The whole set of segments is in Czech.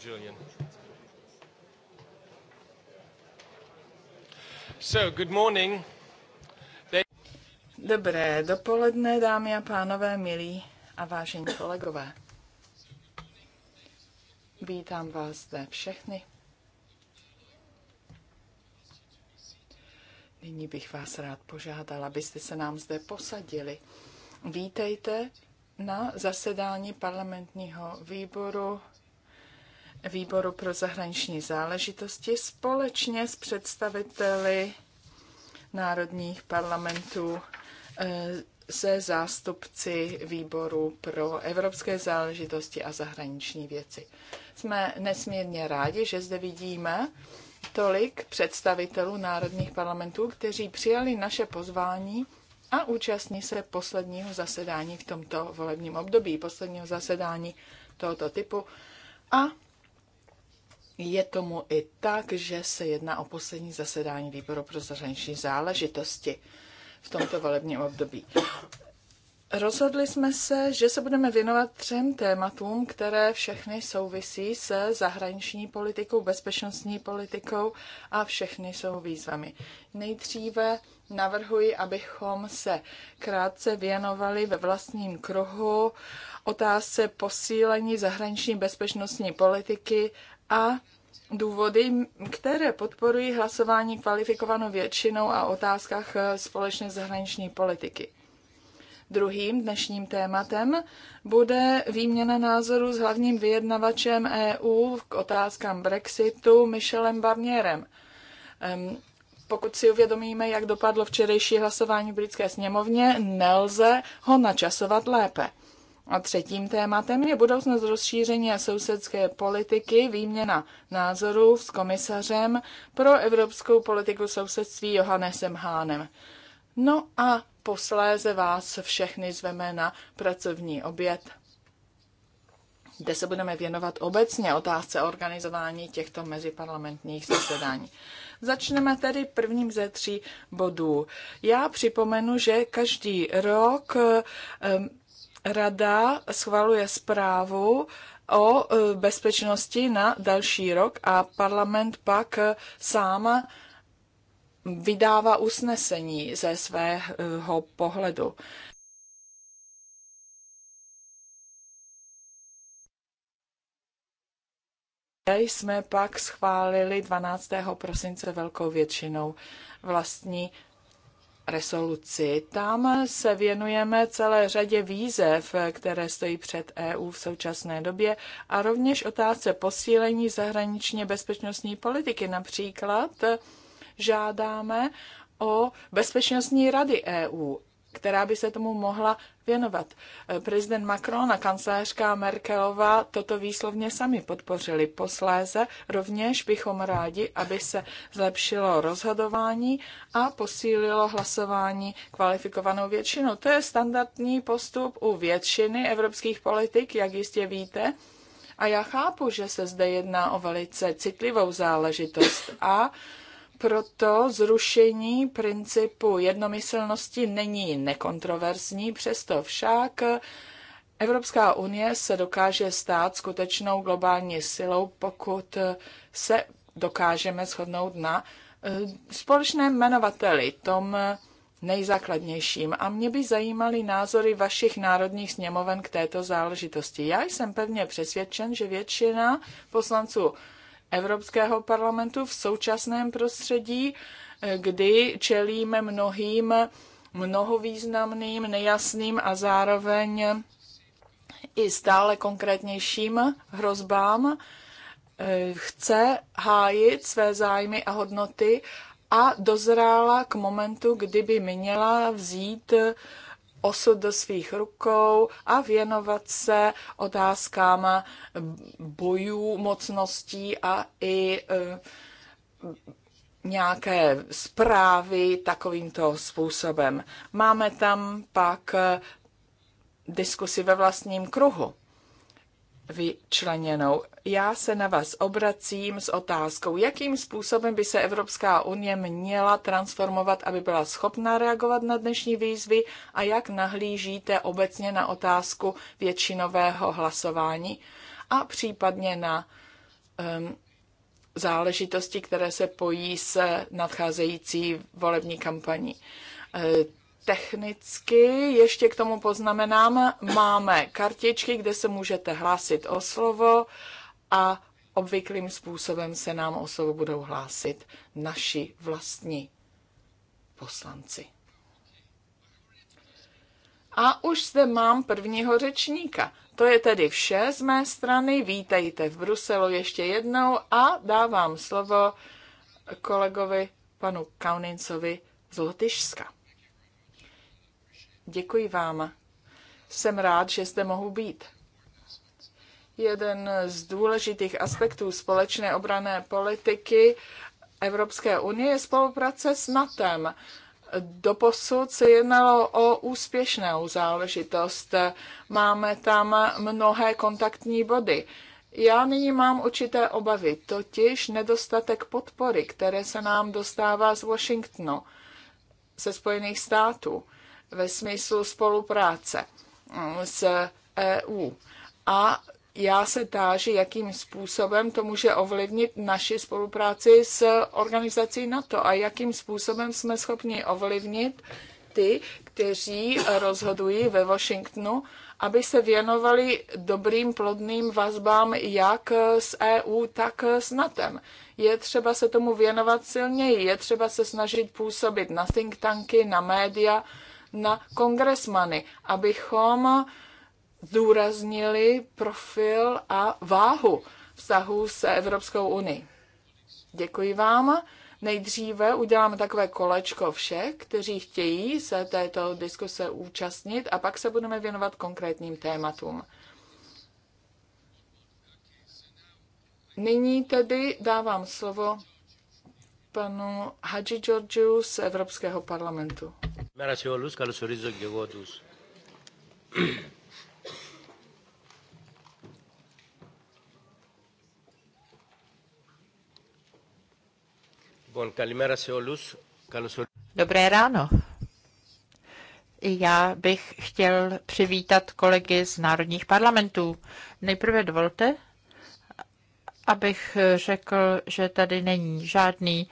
Jillian. So, good morning. They... Dobré dopoledne, dámy a pánové, milí a vážení kolegové. Vítám vás zde všechny. Nyní bych vás rád požádala, abyste se nám zde posadili. Vítejte na zasedání parlamentního výboru výboru pro zahraniční záležitosti společně s představiteli národních parlamentů eh, se zástupci výboru pro evropské záležitosti a zahraniční věci. Jsme nesmírně rádi, že zde vidíme tolik představitelů národních parlamentů, kteří přijali naše pozvání a účastní se posledního zasedání v tomto volebním období, posledního zasedání tohoto typu. A je tomu i tak, že se jedná o poslední zasedání výboru pro zahraniční záležitosti v tomto volebním období. Rozhodli jsme se, že se budeme věnovat třem tématům, které všechny souvisí se zahraniční politikou, bezpečnostní politikou a všechny jsou výzvami. Nejdříve navrhuji, abychom se krátce věnovali ve vlastním kruhu otázce posílení zahraniční bezpečnostní politiky a důvody, které podporují hlasování kvalifikovanou většinou a otázkách eh, společné zahraniční politiky. Druhým dnešním tématem bude výměna názoru s hlavním vyjednavačem EU k otázkám Brexitu Michelem Barnierem. Pokud si uvědomíme, jak dopadlo včerejší hlasování v britské sněmovně, nelze ho načasovat lépe. A třetím tématem je budoucnost rozšíření a sousedské politiky, výměna názorů s komisařem pro evropskou politiku sousedství Johannesem Hánem. No a posléze vás všechny zveme na pracovní oběd, kde se budeme věnovat obecně otázce organizování těchto meziparlamentních zasedání. Začneme tedy prvním ze tří bodů. Já připomenu, že každý rok eh, Rada schvaluje zprávu o e, bezpečnosti na další rok a parlament pak e, sám vydává usnesení ze svého pohledu. Jsme pak schválili 12. prosince velkou většinou vlastní rezoluci. Tam se věnujeme celé řadě výzev, které stojí před EU v současné době a rovněž otázce posílení zahraničně bezpečnostní politiky. Například žádáme o bezpečnostní rady EU která by se tomu mohla věnovat. Eh, prezident Macron a kancelářka Merkelová toto výslovně sami podpořili. Posléze rovněž bychom rádi, aby se zlepšilo rozhodování a posílilo hlasování kvalifikovanou většinou. To je standardní postup u většiny evropských politik, jak jistě víte. A já chápu, že se zde jedná o velice citlivou záležitost a proto zrušení principu jednomyslnosti není nekontroverzní, přesto však Evropská unie se dokáže stát skutečnou globální silou, pokud se dokážeme shodnout na eh, společném jmenovateli, tom nejzákladnějším. A mě by zajímaly názory vašich národních sněmoven k této záležitosti. Já jsem pevně přesvědčen, že většina poslanců Evropského parlamentu v současném prostředí, kdy čelíme mnohým mnohovýznamným, nejasným a zároveň i stále konkrétnějším hrozbám, chce hájit své zájmy a hodnoty a dozrála k momentu, kdyby měla vzít osud do svých rukou a věnovat se otázkám bojů, mocností a i e, nějaké zprávy takovýmto způsobem. Máme tam pak e, diskusi ve vlastním kruhu vyčleněnou. Já se na vás obracím s otázkou, jakým způsobem by se Evropská unie měla transformovat, aby byla schopná reagovat na dnešní výzvy a jak nahlížíte obecně na otázku většinového hlasování a případně na um, záležitosti, které se pojí s nadcházející volební kampaní eh, technicky ještě k tomu poznamenám, máme kartičky, kde se můžete hlásit o slovo a obvyklým způsobem se nám o slovo budou hlásit naši vlastní poslanci. A už zde mám prvního řečníka. To je tedy vše z mé strany. Vítejte v Bruselu ještě jednou a dávám slovo kolegovi panu Kaunincovi z Lotyšska. Děkuji vám. Jsem rád, že zde mohu být. Jeden z důležitých aspektů společné obrané politiky Evropské unie je spolupráce s NATEM. Doposud se jednalo o úspěšnou záležitost. Máme tam mnohé kontaktní body. Já nyní mám určité obavy, totiž nedostatek podpory, které se nám dostává z Washingtonu, ze Spojených států ve smyslu spolupráce mm, s EU. A já se táži, jakým způsobem to může ovlivnit naši spolupráci s organizací NATO a jakým způsobem jsme schopni ovlivnit ty, kteří rozhodují ve Washingtonu, aby se věnovali dobrým plodným vazbám jak s EU, tak s NATEM. Je třeba se tomu věnovat silněji, je třeba se snažit působit na think tanky, na média, na kongresmany, abychom zdůraznili profil a váhu vztahu s Evropskou unii. Děkuji vám. Nejdříve uděláme takové kolečko všech, kteří chtějí se této diskuse účastnit a pak se budeme věnovat konkrétním tématům. Nyní tedy dávám slovo panu Hadži Georgiu z Evropského parlamentu. Mέρα Dobré ráno. Já bych chtěl přivítat kolegy z národních parlamentů. Nejprve dovolte, abych řekl, že tady není žádný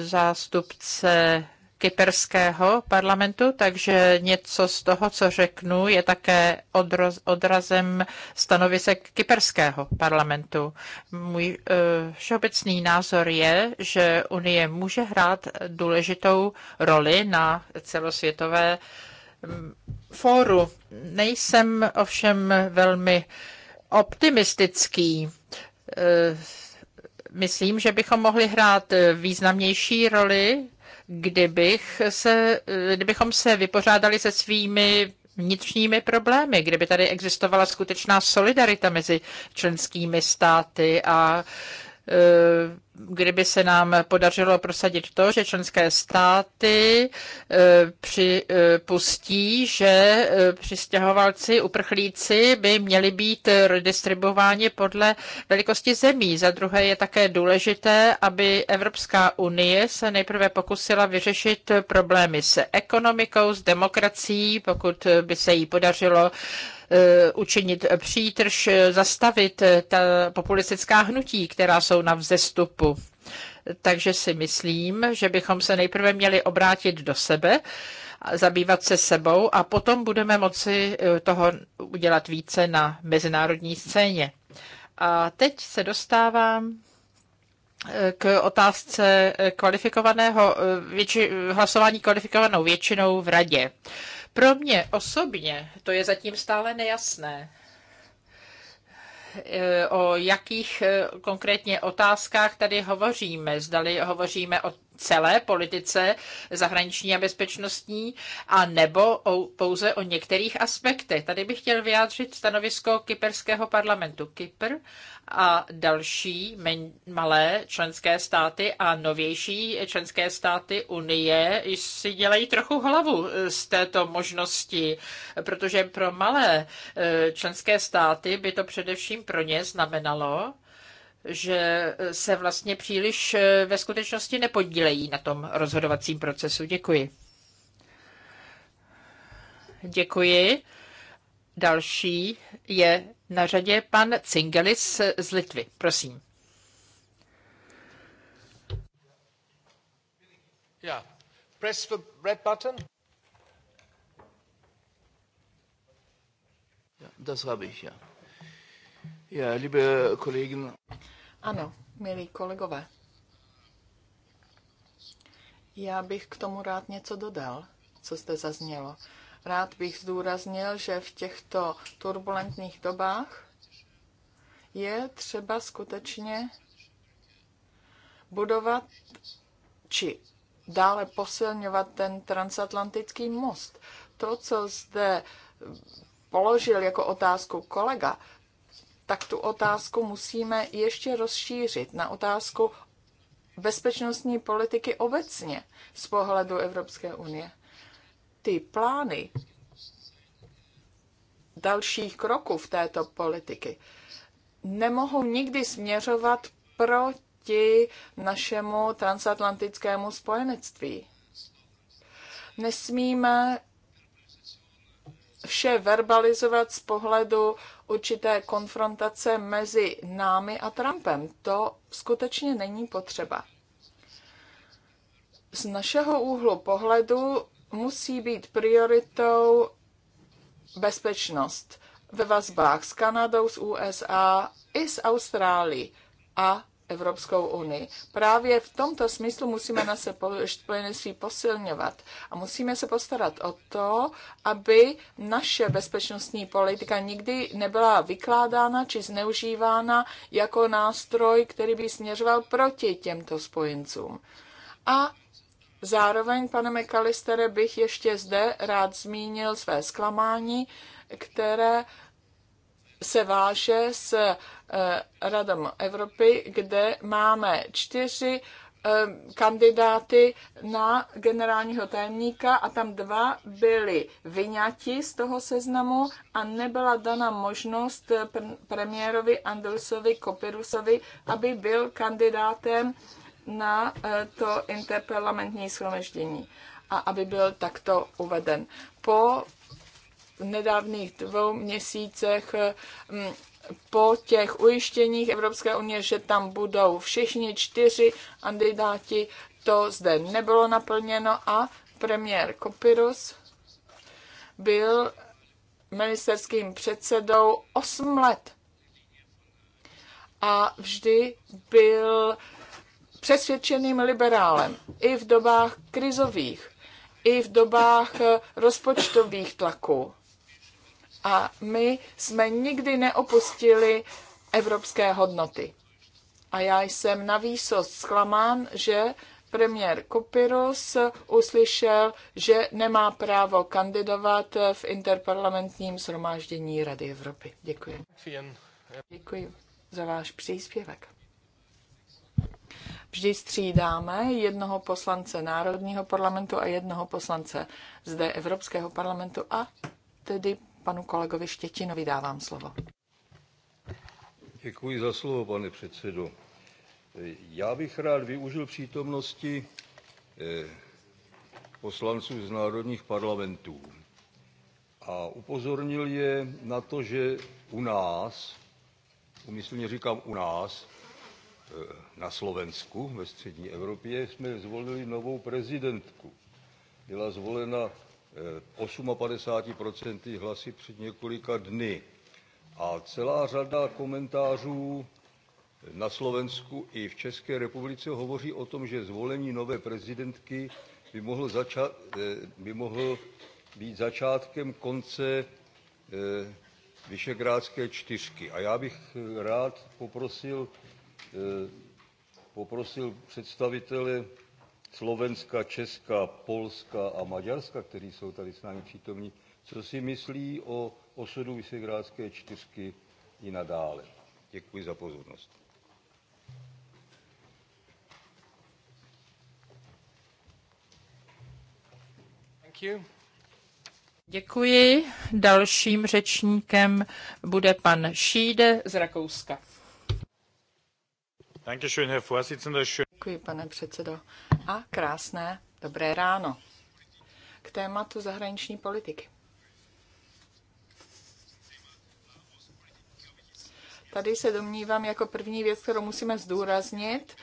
zástupce kyperského parlamentu, takže něco z toho, co řeknu, je také odrazem stanovisek kyperského parlamentu. Můj eh, všeobecný názor je, že Unie může hrát důležitou roli na celosvětové mm, fóru. Nejsem ovšem velmi optimistický eh, myslím, že bychom mohli hrát významnější roli kdybych se, kdybychom se vypořádali se svými vnitřními problémy, kdyby tady existovala skutečná solidarita mezi členskými státy a e, kdyby se nám podařilo prosadit to, že členské státy eh, připustí, eh, že eh, přistěhovalci, uprchlíci by měli být redistribuováni podle velikosti zemí. Za druhé je také důležité, aby Evropská unie se nejprve pokusila vyřešit problémy se ekonomikou, s demokracií, pokud by se jí podařilo Eh, učinit přítrž, eh, zastavit eh, ta populistická hnutí, která jsou na vzestupu. Takže si myslím, že bychom se nejprve měli obrátit do sebe, zabývat se sebou a potom budeme moci toho udělat více na mezinárodní scéně. A teď se dostávám k otázce kvalifikovaného větši, hlasování kvalifikovanou většinou v radě. Pro mě osobně to je zatím stále nejasné e, o jakých e, konkrétně otázkách tady hovoříme. Zdali hovoříme o celé politice zahraniční a bezpečnostní, a nebo o, pouze o některých aspektech. Tady bych chtěl vyjádřit stanovisko kyperského parlamentu Kypr a další men, malé členské státy a novější členské státy Unie si dělají trochu hlavu z této možnosti, protože pro malé e, členské státy by to především pro ně znamenalo, že se vlastně příliš eh, ve skutečnosti nepodílejí na tom rozhodovacím procesu. Děkuji. Děkuji. Další je na řadě pan Cingelis z Litvy. Prosím. Yeah. Press the red button. Ja, das habe ich, ja. Ja, liebe Kollegen. Ano, milí kolegové. Já bych k tomu rád něco dodal, co zde zaznělo. Rád bych zdůraznil, že v těchto turbulentních dobách je třeba skutečně budovat či dále posilňovat ten transatlantický most. To, co zde položil jako otázku kolega, tak tu otázku musíme ještě rozšířit na otázku bezpečnostní politiky obecně z pohledu Evropské unie. Ty plány dalších kroků v této politiky nemohou nikdy směřovat proti našemu transatlantickému spojenectví. Nesmíme vše verbalizovat z pohledu určité konfrontace mezi námi a Trumpem. To skutečně není potřeba. Z našeho úhlu pohledu musí být prioritou bezpečnost ve vazbách s Kanadou, s USA i s Austrálií a Evropskou unii. Právě v tomto smyslu musíme na se spojenectví posilňovat a musíme se postarat o to, aby naše bezpečnostní politika nikdy nebyla vykládána či zneužívána jako nástroj, který by směřoval proti těmto spojencům. A zároveň, pane McAllistere, bych ještě zde rád zmínil své zklamání, které se váže s eh, Radom Evropy, kde máme čtyři eh, kandidáty na generálního tajemníka a tam dva byli vyňati z toho seznamu a nebyla dana možnost eh, pr- premiérovi Andrusovi Kopirusovi, aby byl kandidátem na to interparlamentní schromaždění a aby byl takto uveden. Po nedávných dvou měsících mm, po těch ujištěních Evropské unie, že tam budou všichni čtyři kandidáti, to zde nebylo naplněno a premiér Kopirus byl ministerským předsedou 8 let a vždy byl přesvědčeným liberálem i v dobách krizových, i v dobách rozpočtových tlaků a my jsme nikdy neopustili evropské hodnoty. A já jsem na výsost zklamán, že premiér Kopirus uslyšel, že nemá právo kandidovat v interparlamentním shromáždění Rady Evropy. Děkuji. Děkuji za váš příspěvek. Vždy střídáme jednoho poslance Národního parlamentu a jednoho poslance zde Evropského parlamentu a tedy panu kolegovi Štětinovi dávám slovo. Děkuji za slovo, pane předsedo. Já bych rád využil přítomnosti eh, poslanců z národních parlamentů a upozornil je na to, že u nás, umyslně říkám u nás, eh, na Slovensku, ve střední Evropě, jsme zvolili novou prezidentku. Byla zvolena 58% eh, hlasy před několika dny. A celá řada komentářů na Slovensku i v České republice hovoří o tom, že zvolení nové prezidentky by mohl, zača- eh, by mohl být začátkem konce eh, Vyšegrádské čtyřky. A já bych rád poprosil, poprosil představitele Slovenska, Česka, Polska a Maďarska, kteří jsou tady s námi přítomní, co si myslí o osudu Visegrádské čtyřky i nadále. Děkuji za pozornost. Děkuji. Dalším řečníkem bude pan Šíde z Rakouska. Děkuji, pane předsedo a krásné dobré ráno k tématu zahraniční politiky. Tady se domnívám, jako první věc, kterou musíme zdůraznit,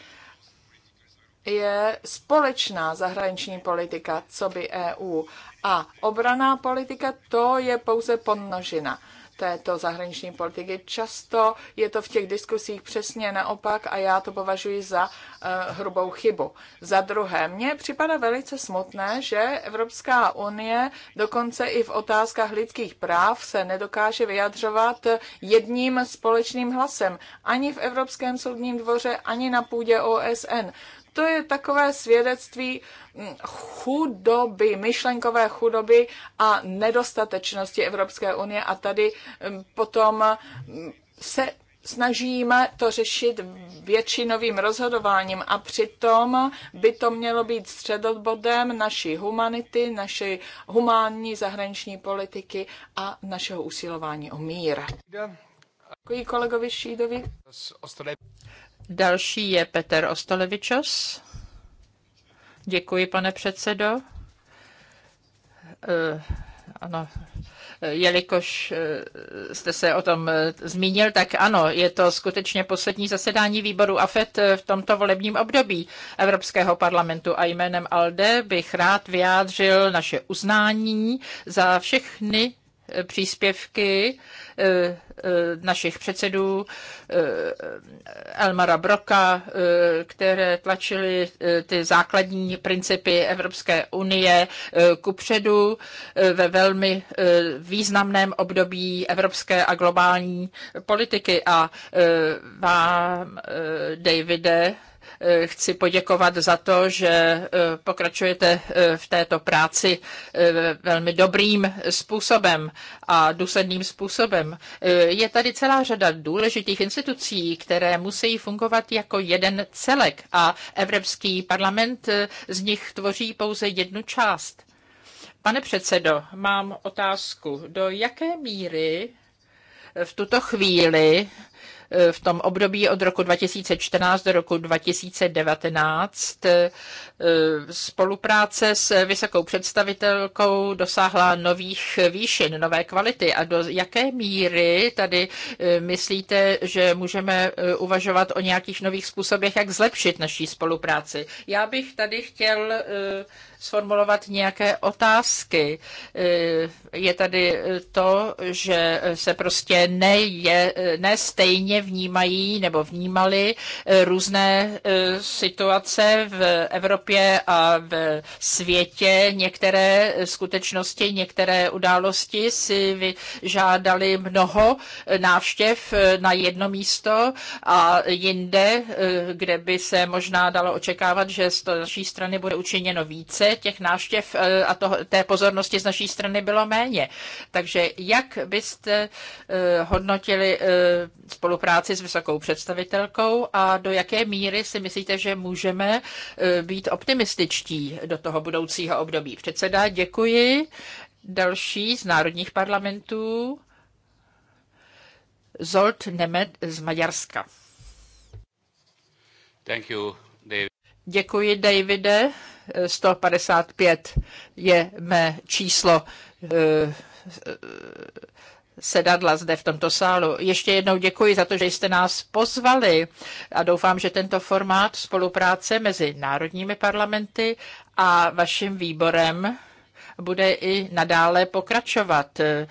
je společná zahraniční politika, co by EU. A obraná politika, to je pouze podnožina této zahraniční politiky. Často je to v těch diskusích přesně naopak a já to považuji za uh, hrubou chybu. Za druhé, mně připadá velice smutné, že Evropská unie dokonce i v otázkách lidských práv se nedokáže vyjadřovat jedním společným hlasem ani v Evropském soudním dvoře, ani na půdě OSN. To je takové svědectví mm, chudoby, myšlenkové chudoby a nedostatečnosti Evropské unie a tady mm, potom mm, se snažíme to řešit většinovým rozhodováním a přitom by to mělo být středobodem naší humanity, naší humánní zahraniční politiky a našeho usilování o mír. Děkuji kolegovi Šídovi. Další je Petr Ostolevičos. Děkuji, pane předsedo. Eh, ano, eh, jelikož eh, jste se o tom zmínil, tak ano, je to skutečně poslední zasedání výboru AFET v tomto volebním období Evropského parlamentu a jménem ALDE bych rád vyjádřil naše uznání za všechny příspěvky eh, eh, našich předsedů eh, Elmara Broka, které tlačily ty základní principy Evropské unie ku předu ve velmi významném období evropské a globální politiky. A vám, Davide, Eh, chci poděkovat za to, že eh, pokračujete eh, v této práci velmi dobrým způsobem a důsledným způsobem. Je tady celá řada důležitých institucí, které musí fungovat jako jeden celek a Evropský parlament z nich tvoří pouze jednu část. Pane předsedo, mám otázku. Do jaké míry v tuto chvíli Eh, v tom období od roku 2014 do roku 2019. Eh, spolupráce s vysokou představitelkou dosáhla nových výšin, nové kvality a do jaké míry tady eh, myslíte, že můžeme uvažovat o nějakých nových způsobech, jak zlepšit naší spolupráci? Já bych tady chtěl sformulovat nějaké otázky. Je tady to, že se prostě je, ne stejně stejně vnímají nebo vnímali eh, různé eh, situace v Evropě a v světě. Některé skutečnosti, některé události si vyžádali mnoho eh, návštěv na jedno místo a jinde, kde by se možná dalo očekávat, že z naší strany bude učiněno více, těch návštěv a toho, té pozornosti z naší strany bylo méně. Takže jak byste hodnotili spolupráci spolupráci s vysokou představitelkou a do jaké míry si myslíte, že můžeme e, být optimističtí do toho budoucího období. Předseda, děkuji. Další z národních parlamentů, Zolt Nemet z Maďarska. Thank you, David. Děkuji, Davide. 155 e, je mé číslo e, sedadla zde v tomto sálu. Ještě jednou děkuji za to, že jste nás pozvali a doufám, že tento formát spolupráce mezi národními parlamenty a vaším výborem bude i nadále pokračovat. E,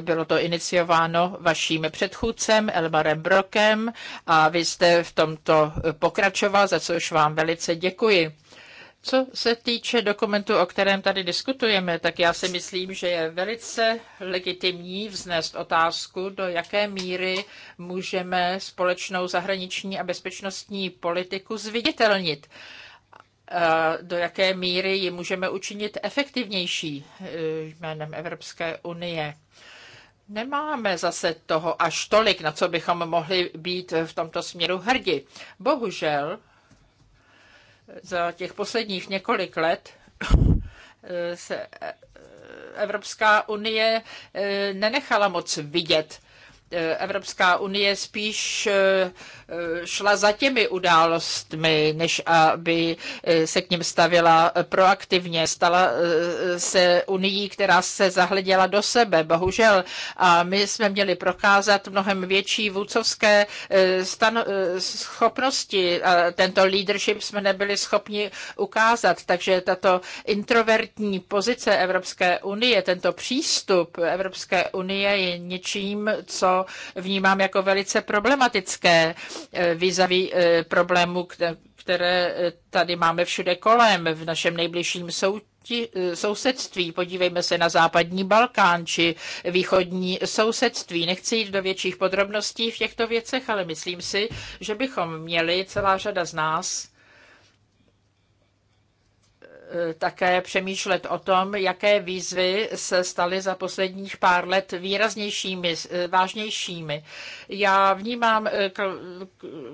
bylo to iniciováno vaším předchůdcem Elmarem Brokem a vy jste v tomto pokračoval, za což vám velice děkuji. Co se týče dokumentu, o kterém tady diskutujeme, tak já si myslím, že je velice legitimní vznést otázku, do jaké míry můžeme společnou zahraniční a bezpečnostní politiku zviditelnit. Do jaké míry ji můžeme učinit efektivnější eh, jménem Evropské unie. Nemáme zase toho až tolik, na co bychom mohli být v tomto směru hrdi. Bohužel za těch posledních několik let se Evropská unie nenechala moc vidět Eh, Evropská unie spíš eh, šla za těmi událostmi, než aby eh, se k ním stavila proaktivně. Stala se unii, která se zahleděla do sebe, bohužel. A my jsme měli prokázat mnohem větší vůdcovské schopnosti. A tento leadership jsme nebyli schopni ukázat, takže tato introvertní pozice Evropské unie, tento přístup Evropské unie je něčím, co vnímám jako velice problematické eh, výzavý eh, problému, které eh, tady máme všude kolem, v našem nejbližším soutěži ti, sousedství. Podívejme se na západní Balkán či východní sousedství. Nechci jít do větších podrobností v těchto věcech, ale myslím si, že bychom měli, celá řada z nás, také přemýšlet o tom, jaké výzvy se staly za posledních pár let výraznějšími, vážnějšími. Já vnímám eh,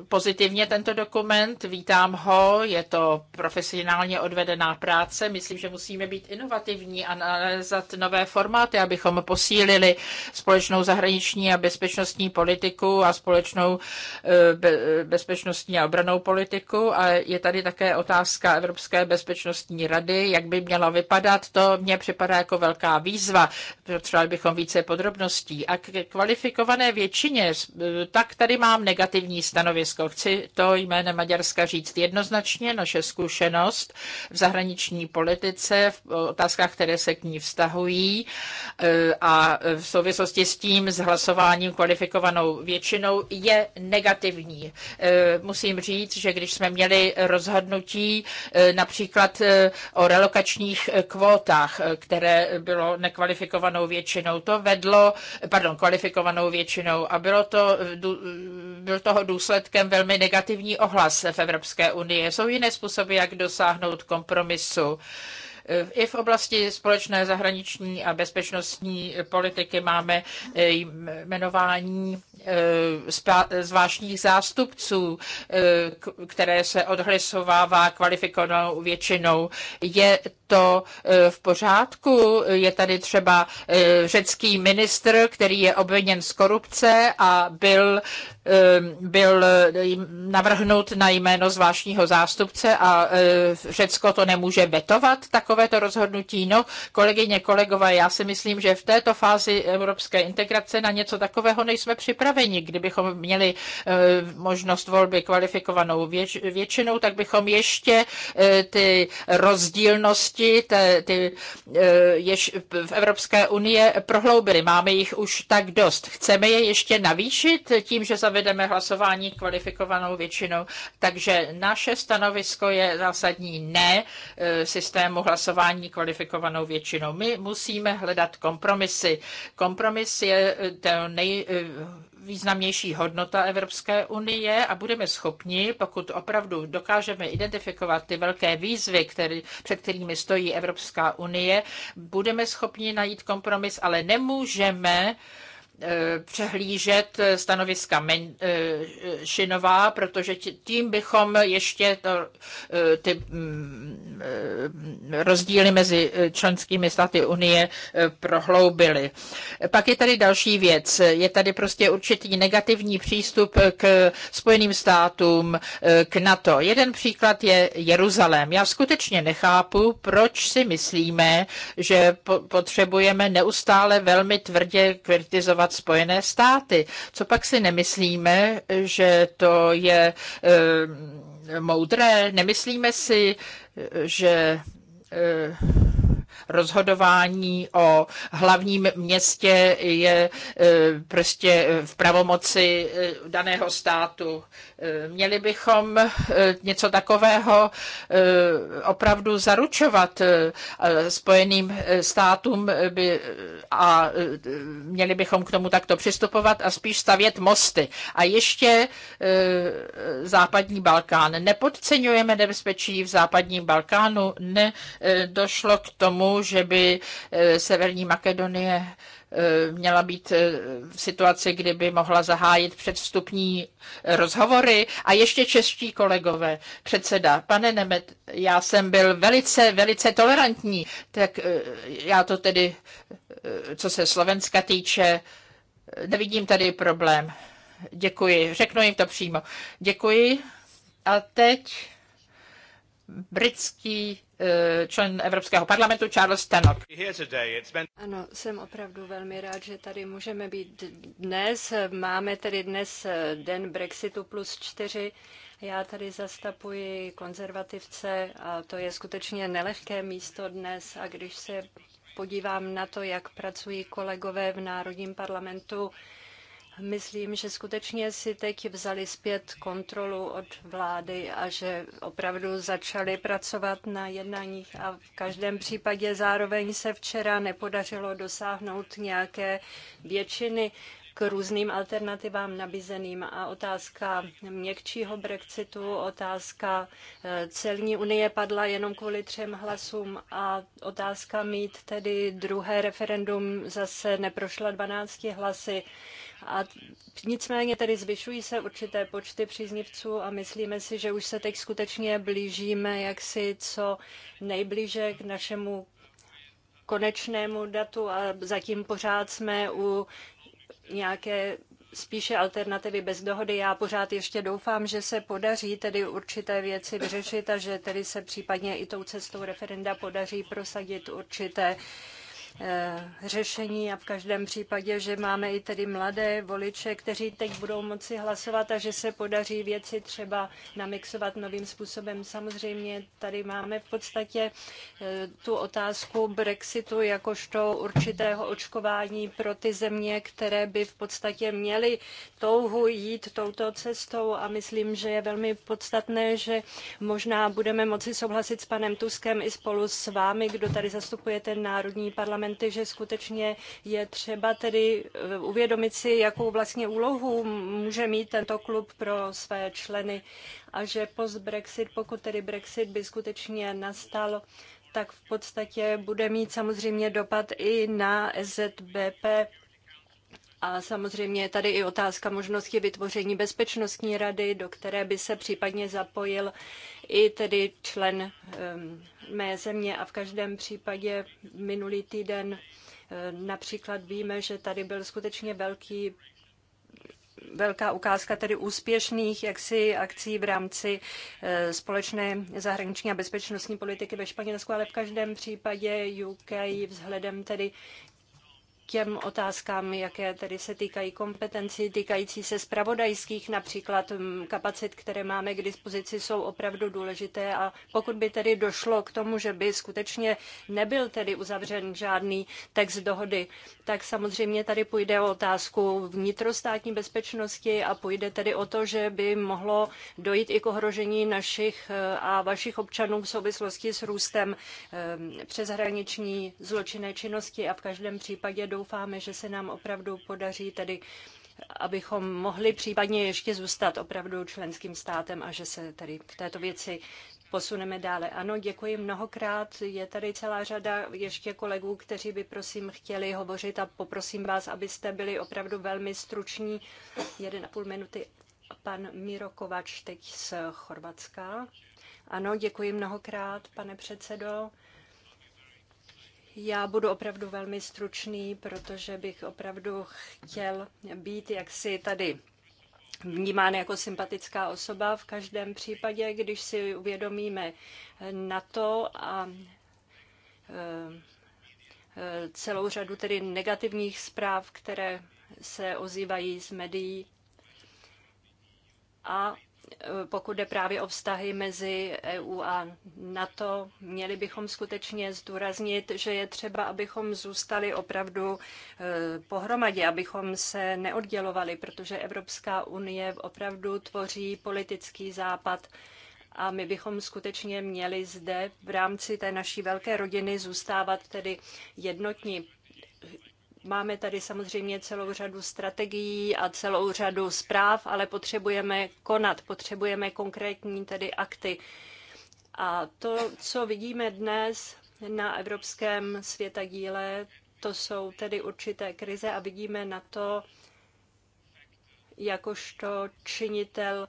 pozitivně tento dokument, vítám ho, je to profesionálně odvedená práce, myslím, že musíme být inovativní a nalézat nové formáty, abychom posílili společnou zahraniční a bezpečnostní politiku a společnou eh, eh, bezpečnostní a obranou politiku a je tady také otázka Evropské bezpečnostní rady, jak by měla vypadat, to mně připadá jako velká výzva. Potřebovali bychom více podrobností. A k kvalifikované většině, eh, tak tady mám negativní stanovisko. Chci to jménem Maďarska říct jednoznačně. Naše zkušenost v zahraniční politice, v otázkách, které se k ní vztahují eh, a v souvislosti s tím s hlasováním kvalifikovanou většinou je negativní. Eh, musím říct, že když jsme měli rozhodnutí například o relokačních eh, kvótách, eh, které bylo nekvalifikovanou většinou. To vedlo, pardon, kvalifikovanou většinou a bylo to, eh, byl toho důsledkem velmi negativní ohlas v Evropské unii. Jsou jiné způsoby, jak dosáhnout kompromisu. I v oblasti společné zahraniční a bezpečnostní politiky máme eh, jmenování eh, zvláštních zástupců, eh, které se odhlasovává kvalifikovanou většinou. Je to e, v pořádku. Je tady třeba e, řecký ministr, který je obviněn z korupce a byl, e, byl navrhnut na jméno zvláštního zástupce a Řecko to nemůže vetovat, takovéto rozhodnutí. No, kolegyně, kolegové, já si myslím, že v této fázi evropské integrace na něco takového nejsme připraveni. Kdybychom měli možnost volby kvalifikovanou většinou, tak bychom ještě ty rozdílnosti oblasti te, ty, e, jež v Evropské unie prohloubily. Máme jich už tak dost. Chceme je ještě navýšit tím, že zavedeme hlasování kvalifikovanou většinou. Takže naše stanovisko je zásadní ne e, systému hlasování kvalifikovanou většinou. My musíme hledat kompromisy. Kompromis je to nej e, významnější hodnota Evropské unie a budeme schopni, pokud opravdu dokážeme identifikovat ty velké výzvy, který, před kterými stojí Evropská unie, budeme schopni najít kompromis, ale nemůžeme Eh, přehlížet stanoviska menšinová, eh, protože tím bychom ještě to, eh, ty mm, rozdíly mezi členskými státy Unie prohloubili. Pak je tady další věc. Je tady prostě určitý negativní přístup k Spojeným státům, k NATO. Jeden příklad je Jeruzalém. Já skutečně nechápu, proč si myslíme, že potřebujeme neustále velmi tvrdě kritizovat kontrolovat Spojené státy. Co pak si nemyslíme, že to je e, moudré? Nemyslíme si, že e, Rozhodování o hlavním městě je e, prostě v pravomoci e, daného státu. E, měli bychom něco takového opravdu zaručovat spojeným státům by, a měli bychom k tomu takto přistupovat a spíš stavět mosty. A ještě západní Balkán. Nepodceňujeme nebezpečí v západním Balkánu, Ne došlo k tomu, tomu, že by eh, Severní Makedonie eh, měla být eh, v situaci, kdyby mohla zahájit předvstupní rozhovory. A ještě čeští kolegové, předseda, pane Nemet, já jsem byl velice, velice tolerantní, tak já to tedy, co se Slovenska týče, nevidím tady problém. Děkuji, řeknu jim to přímo. Děkuji. A teď britský Eh, člen Evropského parlamentu Charles Tannock. Ano, jsem opravdu velmi rád, že tady můžeme být dnes. Máme tedy dnes eh, den Brexitu plus čtyři. Já tady zastapuji konzervativce a to je skutečně nelehké místo dnes. A když se podívám na to, jak pracují kolegové v Národním parlamentu, Myslím, že skutečně si teď vzali zpět kontrolu od vlády a že opravdu začali pracovat na jednáních a v každém případě zároveň se včera nepodařilo dosáhnout nějaké většiny k různým alternativám nabízeným a otázka měkčího Brexitu, otázka eh, celní unie padla jenom kvůli třem hlasům a otázka mít tedy druhé referendum zase neprošla 12 hlasy. A nicméně tedy zvyšují se určité počty příznivců a myslíme si, že už se teď skutečně blížíme jaksi co nejblíže k našemu konečnému datu a zatím pořád jsme u nějaké spíše alternativy bez dohody. Já pořád ještě doufám, že se podaří tedy určité věci vyřešit a že tedy se případně i tou cestou referenda podaří prosadit určité Eh, řešení a v každém případě, že máme i tedy mladé voliče, kteří teď budou moci hlasovat a že se podaří věci třeba namixovat novým způsobem. Samozřejmě tady máme v podstatě eh, tu otázku Brexitu jakožto určitého očkování pro ty země, které by v podstatě měly touhu jít touto cestou a myslím, že je velmi podstatné, že možná budeme moci souhlasit s panem Tuskem i spolu s vámi, kdo tady zastupuje národní parlament parlamenty, že skutečně je třeba tedy eh, uvědomit si, jakou vlastně úlohu může mít tento klub pro své členy a že post Brexit, pokud tedy Brexit by skutečně nastal, tak v podstatě bude mít samozřejmě dopad i na SZBP a samozřejmě je tady i otázka možnosti vytvoření bezpečnostní rady, do které by se případně zapojil i tedy člen ehm, mé země. A v každém případě minulý týden ehm, například víme, že tady byl skutečně velký velká ukázka tedy úspěšných jaksi akcí v rámci ehm, společné zahraniční a bezpečnostní politiky ve Španělsku, ale v každém případě UK vzhledem tedy těm otázkám, jaké tedy se týkají kompetenci, týkající se spravodajských například mm, kapacit, které máme k dispozici, jsou opravdu důležité a pokud by tedy došlo k tomu, že by skutečně nebyl tedy uzavřen žádný text dohody, tak samozřejmě tady půjde o otázku vnitrostátní bezpečnosti a půjde tedy o to, že by mohlo dojít i k ohrožení našich e, a vašich občanů v souvislosti s růstem e, přeshraniční zločinné činnosti a v každém případě doufáme, že se nám opravdu podaří tedy abychom mohli případně ještě zůstat opravdu členským státem a že se tedy v této věci posuneme dále. Ano, děkuji mnohokrát. Je tady celá řada ještě kolegů, kteří by prosím chtěli hovořit a poprosím vás, abyste byli opravdu velmi struční. Jeden a půl minuty. Pan Miro Kovač teď z Chorvatska. Ano, děkuji mnohokrát, pane předsedo. Já budu opravdu velmi stručný, protože bych opravdu chtěl být jaksi tady vnímán jako sympatická osoba v každém případě, když si uvědomíme na to a eh, celou řadu tedy negativních zpráv, které se ozývají z médií a Eh, pokud jde právě o vztahy mezi EU a NATO, měli bychom skutečně zdůraznit, že je třeba, abychom zůstali opravdu eh, pohromadě, abychom se neoddělovali, protože Evropská unie opravdu tvoří politický západ a my bychom skutečně měli zde v rámci té naší velké rodiny zůstávat tedy jednotní. Máme tady samozřejmě celou řadu strategií a celou řadu zpráv, ale potřebujeme konat, potřebujeme konkrétní tedy akty. A to, co vidíme dnes na evropském světadíle, to jsou tedy určité krize a vidíme na to jakožto činitel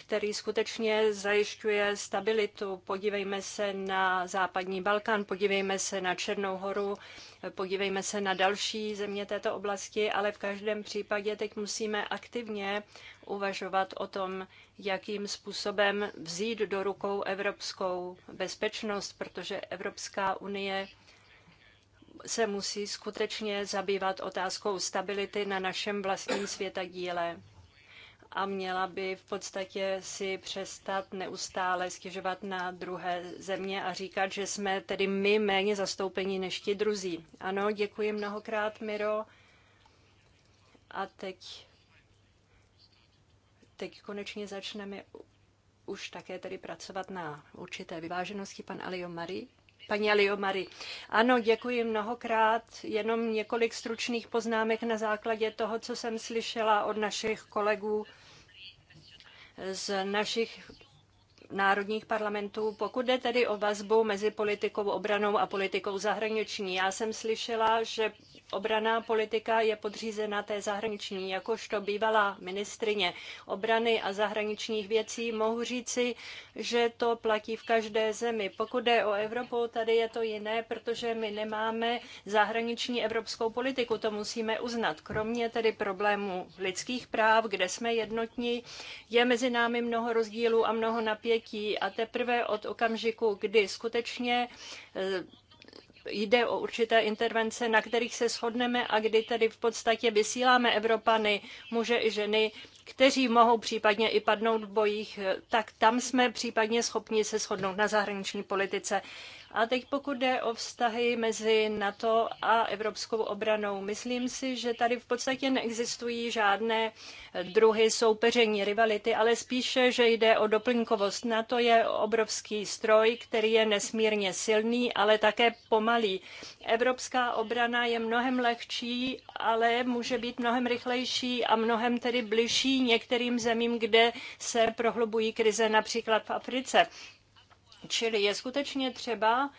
který skutečně zajišťuje stabilitu. Podívejme se na západní Balkán, podívejme se na Černou horu, podívejme se na další země této oblasti, ale v každém případě teď musíme aktivně uvažovat o tom, jakým způsobem vzít do rukou evropskou bezpečnost, protože Evropská unie se musí skutečně zabývat otázkou stability na našem vlastním světadíle a měla by v podstatě si přestat neustále stěžovat na druhé země a říkat, že jsme tedy my méně zastoupení než ti druzí. Ano, děkuji mnohokrát, Miro. A teď, teď konečně začneme už také tedy pracovat na určité vyváženosti. Pan Alio Mari. Paní Alio Mari, Ano, děkuji mnohokrát. Jenom několik stručných poznámek na základě toho, co jsem slyšela od našich kolegů z našich národních parlamentů, pokud jde tedy o vazbu mezi politikou obranou a politikou zahraniční. Já jsem slyšela, že obraná politika je podřízena té zahraniční. Jakožto bývalá ministrině obrany a zahraničních věcí mohu říci, že to platí v každé zemi. Pokud jde o Evropu, tady je to jiné, protože my nemáme zahraniční evropskou politiku, to musíme uznat. Kromě tedy problémů lidských práv, kde jsme jednotní, je mezi námi mnoho rozdílů a mnoho napětí a teprve od okamžiku, kdy skutečně eh, jde o určité intervence, na kterých se shodneme a kdy tedy v podstatě vysíláme Evropany, muže i ženy, kteří mohou případně i padnout v bojích, tak tam jsme případně schopni se shodnout na zahraniční politice. A teď pokud jde o vztahy mezi NATO a Evropskou obranou, myslím si, že tady v podstatě neexistují žádné druhy soupeření, rivality, ale spíše, že jde o doplňkovost. NATO je obrovský stroj, který je nesmírně silný, ale také pomalý. Evropská obrana je mnohem lehčí, ale může být mnohem rychlejší a mnohem tedy bližší některým zemím, kde se prohlubují krize, například v Africe. Čili je skutečně třeba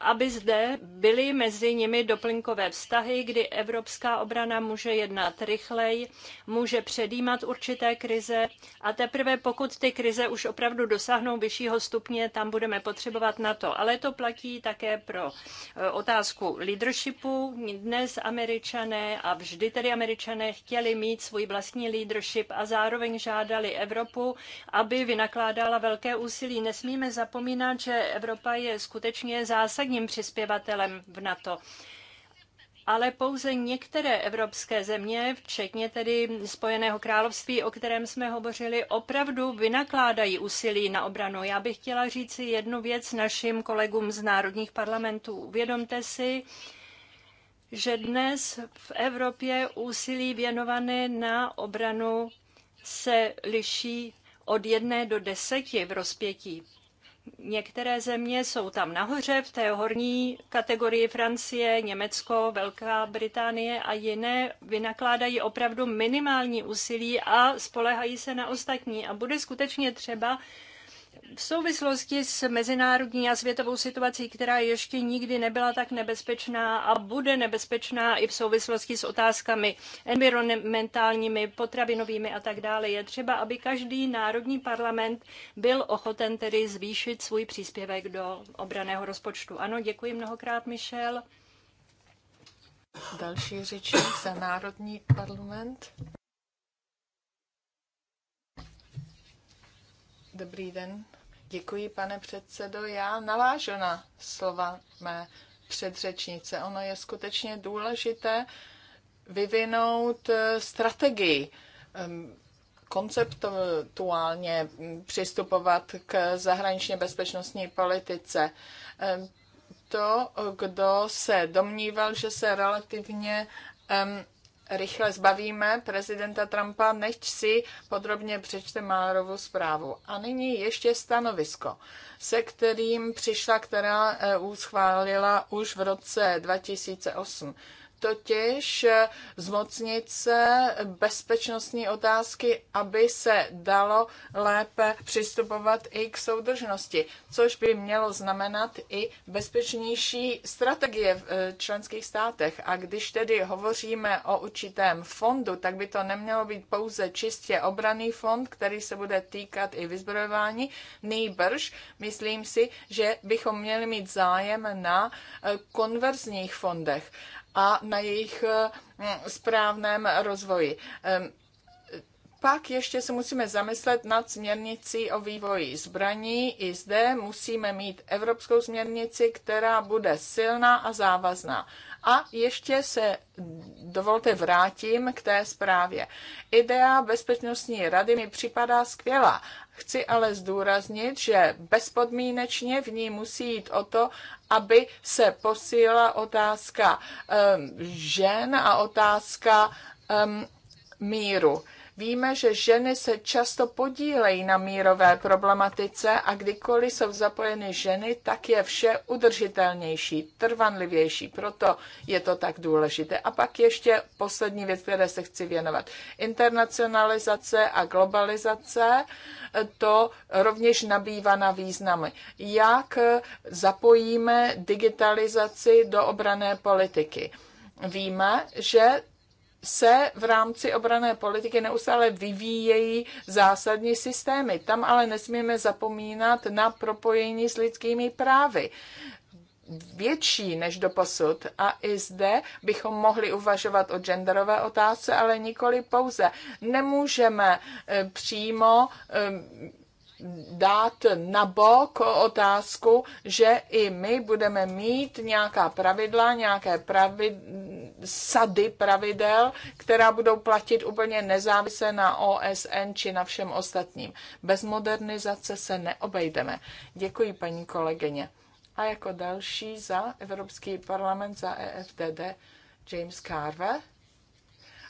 aby zde byly mezi nimi doplňkové vztahy, kdy evropská obrana může jednat rychleji, může předjímat určité krize a teprve pokud ty krize už opravdu dosáhnou vyššího stupně, tam budeme potřebovat na to. Ale to platí také pro eh, otázku leadershipu. Dnes američané a vždy tedy američané chtěli mít svůj vlastní leadership a zároveň žádali Evropu, aby vynakládala velké úsilí. Nesmíme zapomínat, že Evropa je skutečně zásadní zásadním přispěvatelem v NATO ale pouze některé evropské země, včetně tedy Spojeného království, o kterém jsme hovořili, opravdu vynakládají úsilí na obranu. Já bych chtěla říci jednu věc našim kolegům z národních parlamentů. Uvědomte si, že dnes v Evropě úsilí věnované na obranu se liší od jedné do deseti v rozpětí. Některé země jsou tam nahoře v té horní kategorii Francie, Německo, Velká Británie a jiné vynakládají opravdu minimální úsilí a spolehají se na ostatní. A bude skutečně třeba v souvislosti s mezinárodní a světovou situací, která ještě nikdy nebyla tak nebezpečná a bude nebezpečná i v souvislosti s otázkami environmentálními, potravinovými a tak dále, je třeba, aby každý národní parlament byl ochoten tedy zvýšit svůj příspěvek do obraného rozpočtu. Ano, děkuji mnohokrát, Michel. Další řečník za Národní parlament. Dobrý den. Děkuji, pane předsedo. Já navážu na slova mé předřečnice. Ono je skutečně důležité vyvinout eh, strategii ehm, konceptuálně přistupovat k zahraničně bezpečnostní politice. Ehm, to, kdo se domníval, že se relativně ehm, rychle zbavíme prezidenta Trumpa, než si podrobně přečte Malerovu zprávu. A nyní ještě stanovisko, se kterým přišla, která EU eh, schválila už v roce 2008 totiž zmocnit se bezpečnostní otázky, aby se dalo lépe přistupovat i k soudržnosti, což by mělo znamenat i bezpečnější strategie v eh, členských státech. A když tedy hovoříme o určitém fondu, tak by to nemělo být pouze čistě obraný fond, který se bude týkat i vyzbrojování, nýbrž myslím si, že bychom měli mít zájem na eh, konverzních fondech a na jejich eh, správném rozvoji. Ehm, pak ještě se musíme zamyslet nad směrnicí o vývoji zbraní. I zde musíme mít evropskou směrnici, která bude silná a závazná. A ještě se dovolte vrátím k té zprávě. Idea Bezpečnostní rady mi připadá skvělá, Chci ale zdůraznit, že bezpodmínečně v ní musí jít o to, aby se posílila otázka um, žen a otázka um, míru. Víme, že ženy se často podílejí na mírové problematice a kdykoliv jsou zapojeny ženy, tak je vše udržitelnější, trvanlivější. Proto je to tak důležité. A pak ještě poslední věc, které se chci věnovat. Internacionalizace a globalizace, to rovněž nabývá na významy. Jak zapojíme digitalizaci do obrané politiky? Víme, že se v rámci obrané politiky neustále vyvíjejí zásadní systémy. Tam ale nesmíme zapomínat na propojení s lidskými právy větší než doposud a i zde bychom mohli uvažovat o genderové otázce, ale nikoli pouze. Nemůžeme eh, přímo eh, dát na bok otázku, že i my budeme mít nějaká pravidla, nějaké pravid, sady pravidel, která budou platit úplně nezávisle na OSN či na všem ostatním. Bez modernizace se neobejdeme. Děkuji, paní kolegyně. A jako další za Evropský parlament, za EFDD, James Carver,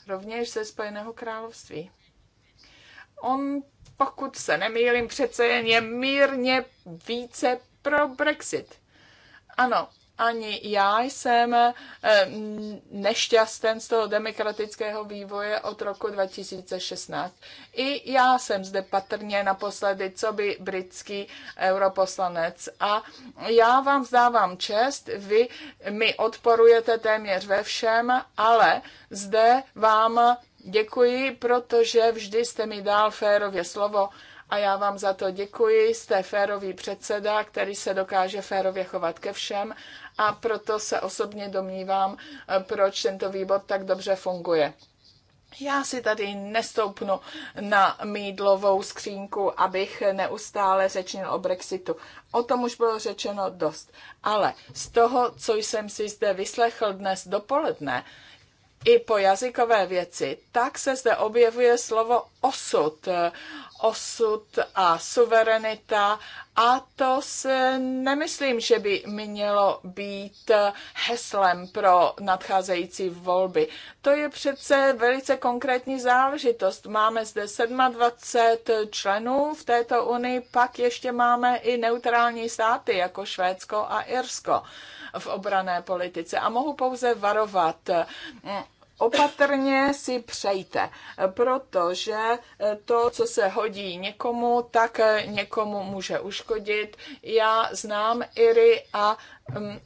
rovněž ze Spojeného království. On pokud se nemýlím, přece jen je mírně více pro Brexit. Ano, ani já jsem eh, nešťasten z toho demokratického vývoje od roku 2016. I já jsem zde patrně naposledy, co by britský europoslanec. A já vám vzdávám čest, vy mi odporujete téměř ve všem, ale zde vám Děkuji, protože vždy jste mi dal férově slovo a já vám za to děkuji. Jste férový předseda, který se dokáže férově chovat ke všem a proto se osobně domnívám, eh, proč tento výbor tak dobře funguje. Já si tady nestoupnu na mídlovou skřínku, abych neustále řečnil o Brexitu. O tom už bylo řečeno dost. Ale z toho, co jsem si zde vyslechl dnes dopoledne, i po jazykové věci, tak se zde objevuje slovo osud osud a suverenita a to se nemyslím, že by mělo být heslem pro nadcházející volby. To je přece velice konkrétní záležitost. Máme zde 27 členů v této unii, pak ještě máme i neutrální státy jako Švédsko a Irsko v obrané politice. A mohu pouze varovat opatrně si přejte, protože to, co se hodí někomu, tak někomu může uškodit. Já znám Iry a mm,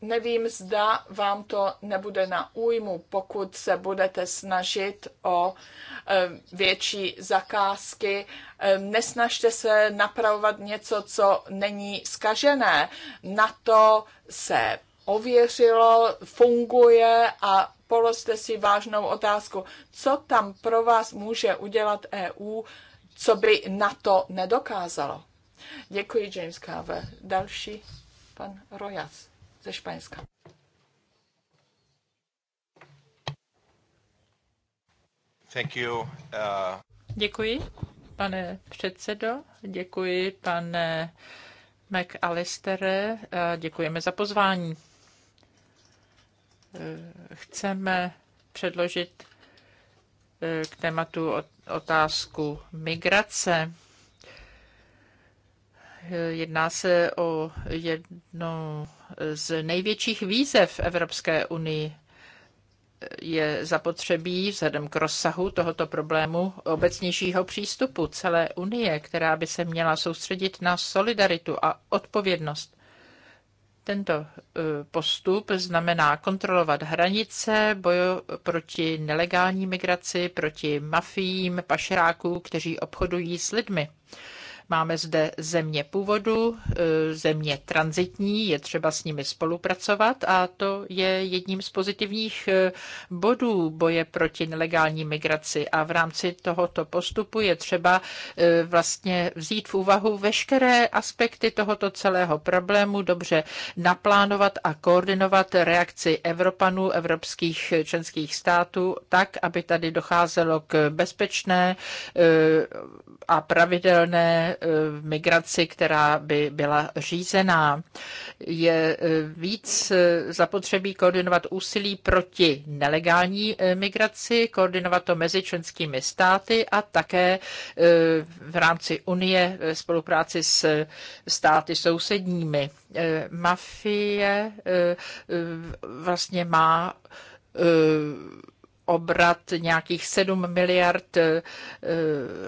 nevím, zda vám to nebude na újmu, pokud se budete snažit o eh, větší zakázky. Eh, nesnažte se napravovat něco, co není skažené. Na to se ověřilo, funguje a položte si vážnou otázku, co tam pro vás může udělat EU, co by na to nedokázalo. Děkuji, James Cave. Další, pan Rojas ze Španělska. Thank you. Uh... Děkuji, pane předsedo. Děkuji, pane McAllistere. Uh, děkujeme za pozvání. Eh, chceme předložit eh, k tématu otázku migrace. Eh, jedná se o jednu z největších výzev Evropské unii. Je zapotřebí vzhledem k rozsahu tohoto problému obecnějšího přístupu celé unie, která by se měla soustředit na solidaritu a odpovědnost. Tento e, postup znamená kontrolovat hranice, boj proti nelegální migraci, proti mafiím, pašerákům, kteří obchodují s lidmi. Máme zde země původu, e, země transitní, je třeba s nimi spolupracovat a to je jedním z pozitivních e, bodů boje proti nelegální migraci. A v rámci tohoto postupu je třeba e, vlastně vzít v úvahu veškeré aspekty tohoto celého problému, dobře naplánovat a koordinovat reakci Evropanů, evropských členských států, tak, aby tady docházelo k bezpečné a pravidelné Eh, migraci, která by byla řízená. Je eh, víc eh, zapotřebí koordinovat úsilí proti nelegální migraci, koordinovat to mezi členskými státy a také v rámci Unie ve spolupráci s státy sousedními. Mafie vlastně má obrat nějakých 7 miliard eh,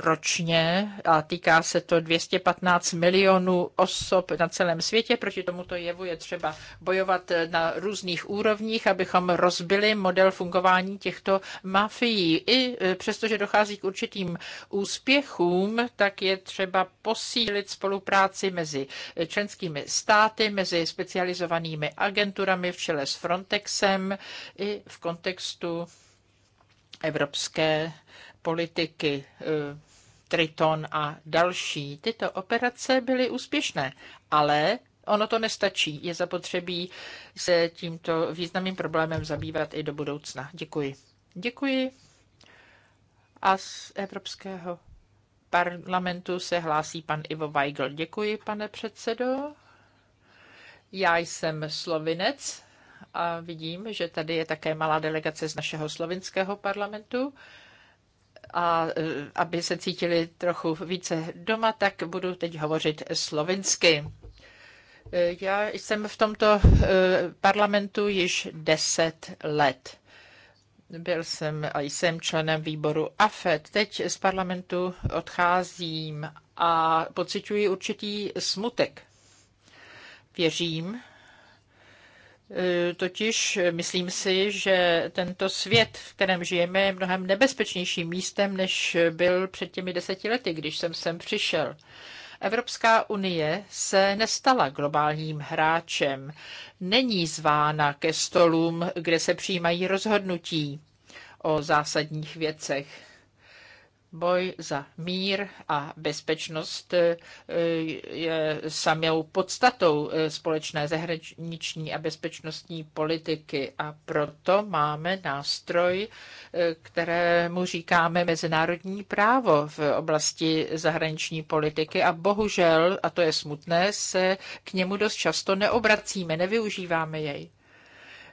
ročně a týká se to 215 milionů osob na celém světě. Proti tomuto jevu je třeba bojovat na různých úrovních, abychom rozbili model fungování těchto mafií. I eh, přestože dochází k určitým úspěchům, tak je třeba posílit spolupráci mezi členskými státy, mezi specializovanými agenturami v čele s Frontexem i v kontextu evropské politiky eh, Triton a další. Tyto operace byly úspěšné, ale ono to nestačí. Je zapotřebí se tímto významným problémem zabývat i do budoucna. Děkuji. Děkuji. A z Evropského parlamentu se hlásí pan Ivo Weigl. Děkuji, pane předsedo. Já jsem slovinec a vidím, že tady je také malá delegace z našeho slovinského parlamentu. A e, aby se cítili trochu více doma, tak budu teď hovořit slovinsky. E, já jsem v tomto e, parlamentu již deset let. Byl jsem a jsem členem výboru AFED. Teď z parlamentu odcházím a pociťuji určitý smutek. Věřím, E, totiž e, myslím si, že tento svět, v kterém žijeme, je mnohem nebezpečnějším místem, než byl před těmi deseti lety, když jsem sem přišel. Evropská unie se nestala globálním hráčem, není zvána ke stolům, kde se přijímají rozhodnutí o zásadních věcech. Boj za mír a bezpečnost e, je samou podstatou e, společné zahraniční a bezpečnostní politiky a proto máme nástroj, e, kterému říkáme mezinárodní právo v oblasti zahraniční politiky a bohužel, a to je smutné, se k němu dost často neobracíme, nevyužíváme jej.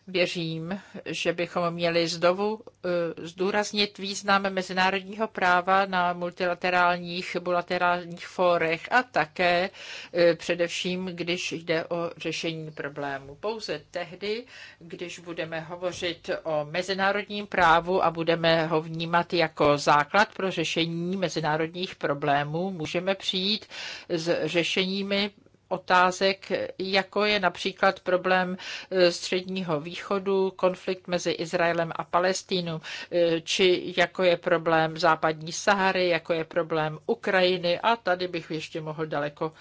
Věřím, že bychom měli znovu eh, zdůraznit význam mezinárodního práva na multilaterálních, bilaterálních fórech a také eh, především, když jde o řešení problému. Pouze tehdy, když budeme hovořit o mezinárodním právu a budeme ho vnímat jako základ pro řešení mezinárodních problémů, můžeme přijít s řešeními otázek, jako je například problém e, Středního východu, konflikt mezi Izraelem a Palestínou, e, či jako je problém západní Sahary, jako je problém Ukrajiny a tady bych ještě mohl daleko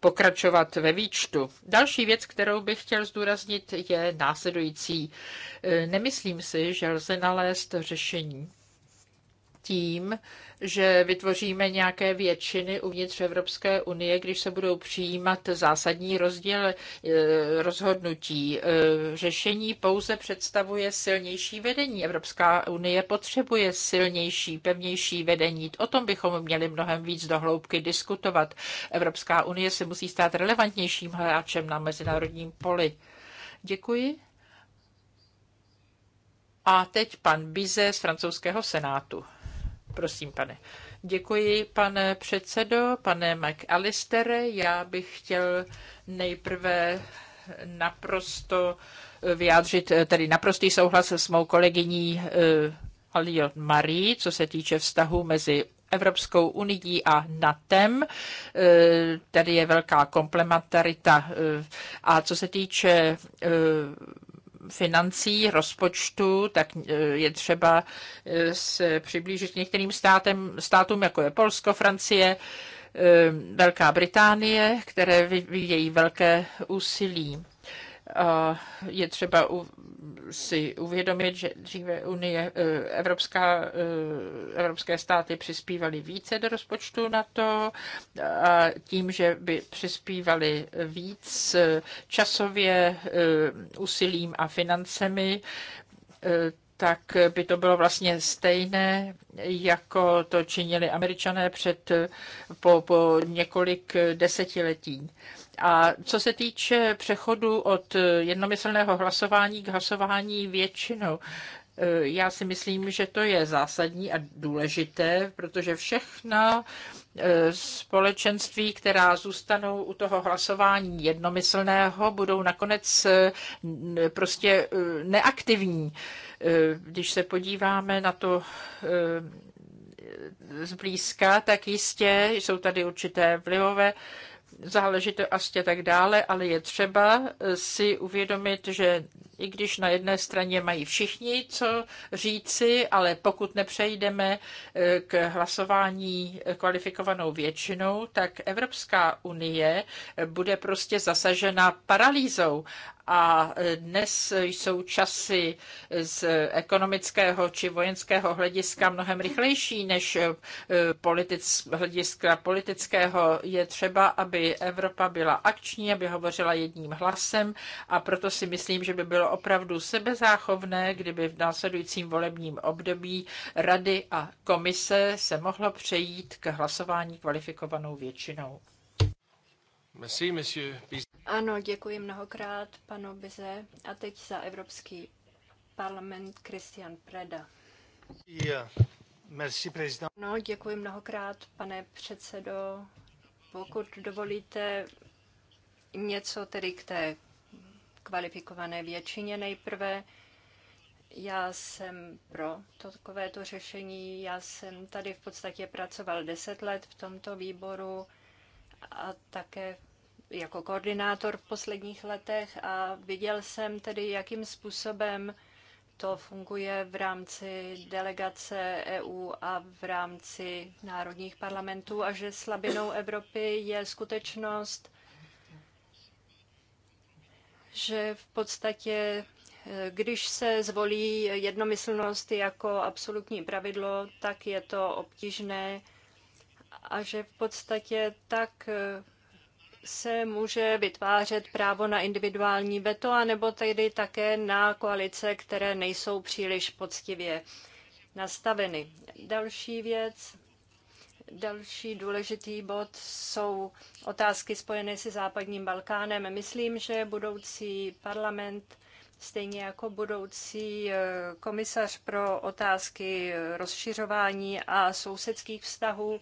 pokračovat ve výčtu. Další věc, kterou bych chtěl zdůraznit, je následující. E, nemyslím si, že lze nalézt řešení tím, že vytvoříme nějaké většiny uvnitř Evropské unie, když se budou přijímat zásadní rozdíl eh, rozhodnutí. Eh, řešení pouze představuje silnější vedení. Evropská unie potřebuje silnější, pevnější vedení. O tom bychom měli mnohem víc dohloubky diskutovat. Evropská unie se musí stát relevantnějším hráčem na mezinárodním poli. Děkuji. A teď pan Bize z francouzského senátu. Prosím, pane. Děkuji, pane předsedo, pane McAllister. Já bych chtěl nejprve naprosto vyjádřit eh, tedy naprostý souhlas s mou kolegyní eh, Aliot Marie, co se týče vztahu mezi Evropskou unii a NATEM. Eh, tady je velká komplementarita. A co se týče financí, rozpočtu, tak e, je třeba e, se přiblížit některým státem, státům, jako je Polsko, Francie, e, Velká Británie, které vyvíjejí velké úsilí je třeba si uvědomit, že dříve Unie, e, Evropská, e, evropské státy přispívaly více do rozpočtu na to a tím, že by přispívali víc e, časově, úsilím a financemi, tak by to bylo vlastně stejné, jako to činili američané před po, po několik desetiletí. A co se týče přechodu od jednomyslného hlasování k hlasování většinou, eh, já si myslím, že to je zásadní a důležité, protože všechna eh, společenství, která zůstanou u toho hlasování jednomyslného, budou nakonec eh, prostě neaktivní. Když se podíváme na to zblízka, tak jistě jsou tady určité vlivové záležitosti a tak dále, ale je třeba si uvědomit, že i když na jedné straně mají všichni co říci, ale pokud nepřejdeme eh, k hlasování kvalifikovanou většinou, tak Evropská unie eh, bude prostě zasažena paralýzou a eh, dnes jsou časy z ekonomického či vojenského hlediska mnohem rychlejší než politic, hlediska politického. Je třeba, aby Evropa byla akční, aby hovořila jedním hlasem a proto si myslím, že by bylo opravdu sebezáchovné, kdyby v následujícím volebním období rady a komise se mohlo přejít k hlasování kvalifikovanou většinou. Merci, monsieur. Ano, děkuji mnohokrát panu Bize a teď za Evropský parlament Christian Preda. Yeah. Merci, No, děkuji mnohokrát, pane předsedo. Pokud dovolíte něco tedy k té kvalifikované většině nejprve. Já jsem pro to, takovéto řešení. Já jsem tady v podstatě pracoval deset let v tomto výboru a také jako koordinátor v posledních letech a viděl jsem tedy, jakým způsobem to funguje v rámci delegace EU a v rámci národních parlamentů a že slabinou Evropy je skutečnost, že v podstatě eh, když se zvolí jednomyslnost jako absolutní pravidlo, tak je to obtížné a že v podstatě tak eh, se může vytvářet právo na individuální veto, anebo tedy také na koalice, které nejsou příliš poctivě nastaveny. Další věc, Další důležitý bod jsou otázky spojené se západním Balkánem. Myslím, že budoucí parlament, stejně jako budoucí eh, komisař pro otázky eh, rozšiřování a sousedských vztahů,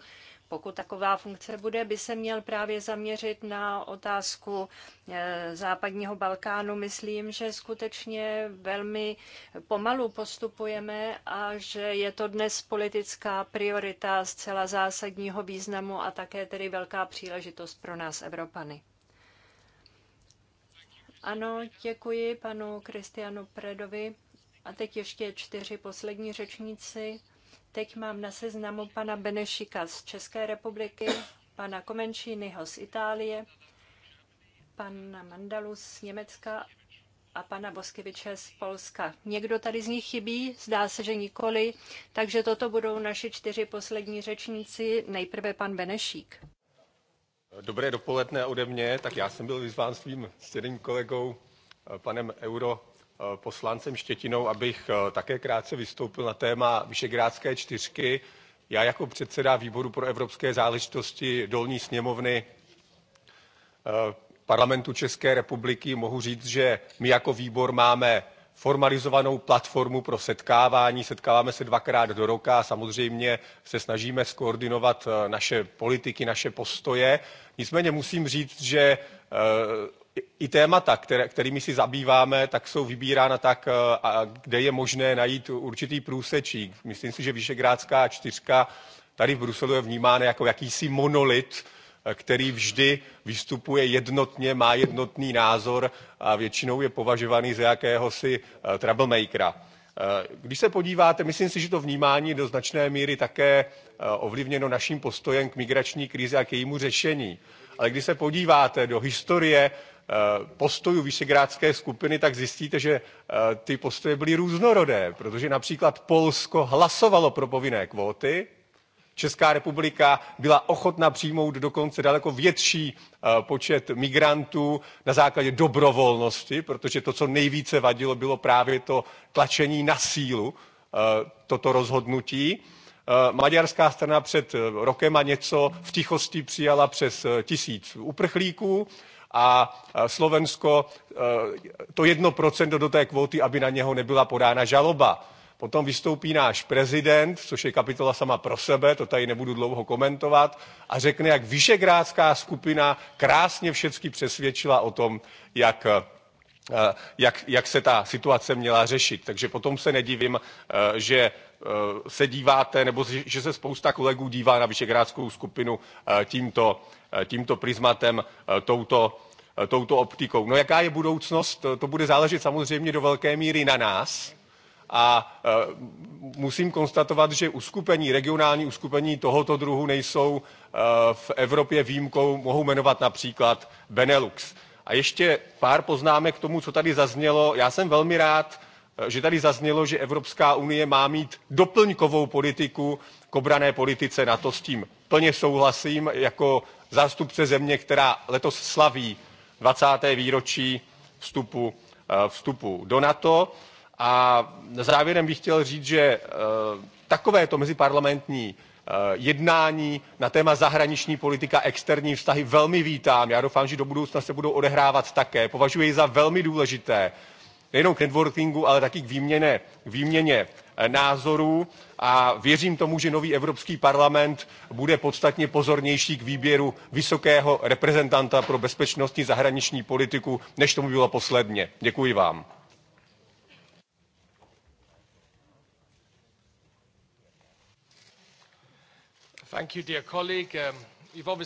pokud taková funkce bude, by se měl právě zaměřit na otázku eh, západního Balkánu. Myslím, že skutečně velmi pomalu postupujeme a že je to dnes politická priorita zcela zásadního významu a také tedy velká příležitost pro nás, Evropany. Ano, děkuji panu Kristianu Predovi. A teď ještě čtyři poslední řečníci. Teď mám na seznamu pana Benešika z České republiky, pana Komenčínyho z Itálie, pana Mandalu z Německa a pana Boskeviče z Polska. Někdo tady z nich chybí? Zdá se, že nikoli. Takže toto budou naši čtyři poslední řečníci. Nejprve pan Benešík. Dobré dopoledne ode mě. Tak já jsem byl vyzván svým stěným kolegou panem Euro Eh, poslancem Štětinou, abych eh, také krátce vystoupil na téma Vyšegrádské čtyřky. Já jako předseda výboru pro evropské záležitosti dolní sněmovny eh, parlamentu České republiky mohu říct, že my jako výbor máme formalizovanou platformu pro setkávání. Setkáváme se dvakrát do roka a samozřejmě se snažíme skoordinovat naše politiky, naše postoje. Nicméně musím říct, že i témata, které, kterými si zabýváme, tak jsou vybírána tak, eh, kde je možné najít určitý průsečík. Myslím si, že Vyšegrádská čtyřka tady v Bruselu je vnímána jako jakýsi monolit, eh, který vždy vystupuje jednotně, má jednotný názor a většinou je považovaný za jakéhosi eh, troublemakera. Když se podíváte, myslím si, že to vnímání do značné míry také ovlivněno naším postojem k migrační krizi a k jejímu řešení. Ale když se podíváte do historie Eh, postojů Vyšegrádské skupiny, tak zjistíte, že eh, ty postoje byly různorodé, protože například Polsko hlasovalo pro povinné kvóty, Česká republika byla ochotna přijmout dokonce daleko větší eh, počet migrantů na základě dobrovolnosti, protože to, co nejvíce vadilo, bylo právě to tlačení na sílu, toto rozhodnutí. Maďarská strana před rokem a něco v tichosti přijala přes tisíc uprchlíků a Slovensko eh, to jedno procento do té kvóty, aby na něho nebyla podána žaloba. Potom vystoupí náš prezident, což je kapitola sama pro sebe, to tady nebudu dlouho komentovat, a řekne, jak Vyšegrádská skupina krásně všechny přesvědčila o tom, jak Eh, jak, jak se ta situace měla řešit. Takže potom se nedivím, eh, že eh, se díváte, nebo že se spousta kolegů dívá na Vyšegrádskou skupinu tímto, tímto prismatem, touto, touto optikou. No jaká je budoucnost, to bude záležet samozřejmě do velké míry na nás, a musím konstatovat, že uskupení, regionální uskupení tohoto druhu nejsou v Evropě výjimkou, mohu jmenovat například Benelux. A ještě pár poznámek k tomu, co tady zaznělo. Já jsem velmi rád, eh, že tady zaznělo, že Evropská unie má mít doplňkovou politiku k obrané politice NATO. S tím plně souhlasím jako zástupce země, která letos slaví 20. výročí vstupu, eh, vstupu do NATO. A závěrem bych chtěl říct, že eh, takovéto meziparlamentní Eh, jednání na téma zahraniční politika, externí vztahy velmi vítám. Já doufám, že do budoucna se budou odehrávat také. Považuji za velmi důležité nejenom k networkingu, ale taky k výměně, výměně eh, názorů a věřím tomu, že nový Evropský parlament bude podstatně pozornější k výběru vysokého reprezentanta pro bezpečnostní zahraniční politiku, než tomu bylo posledně. Děkuji vám. Um,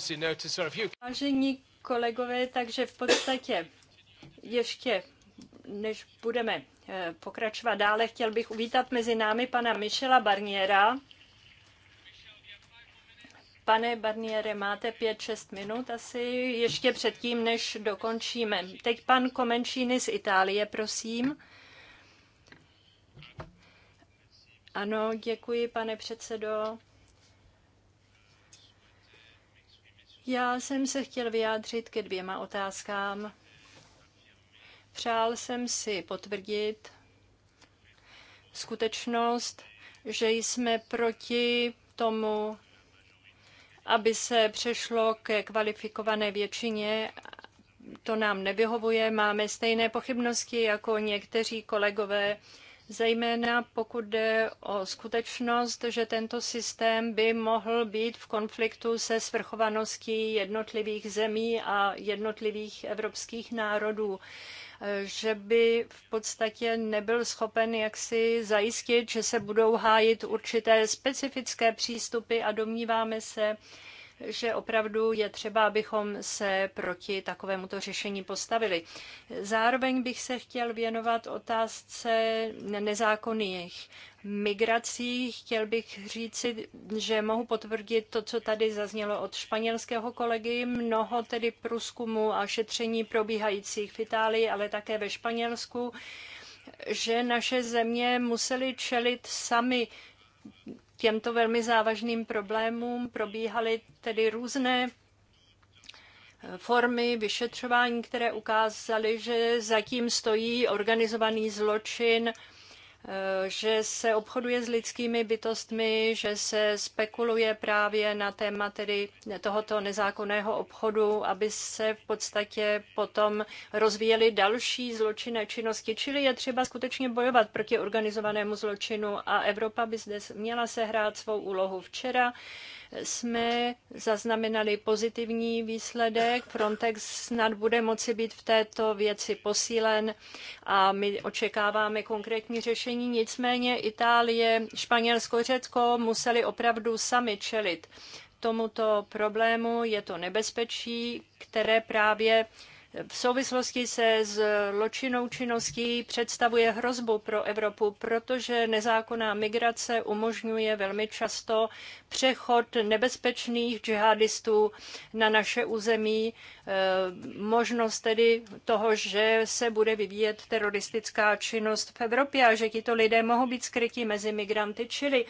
Vážení kolegové, takže v podstatě ještě než budeme eh, pokračovat dále, chtěl bych uvítat mezi námi pana Michela Barniera. Pane Barniere, máte pět šest minut asi ještě předtím, než dokončíme. Teď pan Komenčíny z Itálie, prosím. Ano, děkuji, pane předsedo. Já jsem se chtěl vyjádřit ke dvěma otázkám. Přál jsem si potvrdit skutečnost, že jsme proti tomu, aby se přešlo ke kvalifikované většině. To nám nevyhovuje, máme stejné pochybnosti jako někteří kolegové zejména pokud jde o skutečnost, že tento systém by mohl být v konfliktu se svrchovaností jednotlivých zemí a jednotlivých evropských národů že by v podstatě nebyl schopen jaksi zajistit, že se budou hájit určité specifické přístupy a domníváme se, že opravdu je třeba, abychom se proti takovémuto řešení postavili. Zároveň bych se chtěl věnovat otázce nezákonných migrací. Chtěl bych říci, že mohu potvrdit to, co tady zaznělo od španělského kolegy. Mnoho tedy průzkumu a šetření probíhajících v Itálii, ale také ve Španělsku že naše země museli čelit sami těmto velmi závažným problémům probíhaly tedy různé eh, formy vyšetřování, které ukázaly, že zatím stojí organizovaný zločin, Eh, že se obchoduje s lidskými bytostmi, že se spekuluje právě na téma tedy tohoto nezákonného obchodu, aby se v podstatě potom rozvíjely další zločinné činnosti. Čili je třeba skutečně bojovat proti organizovanému zločinu a Evropa by zde měla sehrát svou úlohu včera jsme zaznamenali pozitivní výsledek. Frontex snad bude moci být v této věci posílen a my očekáváme konkrétní řešení. Nicméně Itálie, Španělsko, Řecko museli opravdu sami čelit tomuto problému. Je to nebezpečí, které právě v souvislosti se zločinnou činností představuje hrozbu pro Evropu, protože nezákonná migrace umožňuje velmi často přechod nebezpečných džihadistů na naše území, e, možnost tedy toho, že se bude vyvíjet teroristická činnost v Evropě a že tito lidé mohou být skryti mezi migranty, čili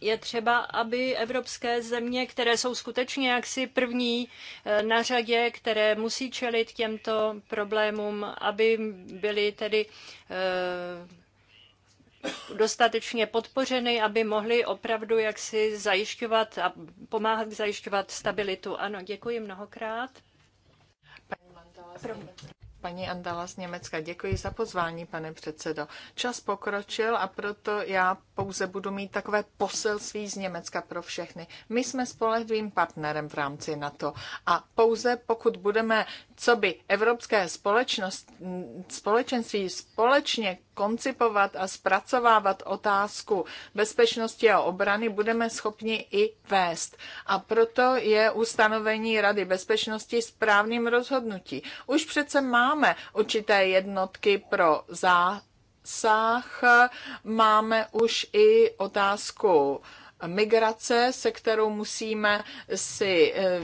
je třeba, aby evropské země, které jsou skutečně jaksi první eh, na řadě, které musí čelit těmto problémům, aby byly tedy eh, dostatečně podpořeny, aby mohly opravdu jaksi zajišťovat a pomáhat zajišťovat stabilitu. Ano, děkuji mnohokrát. Paní Mantala, paní Andala z Německa. Děkuji za pozvání, pane předsedo. Čas pokročil a proto já pouze budu mít takové poselství z Německa pro všechny. My jsme spolehlivým partnerem v rámci NATO a pouze pokud budeme, co by evropské společnost, společenství společně koncipovat a zpracovávat otázku bezpečnosti a obrany, budeme schopni i vést. A proto je ustanovení Rady bezpečnosti správným rozhodnutí. Už přece máme máme určité jednotky pro zásah, máme už i otázku migrace, se kterou musíme si eh,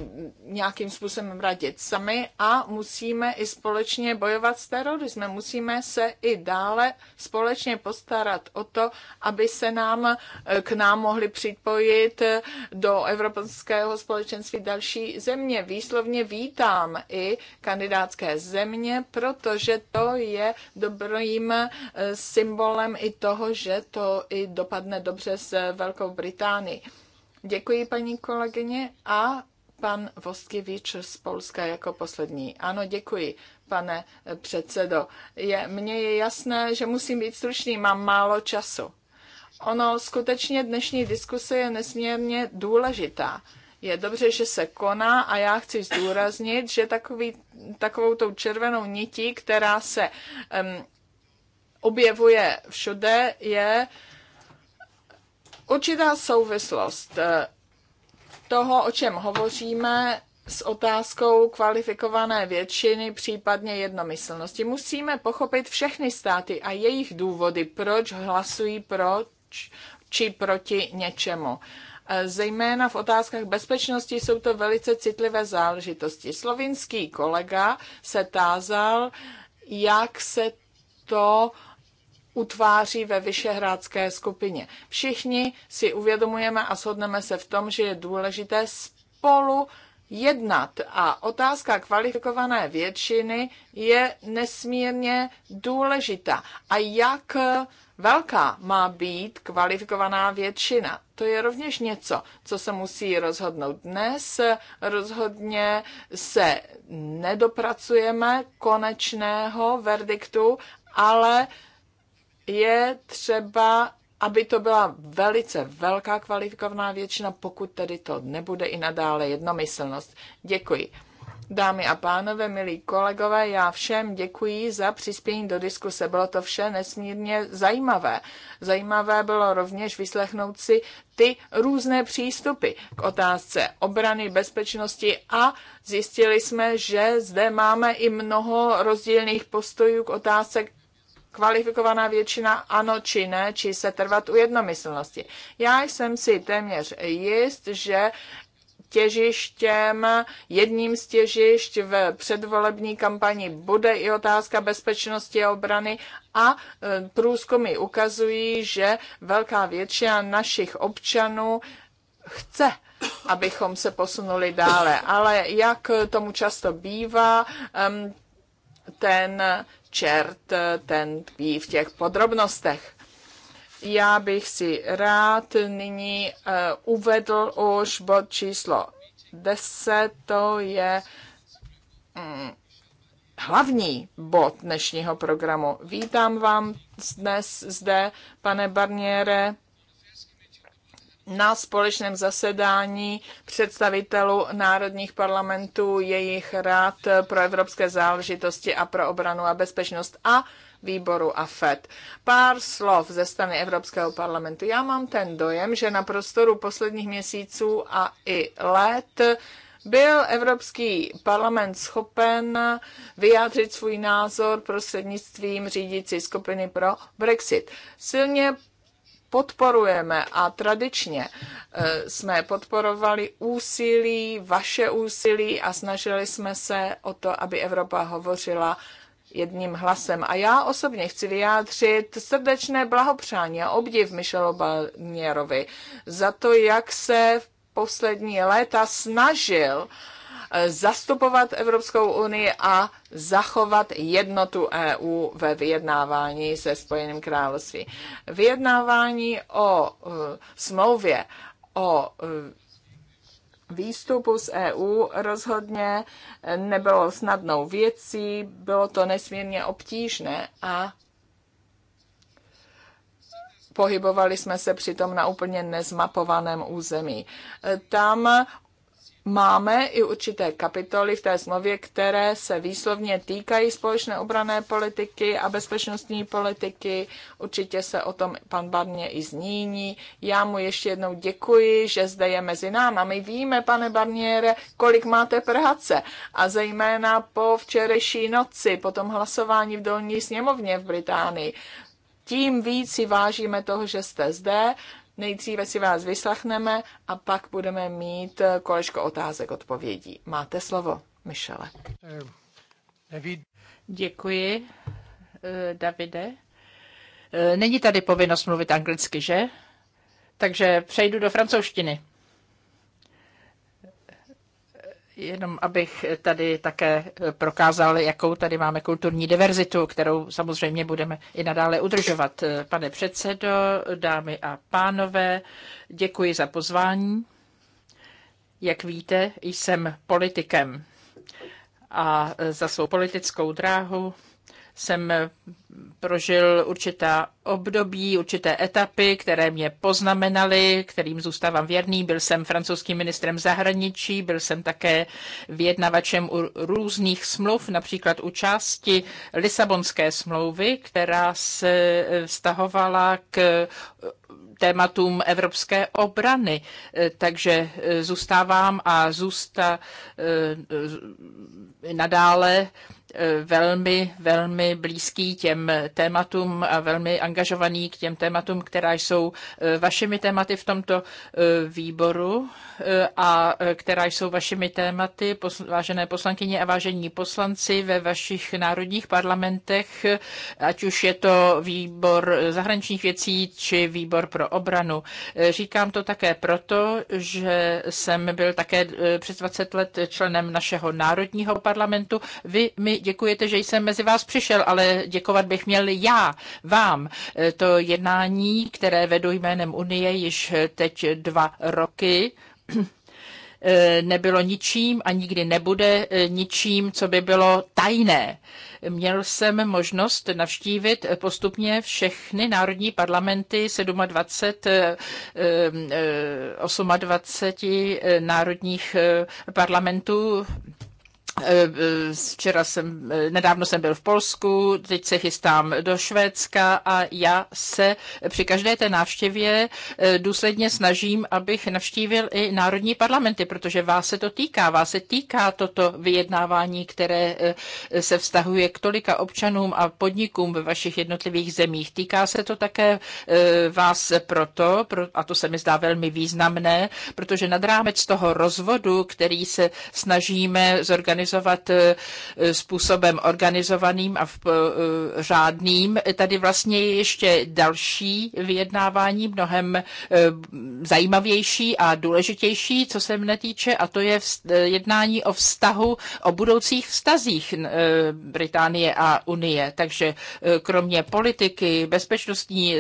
nějakým způsobem radit sami a musíme i společně bojovat s terorismem. Musíme se i dále společně postarat o to, aby se nám eh, k nám mohli připojit eh, do Evropského společenství další země. Výslovně vítám i kandidátské země, protože to je dobrým symbolem i toho, že to i dopadne dobře s Velkou Británií Británii. Děkuji paní kolegyně a pan Voskyvič z Polska jako poslední. Ano, děkuji, pane předsedo. Je, mně je jasné, že musím být stručný, mám málo času. Ono skutečně dnešní diskuse je nesmírně důležitá. Je dobře, že se koná a já chci zdůraznit, že takový, takovou tou červenou nití, která se um, objevuje všude, je uh, Určitá souvislost eh, toho, o čem hovoříme, s otázkou kvalifikované většiny, případně jednomyslnosti. Musíme pochopit všechny státy a jejich důvody, proč hlasují proč či proti něčemu. Eh, zejména v otázkách bezpečnosti jsou to velice citlivé záležitosti. Slovinský kolega se tázal, jak se to uh, utváří ve Vyšehrádské skupině. Všichni si uvědomujeme a shodneme se v tom, že je důležité spolu jednat. A otázka kvalifikované většiny je nesmírně důležitá. A jak velká má být kvalifikovaná většina? To je rovněž něco, co se musí rozhodnout dnes. Rozhodně se nedopracujeme konečného verdiktu, ale je třeba, aby to byla velice velká kvalifikovaná většina, pokud tedy to nebude i nadále jednomyslnost. Děkuji. Dámy a pánové, milí kolegové, já všem děkuji za přispění do diskuse. Bylo to vše nesmírně zajímavé. Zajímavé bylo rovněž vyslechnout si ty různé přístupy k otázce obrany, bezpečnosti a zjistili jsme, že zde máme i mnoho rozdílných postojů k otázce kvalifikovaná většina ano či ne, či se trvat u jednomyslnosti. Já jsem si téměř jist, že těžištěm, jedním z těžišť v předvolební kampani bude i otázka bezpečnosti a obrany a e, průzkumy ukazují, že velká většina našich občanů chce abychom se posunuli dále. Ale jak tomu často bývá, ten čert, eh, ten tkví v těch podrobnostech. Já bych si rád nyní eh, uvedl už bod číslo 10, to je mm, hlavní bod dnešního programu. Vítám vám dnes zde, pane Barniere, na společném zasedání představitelů národních parlamentů, jejich rád pro evropské záležitosti a pro obranu a bezpečnost a výboru a FED. Pár slov ze strany Evropského parlamentu. Já mám ten dojem, že na prostoru posledních měsíců a i let byl Evropský parlament schopen vyjádřit svůj názor prostřednictvím řídící skupiny pro Brexit. Silně podporujeme a tradičně eh, jsme podporovali úsilí, vaše úsilí a snažili jsme se o to, aby Evropa hovořila jedním hlasem. A já osobně chci vyjádřit srdečné blahopřání a obdiv Michelu Balnierovi za to, jak se v poslední léta snažil uh, zastupovat Evropskou unii a zachovat jednotu EU ve vyjednávání se Spojeným království. Vyjednávání o eh, smlouvě o eh, výstupu z EU rozhodně nebylo snadnou věcí, bylo to nesmírně obtížné a pohybovali jsme se přitom na úplně nezmapovaném území. Tam máme i určité kapitoly v té smlouvě, které se výslovně týkají společné obrané politiky a bezpečnostní politiky. Určitě se o tom pan Barně i zmíní. Já mu ještě jednou děkuji, že zde je mezi náma. My víme, pane Barniere, kolik máte práce a zejména po včerejší noci, po tom hlasování v dolní sněmovně v Británii. Tím víc si vážíme toho, že jste zde Nejdříve si vás vyslechneme a pak budeme mít eh, kolečko otázek odpovědí. Máte slovo, Michele. Děkuji, eh, Davide. Eh, není tady povinnost mluvit anglicky, že? Takže přejdu do francouzštiny. Jenom abych tady také prokázal, jakou tady máme kulturní diverzitu, kterou samozřejmě budeme i nadále udržovat. Pane předsedo, dámy a pánové, děkuji za pozvání. Jak víte, jsem politikem a za svou politickou dráhu jsem eh, prožil určitá období, určité etapy, které mě poznamenaly, kterým zůstávám věrný. Byl jsem francouzským ministrem zahraničí, byl jsem také vyjednavačem u různých smluv, například u části Lisabonské smlouvy, která se eh, vztahovala k eh, tématům evropské obrany. Takže zůstávám a zůsta nadále Eh, velmi, velmi blízký těm tématům a velmi angažovaný k těm tématům, která jsou eh, vašimi tématy v tomto eh, výboru a která jsou vašimi tématy, vážené poslankyně a vážení poslanci ve vašich národních parlamentech, ať už je to výbor zahraničních věcí či výbor pro obranu. Říkám to také proto, že jsem byl také přes 20 let členem našeho národního parlamentu. Vy mi děkujete, že jsem mezi vás přišel, ale děkovat bych měl já, vám. E, to jednání, které vedu jménem Unie již teď dva roky, e, nebylo ničím a nikdy nebude e, ničím, co by bylo tajné. Měl jsem možnost navštívit postupně všechny národní parlamenty 27, 28 národních parlamentů Eh, eh, včera jsem, eh, nedávno jsem byl v Polsku, teď se chystám do Švédska a já se při každé té návštěvě důsledně snažím, abych navštívil i národní parlamenty, protože vás se to týká. Vás se týká toto vyjednávání, které se vztahuje k tolika občanům a podnikům ve vašich jednotlivých zemích. Týká se to také vás proto, a to se mi zdá velmi významné, protože nad rámec toho rozvodu, který se snažíme zorganizovat, organizovat eh, způsobem organizovaným a v, eh, řádným. Tady vlastně je ještě další vyjednávání, mnohem eh, zajímavější a důležitější, co se mne týče, a to je jednání o vztahu, o budoucích vztazích Británie a Unie. Takže kromě politiky, bezpečnostní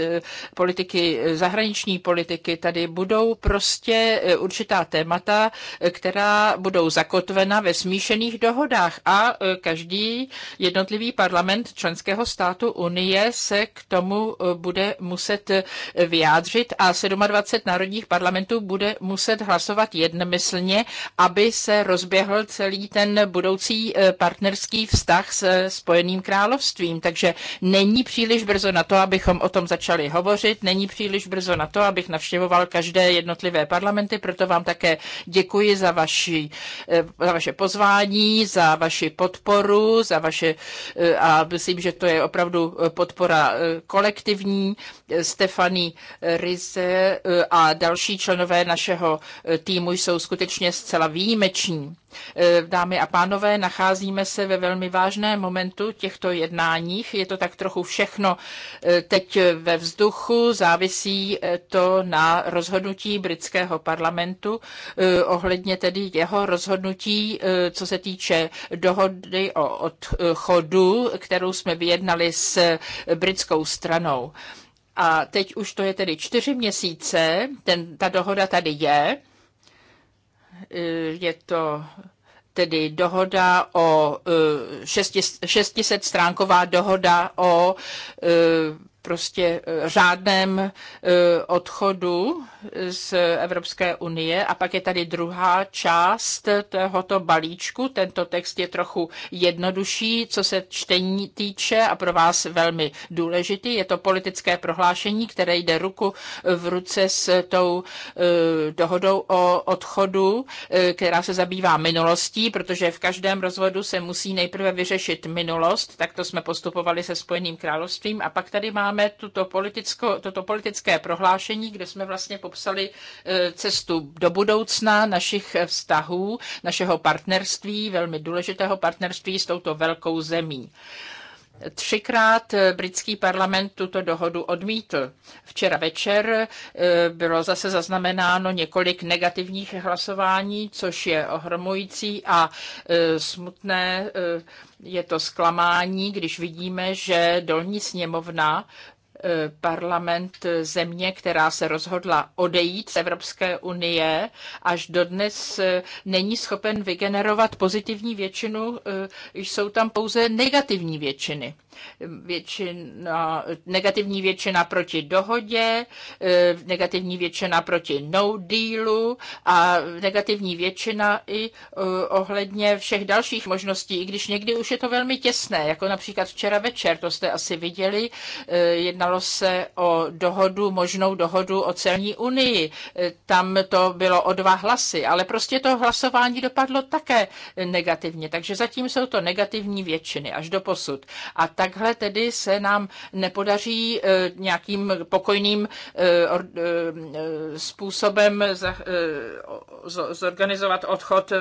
politiky, zahraniční politiky, tady budou prostě určitá témata, která budou zakotvena ve smíšených obchodních dohodách a e, každý jednotlivý parlament členského státu Unie se k tomu e, bude muset e, vyjádřit a 27 národních parlamentů bude muset hlasovat jednomyslně, aby se rozběhl celý ten budoucí partnerský vztah s Spojeným královstvím. Takže není příliš brzo na to, abychom o tom začali hovořit, není příliš brzo na to, abych navštěvoval každé jednotlivé parlamenty, proto vám také děkuji za, vaši, za vaše pozvání za vaši podporu, za vaše, e, a myslím, že to je opravdu e, podpora e, kolektivní, Stefany Rize a další členové našeho týmu jsou skutečně zcela výjimeční. E, dámy a pánové, nacházíme se ve velmi vážném momentu těchto jednáních. Je to tak trochu všechno e, teď ve vzduchu, závisí e, to na rozhodnutí britského parlamentu ohledně tedy jeho rozhodnutí, co se týče dohody o odchodu, kterou jsme vyjednali s britskou stranou. A teď už to je tedy čtyři měsíce, ten, ta dohoda tady je je to tedy dohoda o 600 e, stránková dohoda o e, prostě e, řádném odchodu z Evropské unie. A pak je tady druhá část tohoto balíčku. Tento text je trochu jednodušší, co se čtení týče a pro vás velmi důležitý. Je to politické prohlášení, které jde ruku v ruce s tou e, dohodou o odchodu, e, která se zabývá minulostí, protože v každém rozvodu se musí nejprve vyřešit minulost. Tak to jsme postupovali se Spojeným královstvím. A pak tady máme tuto toto politické prohlášení, kde jsme vlastně po popsali eh, cestu do budoucna našich vztahů, našeho partnerství, velmi důležitého partnerství s touto velkou zemí. Třikrát eh, britský parlament tuto dohodu odmítl. Včera večer eh, bylo zase zaznamenáno několik negativních hlasování, což je ohromující a smutné. Je to zklamání, když vidíme, že dolní sněmovna Eh, parlament země, která se rozhodla odejít z Evropské unie, až dodnes eh, není schopen vygenerovat pozitivní většinu, eh, jsou tam pouze negativní většiny. Většina, negativní většina proti dohodě, negativní většina proti no dealu a negativní většina i ohledně všech dalších možností, i když někdy už je to velmi těsné, jako například včera večer, to jste asi viděli, jednalo Jednalo se o dohodu, možnou dohodu o celní unii. E, tam to bylo o dva hlasy, ale prostě to hlasování dopadlo také negativně. Takže zatím jsou to negativní většiny až do posud. A takhle tedy se nám nepodaří e, nějakým pokojným e, způsobem zorganizovat odchod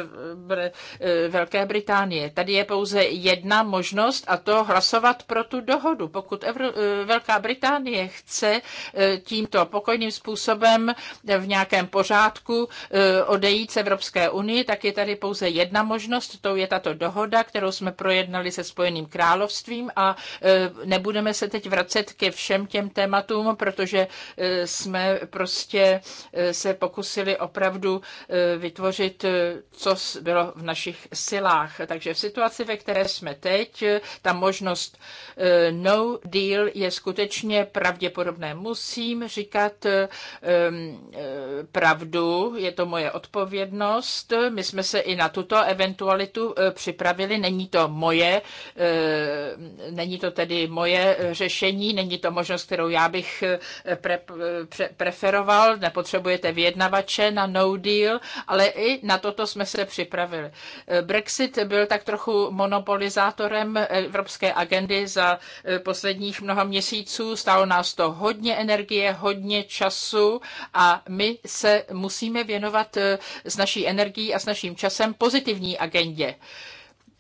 Velké Británie. Tady je pouze jedna možnost a to hlasovat pro tu dohodu. Pokud Evro- Velká Británie Británie chce eh, tímto pokojným způsobem eh, v nějakém pořádku eh, odejít z Evropské unie, tak je tady pouze jedna možnost, to je tato dohoda, kterou jsme projednali se Spojeným královstvím a nebudeme se teď vracet ke všem těm tématům, protože jsme prostě se pokusili opravdu vytvořit, co bylo v našich silách. Takže v situaci, ve které jsme teď, ta možnost no deal je skutečně skutečně pravděpodobné. Musím říkat eh, eh, pravdu, je to moje odpovědnost. My jsme se i na tuto eventualitu eh, připravili. Není to moje, není to tedy moje řešení, není to možnost, kterou já bych pre, pre, preferoval. Nepotřebujete vyjednavače na no deal, ale i na toto jsme se připravili. Brexit byl tak trochu monopolizátorem evropské agendy za posledních mnoha měsíců stálo nás to hodně energie, hodně času a my se musíme věnovat eh, s naší energií a s naším časem pozitivní agendě.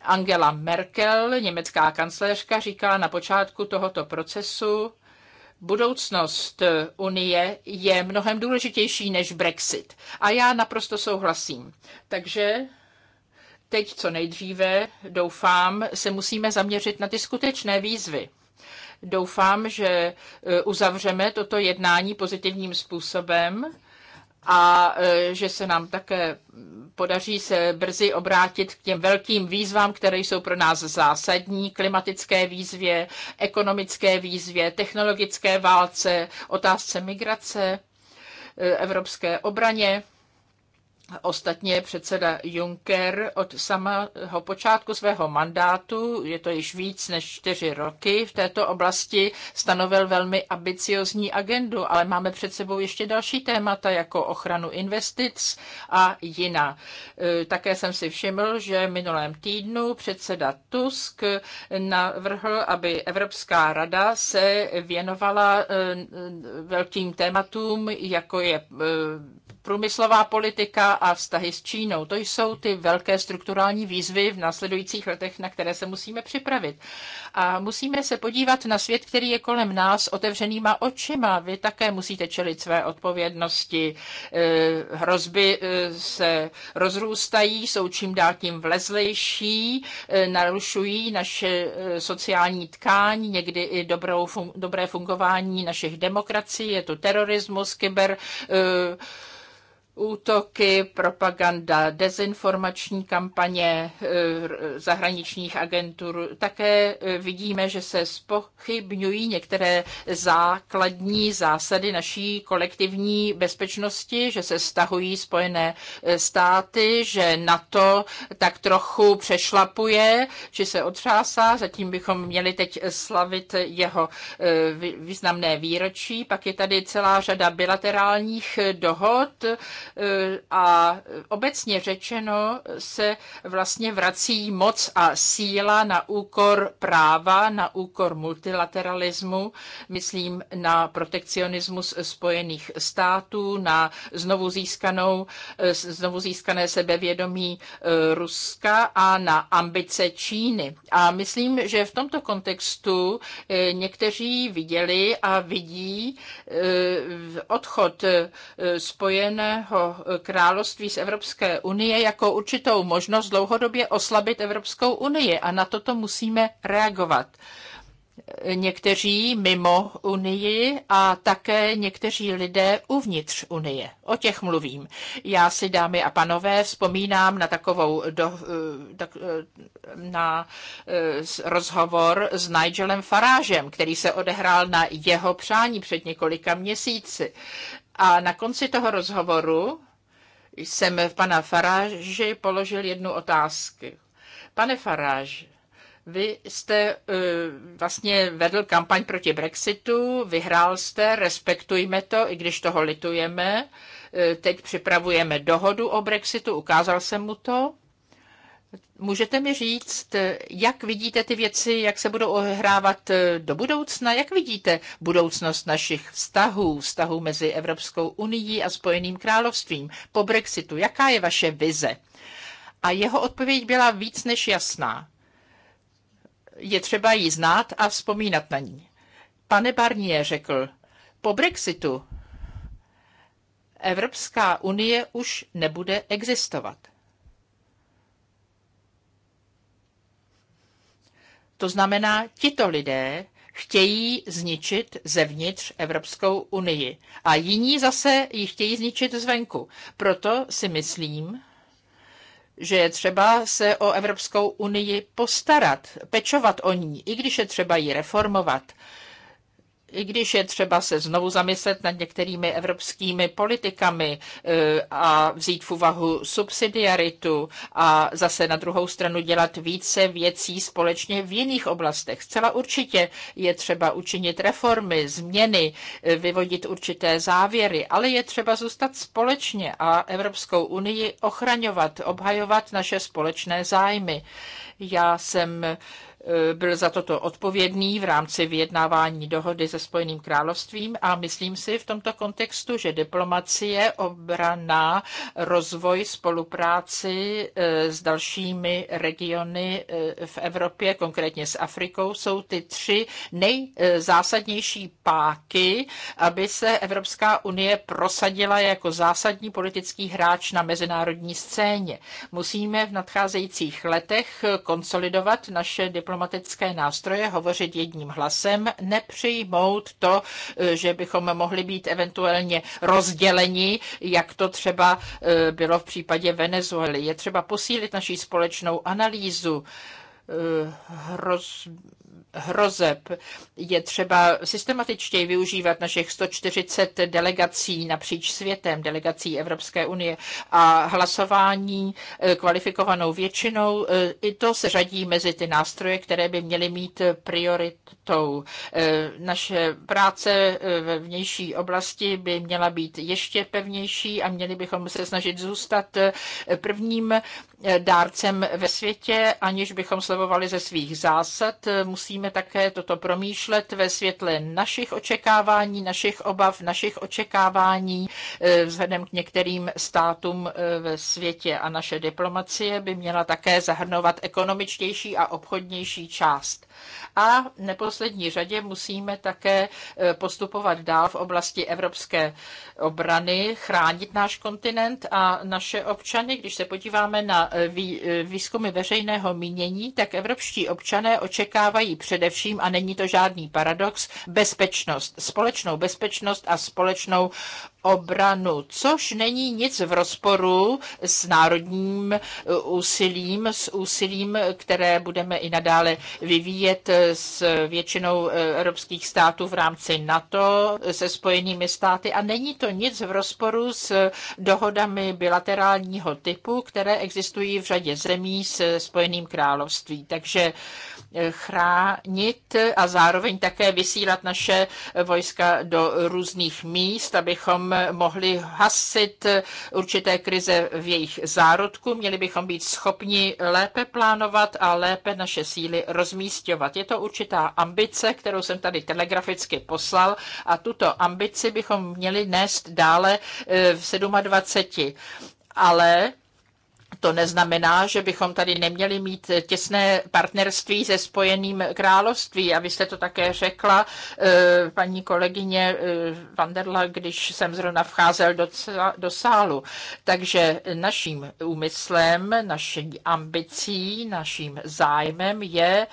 Angela Merkel, německá kancléřka, říkala na počátku tohoto procesu, budoucnost eh, Unie je mnohem důležitější než Brexit. A já naprosto souhlasím. Takže teď co nejdříve, doufám, se musíme zaměřit na ty skutečné výzvy. Doufám, že e, uzavřeme toto jednání pozitivním způsobem a e, že se nám také podaří se brzy obrátit k těm velkým výzvám, které jsou pro nás zásadní, klimatické výzvě, ekonomické výzvě, technologické válce, otázce migrace, e, evropské obraně Ostatně předseda Juncker od samého počátku svého mandátu, je to již víc než čtyři roky, v této oblasti stanovil velmi ambiciozní agendu, ale máme před sebou ještě další témata jako ochranu investic a jiná. E, také jsem si všiml, že minulém týdnu předseda Tusk navrhl, aby Evropská rada se věnovala e, velkým tématům, jako je e, průmyslová politika a vztahy s Čínou. To jsou ty velké strukturální výzvy v následujících letech, na které se musíme připravit. A musíme se podívat na svět, který je kolem nás otevřenýma očima. Vy také musíte čelit své odpovědnosti. E, hrozby e, se rozrůstají, jsou čím dál tím vlezlejší, e, narušují naše sociální tkání, někdy i dobrou, dobré fungování našich demokracií. Je to terorismus, kyber útoky, propaganda, dezinformační kampaně eh, zahraničních agentur. Také eh, vidíme, že se spochybňují některé základní zásady naší kolektivní bezpečnosti, že se stahují Spojené eh, státy, že NATO tak trochu přešlapuje, či se otřásá. Zatím bychom měli teď slavit jeho významné výročí. Pak je tady celá řada bilaterálních dohod, Eh, a obecně řečeno se vlastně vrací moc a síla na úkor práva, na úkor multilateralismu, myslím na protekcionismus Spojených států, na znovu, získanou, eh, znovu získané sebevědomí eh, Ruska a na ambice Číny. A myslím, že v tomto kontextu někteří viděli a vidí odchod spojené Spojeného království z Evropské unie jako určitou možnost dlouhodobě oslabit Evropskou unii a na toto musíme reagovat někteří mimo Unii a také někteří lidé uvnitř Unie. O těch mluvím. Já si, dámy a panové, vzpomínám na takovou do, tak, na eh, rozhovor s Nigelem Farážem, který se odehrál na jeho přání před několika měsíci. A na konci toho rozhovoru jsem pana Faráži položil jednu otázku. Pane Faráž, vy jste uh, vlastně vedl kampaň proti Brexitu, vyhrál jste, respektujme to, i když toho litujeme. Uh, teď připravujeme dohodu o Brexitu, ukázal jsem mu to. Můžete mi říct, jak vidíte ty věci, jak se budou ohrávat eh, do budoucna? Jak vidíte budoucnost našich vztahů, vztahů mezi Evropskou unii a Spojeným královstvím po Brexitu? Jaká je vaše vize? A jeho odpověď byla víc než jasná. Je třeba ji znát a vzpomínat na ní. Pane Barnier řekl, po Brexitu Evropská unie už nebude existovat. To znamená, tito lidé chtějí zničit zevnitř Evropskou unii a jiní zase ji chtějí zničit zvenku. Proto si myslím, že je třeba se o Evropskou unii postarat, pečovat o ní, i když je třeba ji reformovat i když je třeba se znovu zamyslet nad některými evropskými politikami e, a vzít v úvahu subsidiaritu a zase na druhou stranu dělat více věcí společně v jiných oblastech. Zcela určitě je třeba učinit reformy, změny, e, vyvodit určité závěry, ale je třeba zůstat společně a Evropskou unii ochraňovat, obhajovat naše společné zájmy. Já jsem Eh, byl za toto odpovědný v rámci vyjednávání dohody se Spojeným královstvím a myslím si v tomto kontextu, že diplomacie, obrana, rozvoj, spolupráci eh, s dalšími regiony eh, v Evropě, konkrétně s Afrikou, jsou ty tři nejzásadnější páky, aby se Evropská unie prosadila jako zásadní politický hráč na mezinárodní scéně. Musíme v nadcházejících letech konsolidovat naše diplomatické diplomatické nástroje, hovořit jedním hlasem, nepřijmout to, eh, že bychom mohli být eventuálně rozděleni, jak to třeba eh, bylo v případě Venezuely. Je třeba posílit naší společnou analýzu eh, hrozby hrozeb. Je třeba systematičtěji využívat našich 140 delegací napříč světem, delegací Evropské unie a hlasování e, kvalifikovanou většinou. E, I to se řadí mezi ty nástroje, které by měly mít prioritou. E, naše práce ve vnější oblasti by měla být ještě pevnější a měli bychom se snažit zůstat prvním Eh, dárcem ve světě, aniž bychom slevovali ze svých zásad. Musíme také toto promýšlet ve světle našich očekávání, našich obav, našich očekávání eh, vzhledem k některým státům eh, ve světě. A naše diplomacie by měla také zahrnovat ekonomičtější a obchodnější část. A v neposlední řadě musíme také e, postupovat dál v oblasti evropské obrany, chránit náš kontinent a naše občany. Když se podíváme na e, e, výzkumy veřejného mínění, tak evropští občané očekávají především, a není to žádný paradox, bezpečnost, společnou bezpečnost a společnou obranu, což není nic v rozporu s národním e, úsilím, s úsilím, které budeme i nadále vyvíjet e, s většinou e, evropských států v rámci NATO, se spojenými státy a není to nic v rozporu s dohodami bilaterálního typu, které existují v řadě zemí se spojeným království. Takže chránit a zároveň také vysílat naše vojska do různých míst, abychom mohli hasit určité krize v jejich zárodku. Měli bychom být schopni lépe plánovat a lépe naše síly rozmístěvat. Je to určitá ambice, kterou jsem tady telegraficky poslal a tuto ambici bychom měli nést dále eh, v 27. Ale to neznamená, že bychom tady neměli mít těsné partnerství se Spojeným království. A vy jste to také řekla, eh, paní kolegyně eh, Vanderla, když jsem zrovna vcházel do, do sálu. Takže naším úmyslem, naší ambicí, naším zájmem je,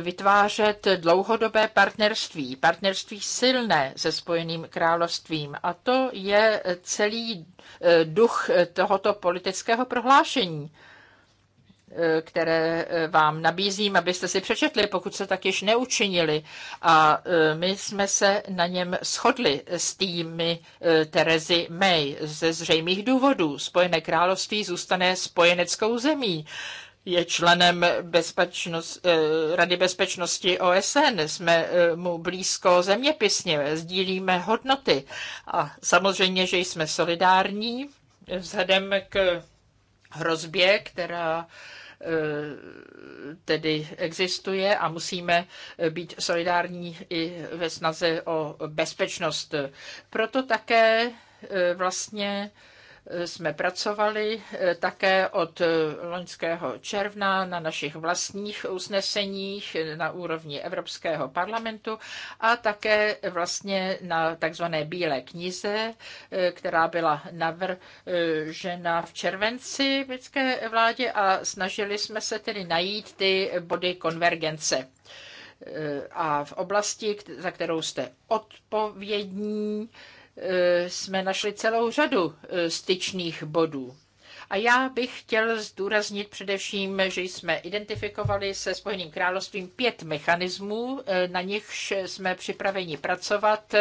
vytvářet dlouhodobé partnerství, partnerství silné se Spojeným královstvím. A to je celý e, duch tohoto politického prohlášení e, které e, vám nabízím, abyste si přečetli, pokud se tak již neučinili. A my jsme se na něm shodli s tými Terezy May ze zřejmých důvodů. Spojené království zůstane spojeneckou zemí je členem bezpečnost, eh, Rady bezpečnosti OSN. Jsme eh, mu blízko zeměpisně, sdílíme hodnoty a samozřejmě, že jsme solidární vzhledem k hrozbě, která eh, tedy existuje a musíme být solidární i ve snaze o bezpečnost. Proto také vlastně jsme pracovali eh, také od eh, loňského června na našich vlastních usneseních eh, na úrovni Evropského parlamentu a také vlastně na takzvané Bílé knize, která byla navržena v červenci britské vládě a snažili jsme se tedy najít ty body konvergence a v oblasti, za kterou jste odpovědní, Eh, jsme našli celou řadu eh, styčných bodů. A já bych chtěl zdůraznit především, že jsme identifikovali se Spojeným královstvím pět mechanismů, eh, na nichž jsme připraveni pracovat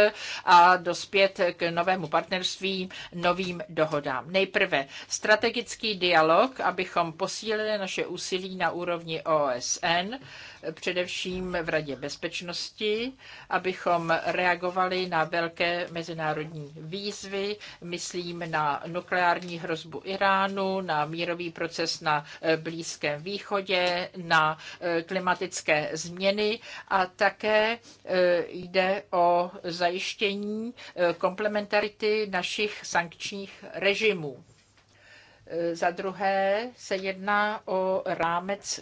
a dospět k novému partnerství, novým dohodám. Nejprve strategický dialog, abychom posílili naše úsilí na úrovni OSN, především v Radě bezpečnosti, abychom reagovali na velké mezinárodní výzvy, myslím na nukleární hrozbu Iránu, plánu, na mírový proces na eh, Blízkém východě, na eh, klimatické změny a také eh, jde o zajištění komplementarity našich sankčních režimů. Za druhé se jedná o rámec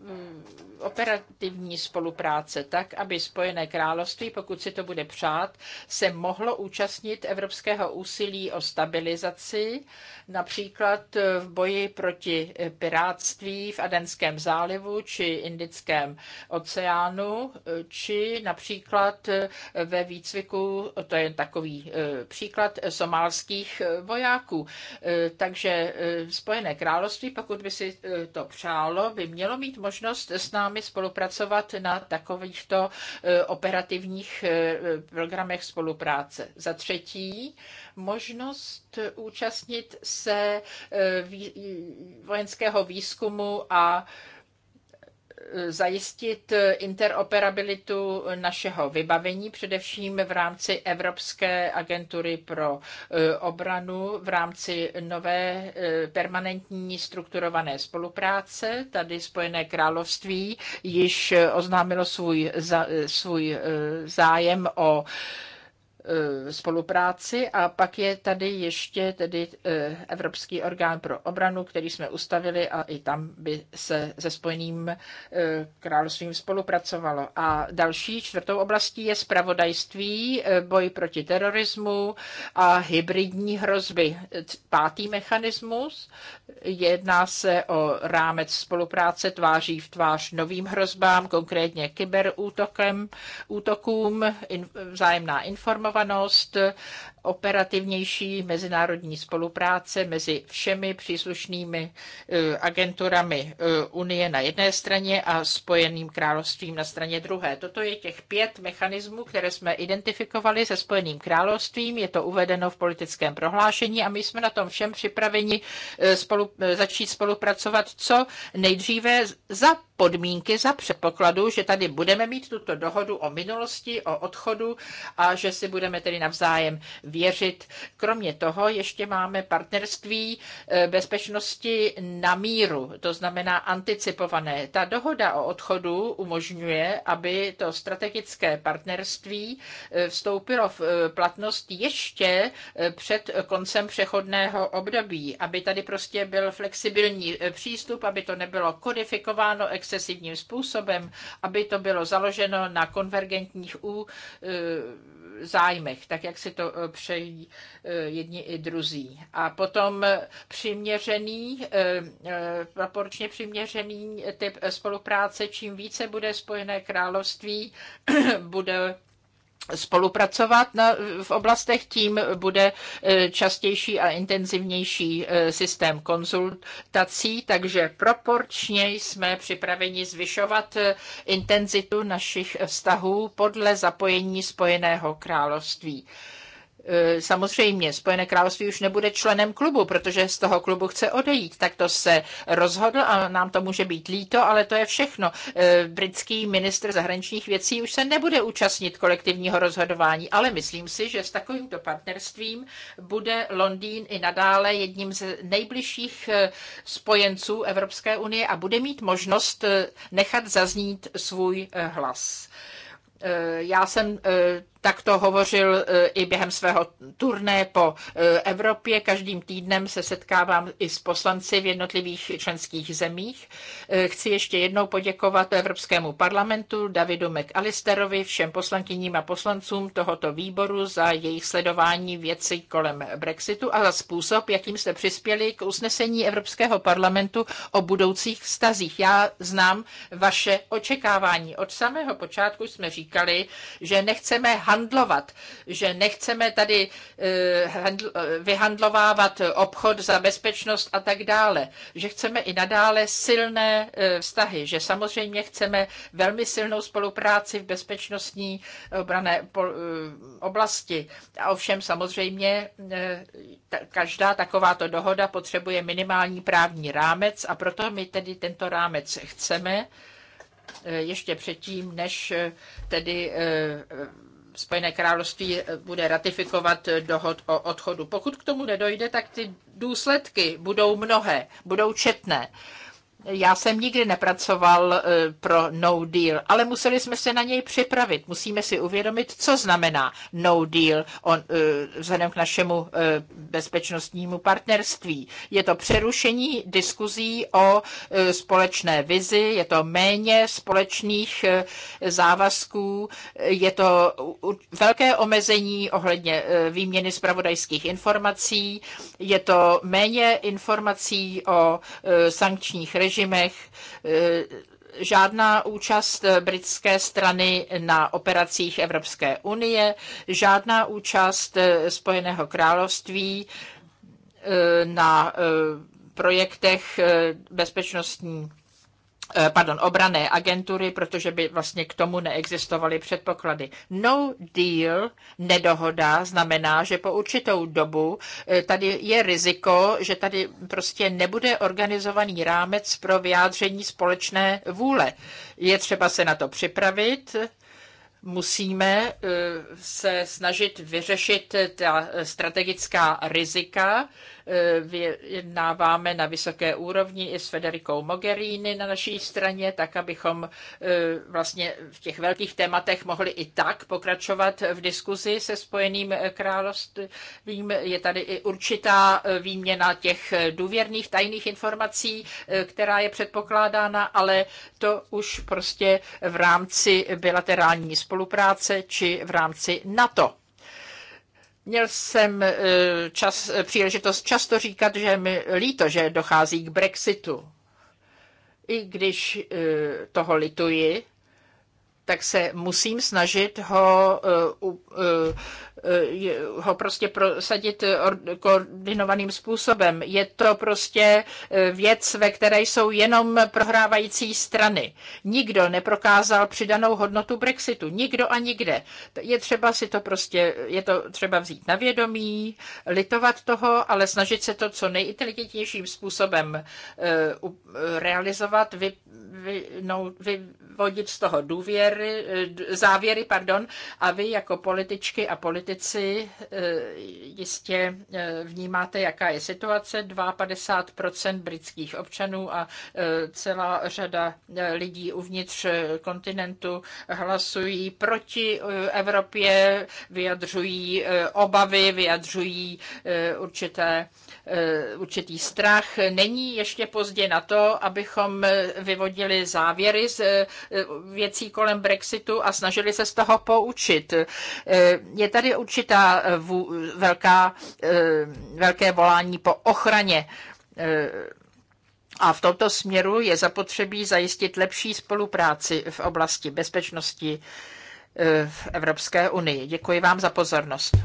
Mm, operativní spolupráce tak, aby Spojené království, pokud si to bude přát, se mohlo účastnit evropského úsilí o stabilizaci, například v boji proti pirátství v Adenském zálivu či Indickém oceánu, či například ve výcviku, to je takový eh, příklad, somálských vojáků. Eh, takže eh, Spojené království, pokud by si to přálo, by mělo mít možnost s námi spolupracovat na takovýchto e, operativních e, programech spolupráce. Za třetí, možnost účastnit se e, vojenského výzkumu a zajistit interoperabilitu našeho vybavení, především v rámci Evropské agentury pro e, obranu, v rámci nové e, permanentní strukturované spolupráce. Tady Spojené království již oznámilo svůj, e, svůj zájem o Eh, spolupráci a pak je tady ještě tedy eh, Evropský orgán pro obranu, který jsme ustavili a i tam by se se Spojeným eh, královstvím spolupracovalo. A další čtvrtou oblastí je spravodajství, boj proti terorismu a hybridní hrozby. Pátý mechanismus jedná se o rámec spolupráce tváří v tvář novým hrozbám, konkrétně kyberútokem, útokům, vzájemná informovanost informovanost operativnější mezinárodní spolupráce mezi všemi příslušnými eh, agenturami eh, Unie na jedné straně a Spojeným královstvím na straně druhé. Toto je těch pět mechanismů, které jsme identifikovali se Spojeným královstvím. Je to uvedeno v politickém prohlášení a my jsme na tom všem připraveni eh, spolu, začít spolupracovat co nejdříve za podmínky, za předpokladu, že tady budeme mít tuto dohodu o minulosti, o odchodu a že si budeme tedy navzájem věřit. Kromě toho ještě máme partnerství eh, bezpečnosti na míru, to znamená anticipované. Ta dohoda o odchodu umožňuje, aby to strategické partnerství eh, vstoupilo v eh, platnost ještě před koncem přechodného období, aby tady prostě byl flexibilní přístup, aby to nebylo kodifikováno excesivním způsobem, aby to bylo založeno na konvergentních ú, zájmech, tak jak si to eh, přejí eh, jedni i druzí. A potom přiměřený, eh, proporčně přiměřený typ spolupráce, čím více bude Spojené království, bude spolupracovat na, v oblastech, tím bude e, častější a intenzivnější e, systém konzultací, takže proporčně jsme připraveni zvyšovat e, intenzitu našich vztahů podle zapojení Spojeného království. Eh, samozřejmě, Spojené království už nebude členem klubu, protože z toho klubu chce odejít. Tak to se rozhodl a nám to může být líto, ale to je všechno. Eh, britský minister zahraničních věcí už se nebude účastnit kolektivního rozhodování, ale myslím si, že s takovýmto partnerstvím bude Londýn i nadále jedním z nejbližších eh, spojenců Evropské unie a bude mít možnost nechat zaznít svůj hlas. Já jsem tak to hovořil e, i během svého turné po e, Evropě. Každým týdnem se setkávám i s poslanci v jednotlivých členských zemích. E, chci ještě jednou poděkovat Evropskému parlamentu, Davidu McAllisterovi, všem poslankyním a poslancům tohoto výboru za jejich sledování věcí kolem Brexitu a za způsob, jakým jste přispěli k usnesení Evropského parlamentu o budoucích vztazích. Já znám vaše očekávání. Od samého počátku jsme říkali, že nechceme handlovat, že nechceme tady eh, eh, vyhandlovávat obchod za bezpečnost a tak dále, že chceme i nadále silné eh, vztahy, že samozřejmě chceme velmi silnou spolupráci v bezpečnostní obrané oblasti. A ovšem samozřejmě každá takováto dohoda potřebuje minimální právní rámec a proto my tedy tento rámec chceme ještě předtím, než tedy Spojené království eh, bude ratifikovat eh, dohod o odchodu. Pokud k tomu nedojde, tak ty důsledky budou mnohé, budou četné. Já jsem nikdy nepracoval e, pro no deal, ale museli jsme se na něj připravit. Musíme si uvědomit, co znamená no deal on, e, vzhledem k našemu e, bezpečnostnímu partnerství. Je to přerušení diskuzí o společné vizi, je to méně společných závazků, je to velké omezení ohledně výměny zpravodajských informací, je to méně informací o sankčních režimech, režimech, eh, žádná účast britské strany na operacích Evropské unie, žádná účast eh, Spojeného království eh, na projektech bezpečnostní Eh, pardon, obrané agentury, protože by vlastně k tomu neexistovaly předpoklady. No deal, nedohoda, znamená, že po určitou dobu eh, tady je riziko, že tady prostě nebude organizovaný rámec pro vyjádření společné vůle. Je třeba se na to připravit, musíme eh, se snažit vyřešit ta strategická rizika, vyjednáváme na vysoké úrovni i s Federikou Mogherini na naší straně, tak abychom e, vlastně v těch velkých tématech mohli i tak pokračovat v diskuzi se Spojeným královstvím. Je tady i určitá e, výměna těch důvěrných tajných informací, e, která je předpokládána, ale to už prostě v rámci bilaterální spolupráce či v rámci NATO. Měl jsem eh, čas, eh, příležitost často říkat, že mi líto, že dochází k Brexitu. I když eh, toho lituji, tak se musím snažit ho Eh, ho prostě prosadit eh, koordinovaným způsobem. Je to prostě eh, věc, ve které jsou jenom prohrávající strany. Nikdo neprokázal přidanou hodnotu Brexitu. Nikdo a nikde. Je třeba si to prostě, je to třeba vzít na vědomí, litovat toho, ale snažit se to co nejinteligentnějším způsobem realizovat, vy, vy, no, vy, vyvodit z toho důvěry, závěry pardon, a vy jako političky a politici e, jistě e, vnímáte, jaká je situace. 52% britských občanů a e, celá řada lidí uvnitř kontinentu hlasují proti Evropě, vyjadřují obavy, vyjadřují určité, určitý strach. Není ještě pozdě na to, abychom vyvodili závěry z Eh, věcí kolem Brexitu a snažili se z toho poučit. Eh, je tady určitá eh, velká, velké volání po ochraně a v tomto směru je zapotřebí zajistit lepší spolupráci v oblasti bezpečnosti v Evropské unii. Děkuji vám za pozornost.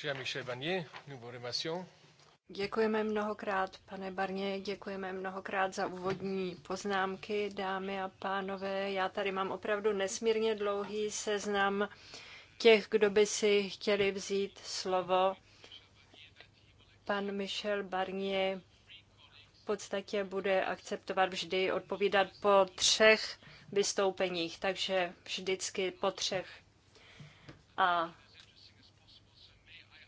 Cher Michel Barnier, nous vous remercions. Děkujeme mnohokrát, pane Barně, děkujeme mnohokrát za úvodní poznámky, dámy a pánové. Já tady mám opravdu nesmírně dlouhý seznam těch, kdo by si chtěli vzít slovo. Pan Michel Barnier v podstatě bude akceptovat vždy odpovídat po třech vystoupeních, takže vždycky po třech. A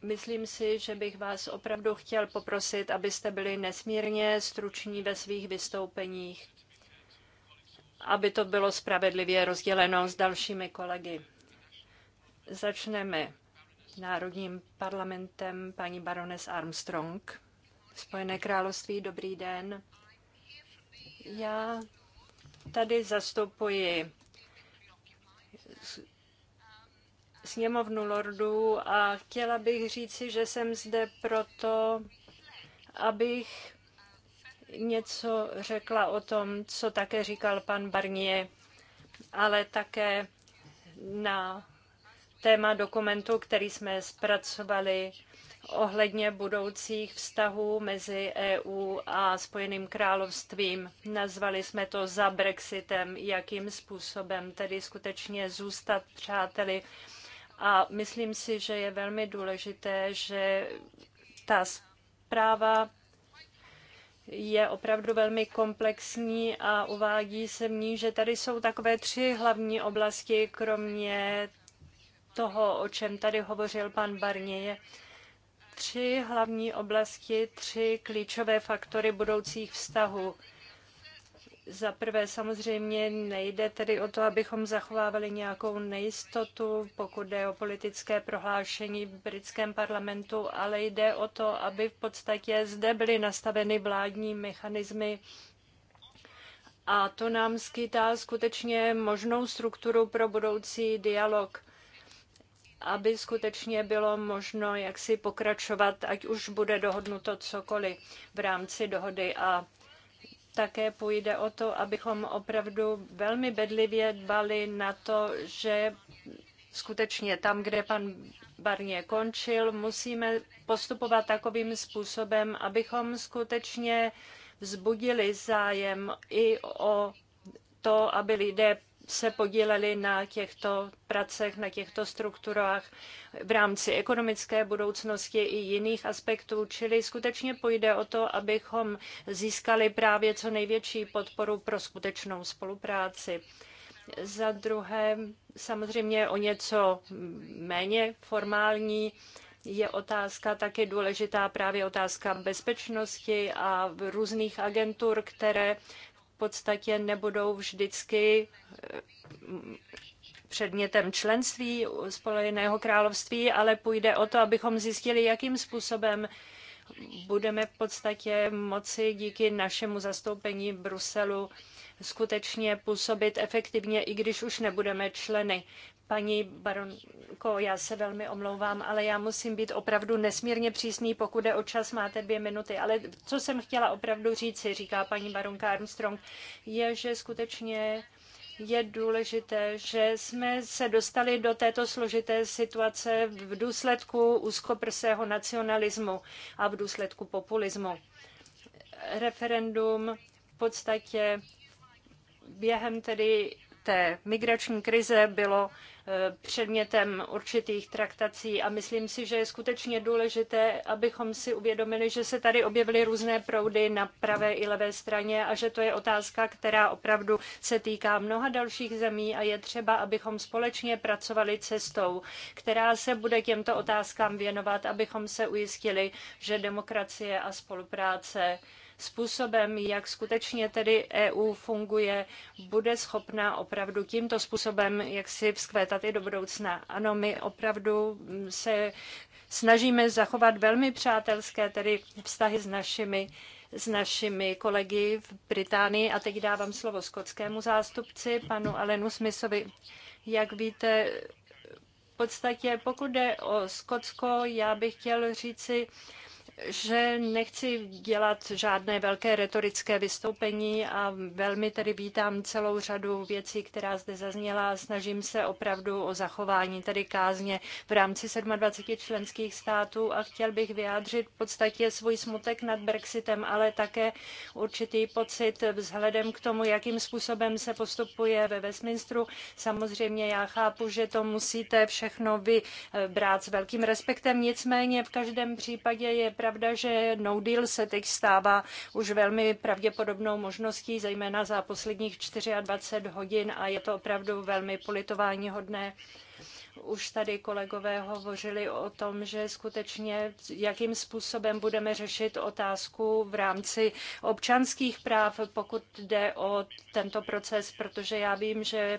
Myslím si, že bych vás opravdu chtěl poprosit, abyste byli nesmírně struční ve svých vystoupeních, aby to bylo spravedlivě rozděleno s dalšími kolegy. Začneme Národním parlamentem paní barones Armstrong. Spojené království, dobrý den. Já tady zastupuji sněmovnu lordů a chtěla bych říci, že jsem zde proto, abych něco řekla o tom, co také říkal pan Barnier, ale také na téma dokumentu, který jsme zpracovali ohledně budoucích vztahů mezi EU a Spojeným královstvím. Nazvali jsme to za Brexitem, jakým způsobem tedy skutečně zůstat přáteli a myslím si, že je velmi důležité, že ta zpráva je opravdu velmi komplexní a uvádí se v ní, že tady jsou takové tři hlavní oblasti, kromě toho, o čem tady hovořil pan Barnier. Tři hlavní oblasti, tři klíčové faktory budoucích vztahů. Za prvé samozřejmě nejde tedy o to, abychom zachovávali nějakou nejistotu, pokud jde o politické prohlášení v britském parlamentu, ale jde o to, aby v podstatě zde byly nastaveny vládní mechanismy a to nám skýtá skutečně možnou strukturu pro budoucí dialog, aby skutečně bylo možno jaksi pokračovat, ať už bude dohodnuto cokoliv v rámci dohody. A také půjde o to, abychom opravdu velmi bedlivě dbali na to, že skutečně tam, kde pan Barně končil, musíme postupovat takovým způsobem, abychom skutečně vzbudili zájem i o to, aby lidé se podíleli na těchto pracech, na těchto strukturách v rámci ekonomické budoucnosti i jiných aspektů. Čili skutečně půjde o to, abychom získali právě co největší podporu pro skutečnou spolupráci. Za druhé, samozřejmě o něco méně formální, je otázka také důležitá právě otázka bezpečnosti a různých agentur, které podstatě nebudou vždycky eh, předmětem členství Spojeného království, ale půjde o to, abychom zjistili, jakým způsobem budeme v podstatě moci díky našemu zastoupení v Bruselu skutečně působit efektivně, i když už nebudeme členy. Paní baronko, já se velmi omlouvám, ale já musím být opravdu nesmírně přísný, pokud je o čas, máte dvě minuty. Ale co jsem chtěla opravdu říci, říká paní baronka Armstrong, je, že skutečně je důležité, že jsme se dostali do této složité situace v důsledku úzkoprsého nacionalismu a v důsledku populismu. Referendum v podstatě během tedy té migrační krize bylo e, předmětem určitých traktací a myslím si, že je skutečně důležité, abychom si uvědomili, že se tady objevily různé proudy na pravé i levé straně a že to je otázka, která opravdu se týká mnoha dalších zemí a je třeba, abychom společně pracovali cestou, která se bude těmto otázkám věnovat, abychom se ujistili, že demokracie a spolupráce způsobem, jak skutečně tedy EU funguje, bude schopna opravdu tímto způsobem jak si vzkvétat i do budoucna. Ano, my opravdu mm, se snažíme zachovat velmi přátelské tedy vztahy s našimi s našimi kolegy v Británii. A teď dávám slovo skotskému zástupci, panu Alenu Smithovi. Jak víte, v podstatě, pokud jde o Skotsko, já bych chtěl říci, že nechci dělat žádné velké retorické vystoupení a velmi tedy vítám celou řadu věcí, která zde zazněla. Snažím se opravdu o zachování tedy kázně v rámci 27 členských států a chtěl bych vyjádřit v podstatě svůj smutek nad Brexitem, ale také určitý pocit vzhledem k tomu, jakým způsobem se postupuje ve Westminsteru. Samozřejmě já chápu, že to musíte všechno vy eh, brát s velkým respektem, nicméně v každém případě je pravda, pravda, že no deal se teď stává už velmi pravděpodobnou možností, zejména za posledních 24 hodin a je to opravdu velmi politování hodné. Už tady kolegové hovořili o tom, že skutečně jakým způsobem budeme řešit otázku v rámci občanských práv, pokud jde o tento proces, protože já vím, že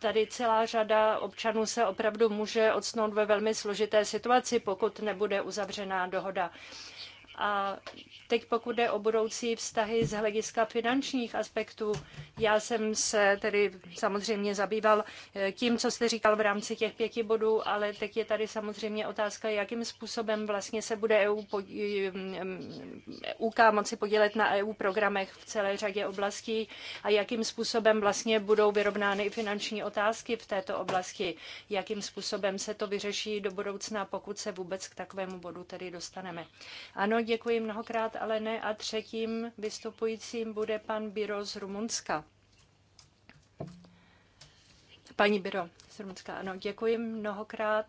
tady celá řada občanů se opravdu může odsnout ve velmi složité situaci, pokud nebude uzavřená dohoda. A teď pokud jde o budoucí vztahy z hlediska finančních aspektů, já jsem se tedy samozřejmě zabýval eh, tím, co jste říkal v rámci těch pěti bodů, ale teď je tady samozřejmě otázka, jakým způsobem vlastně se bude EU mm, mm, UK moci podílet na EU programech v celé řadě oblastí a jakým způsobem vlastně budou vyrovnány finanční otázky v této oblasti, jakým způsobem se to vyřeší do budoucna, pokud se vůbec k takovému bodu tedy dostaneme. Ano, děkuji mnohokrát, ale ne. A třetím vystupujícím bude pan Biro z Rumunska. Paní Biro z Rumunska, ano, děkuji mnohokrát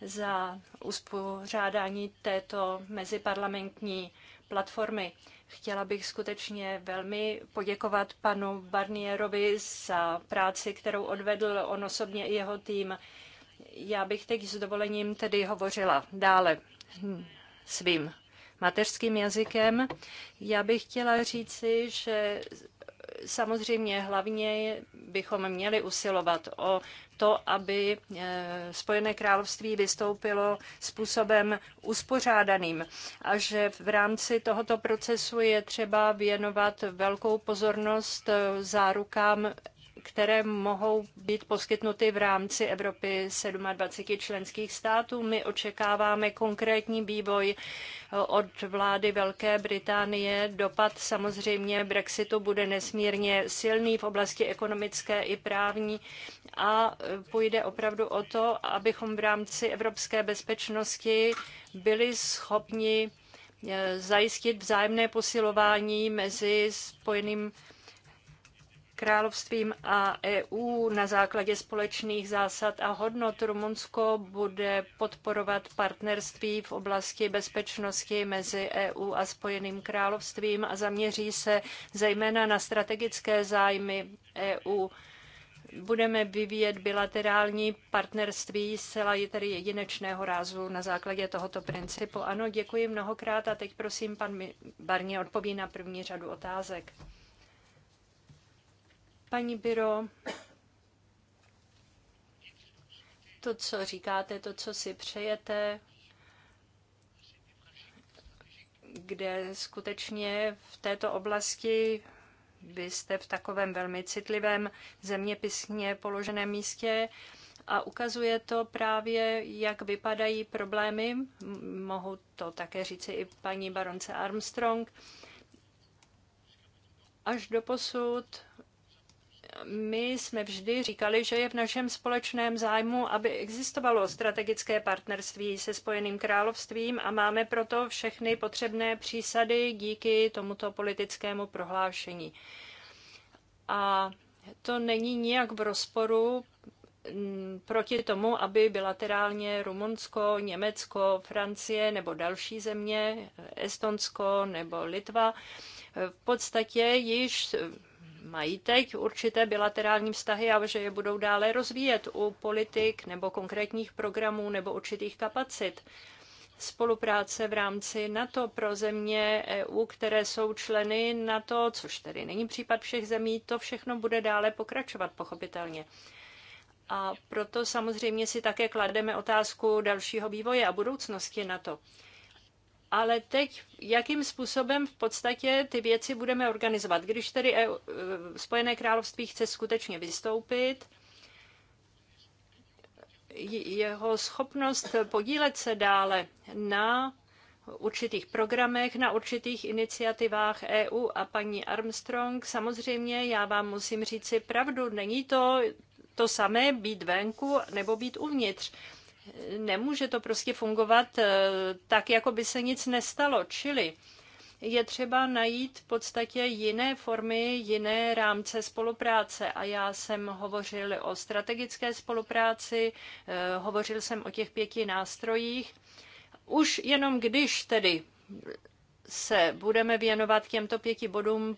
za uspořádání této meziparlamentní platformy. Chtěla bych skutečně velmi poděkovat panu Barnierovi za práci, kterou odvedl on osobně i jeho tým. Já bych teď s dovolením tedy hovořila dále svým mateřským jazykem. Já bych chtěla říci, že samozřejmě hlavně bychom měli usilovat o to, aby eh, Spojené království vystoupilo způsobem uspořádaným a že v rámci tohoto procesu je třeba věnovat velkou pozornost eh, zárukám které mohou být poskytnuty v rámci Evropy 27 členských států. My očekáváme konkrétní vývoj eh, od vlády Velké Británie. Dopad samozřejmě Brexitu bude nesmírně silný v oblasti ekonomické i právní a eh, půjde opravdu o to, abychom v rámci evropské bezpečnosti byli schopni eh, zajistit vzájemné posilování mezi Spojeným královstvím a EU na základě společných zásad a hodnot. Rumunsko bude podporovat partnerství v oblasti bezpečnosti mezi EU a Spojeným královstvím a zaměří se zejména na strategické zájmy EU budeme vyvíjet bilaterální partnerství zcela je tedy jedinečného rázu na základě tohoto principu. Ano, děkuji mnohokrát a teď prosím, pan Barně odpoví na první řadu otázek. Paní Biro, to, co říkáte, to, co si přejete, kde skutečně v této oblasti vy jste v takovém velmi citlivém zeměpisně položeném místě a ukazuje to právě, jak vypadají problémy. Mohu to také říci i paní baronce Armstrong. Až do posud my jsme vždy říkali, že je v našem společném zájmu, aby existovalo strategické partnerství se Spojeným královstvím a máme proto všechny potřebné přísady díky tomuto politickému prohlášení. A to není nijak v rozporu mm, proti tomu, aby bilaterálně Rumunsko, Německo, Francie nebo další země, Estonsko nebo Litva, v podstatě již mají teď určité bilaterální vztahy a že je budou dále rozvíjet u politik nebo konkrétních programů nebo určitých kapacit. Spolupráce v rámci NATO pro země EU, které jsou členy NATO, což tedy není případ všech zemí, to všechno bude dále pokračovat, pochopitelně. A proto samozřejmě si také klademe otázku dalšího vývoje a budoucnosti NATO. to ale teď jakým způsobem v podstatě ty věci budeme organizovat. Když tedy EU, e, Spojené království chce skutečně vystoupit, jeho schopnost podílet se dále na určitých programech, na určitých iniciativách EU a paní Armstrong. Samozřejmě já vám musím říci pravdu, není to to samé být venku nebo být uvnitř. Nemůže to prostě fungovat eh, tak, jako by se nic nestalo. Čili je třeba najít v podstatě jiné formy, jiné rámce spolupráce. A já jsem hovořil o strategické spolupráci, eh, hovořil jsem o těch pěti nástrojích. Už jenom když tedy se budeme věnovat těmto pěti bodům,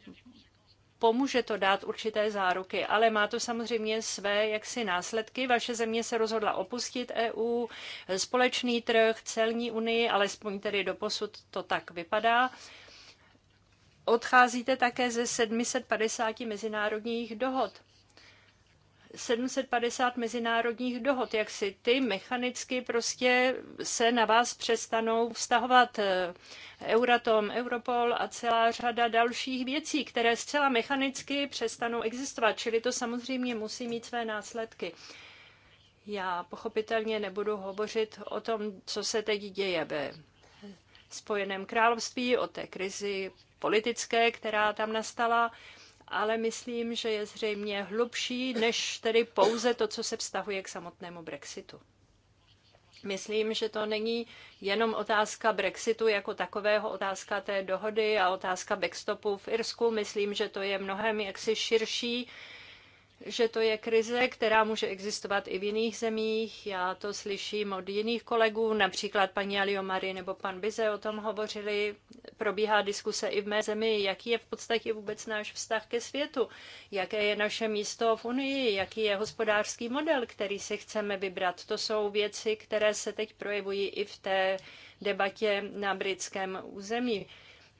pomůže to dát určité záruky, ale má to samozřejmě své jaksi následky. Vaše země se rozhodla opustit EU, společný trh, celní unii, alespoň tedy do posud to tak vypadá. Odcházíte také ze 750 mezinárodních dohod. 750 mezinárodních dohod, jak si ty mechanicky prostě se na vás přestanou vztahovat eh, Euratom, Europol a celá řada dalších věcí, které zcela mechanicky přestanou existovat, čili to samozřejmě musí mít své následky. Já pochopitelně nebudu hovořit o tom, co se teď děje ve Spojeném království, o té krizi politické, která tam nastala ale myslím, že je zřejmě hlubší než tedy pouze to, co se vztahuje k samotnému Brexitu. Myslím, že to není jenom otázka Brexitu jako takového, otázka té dohody a otázka backstopu v Irsku. Myslím, že to je mnohem jaksi širší že to je krize, která může existovat i v jiných zemích. Já to slyším od jiných kolegů, například paní Aliomary nebo pan Bize o tom hovořili. Probíhá diskuse i v mé zemi, jaký je v podstatě vůbec náš vztah ke světu, jaké je naše místo v Unii, jaký je hospodářský model, který si chceme vybrat. To jsou věci, které se teď projevují i v té debatě na britském území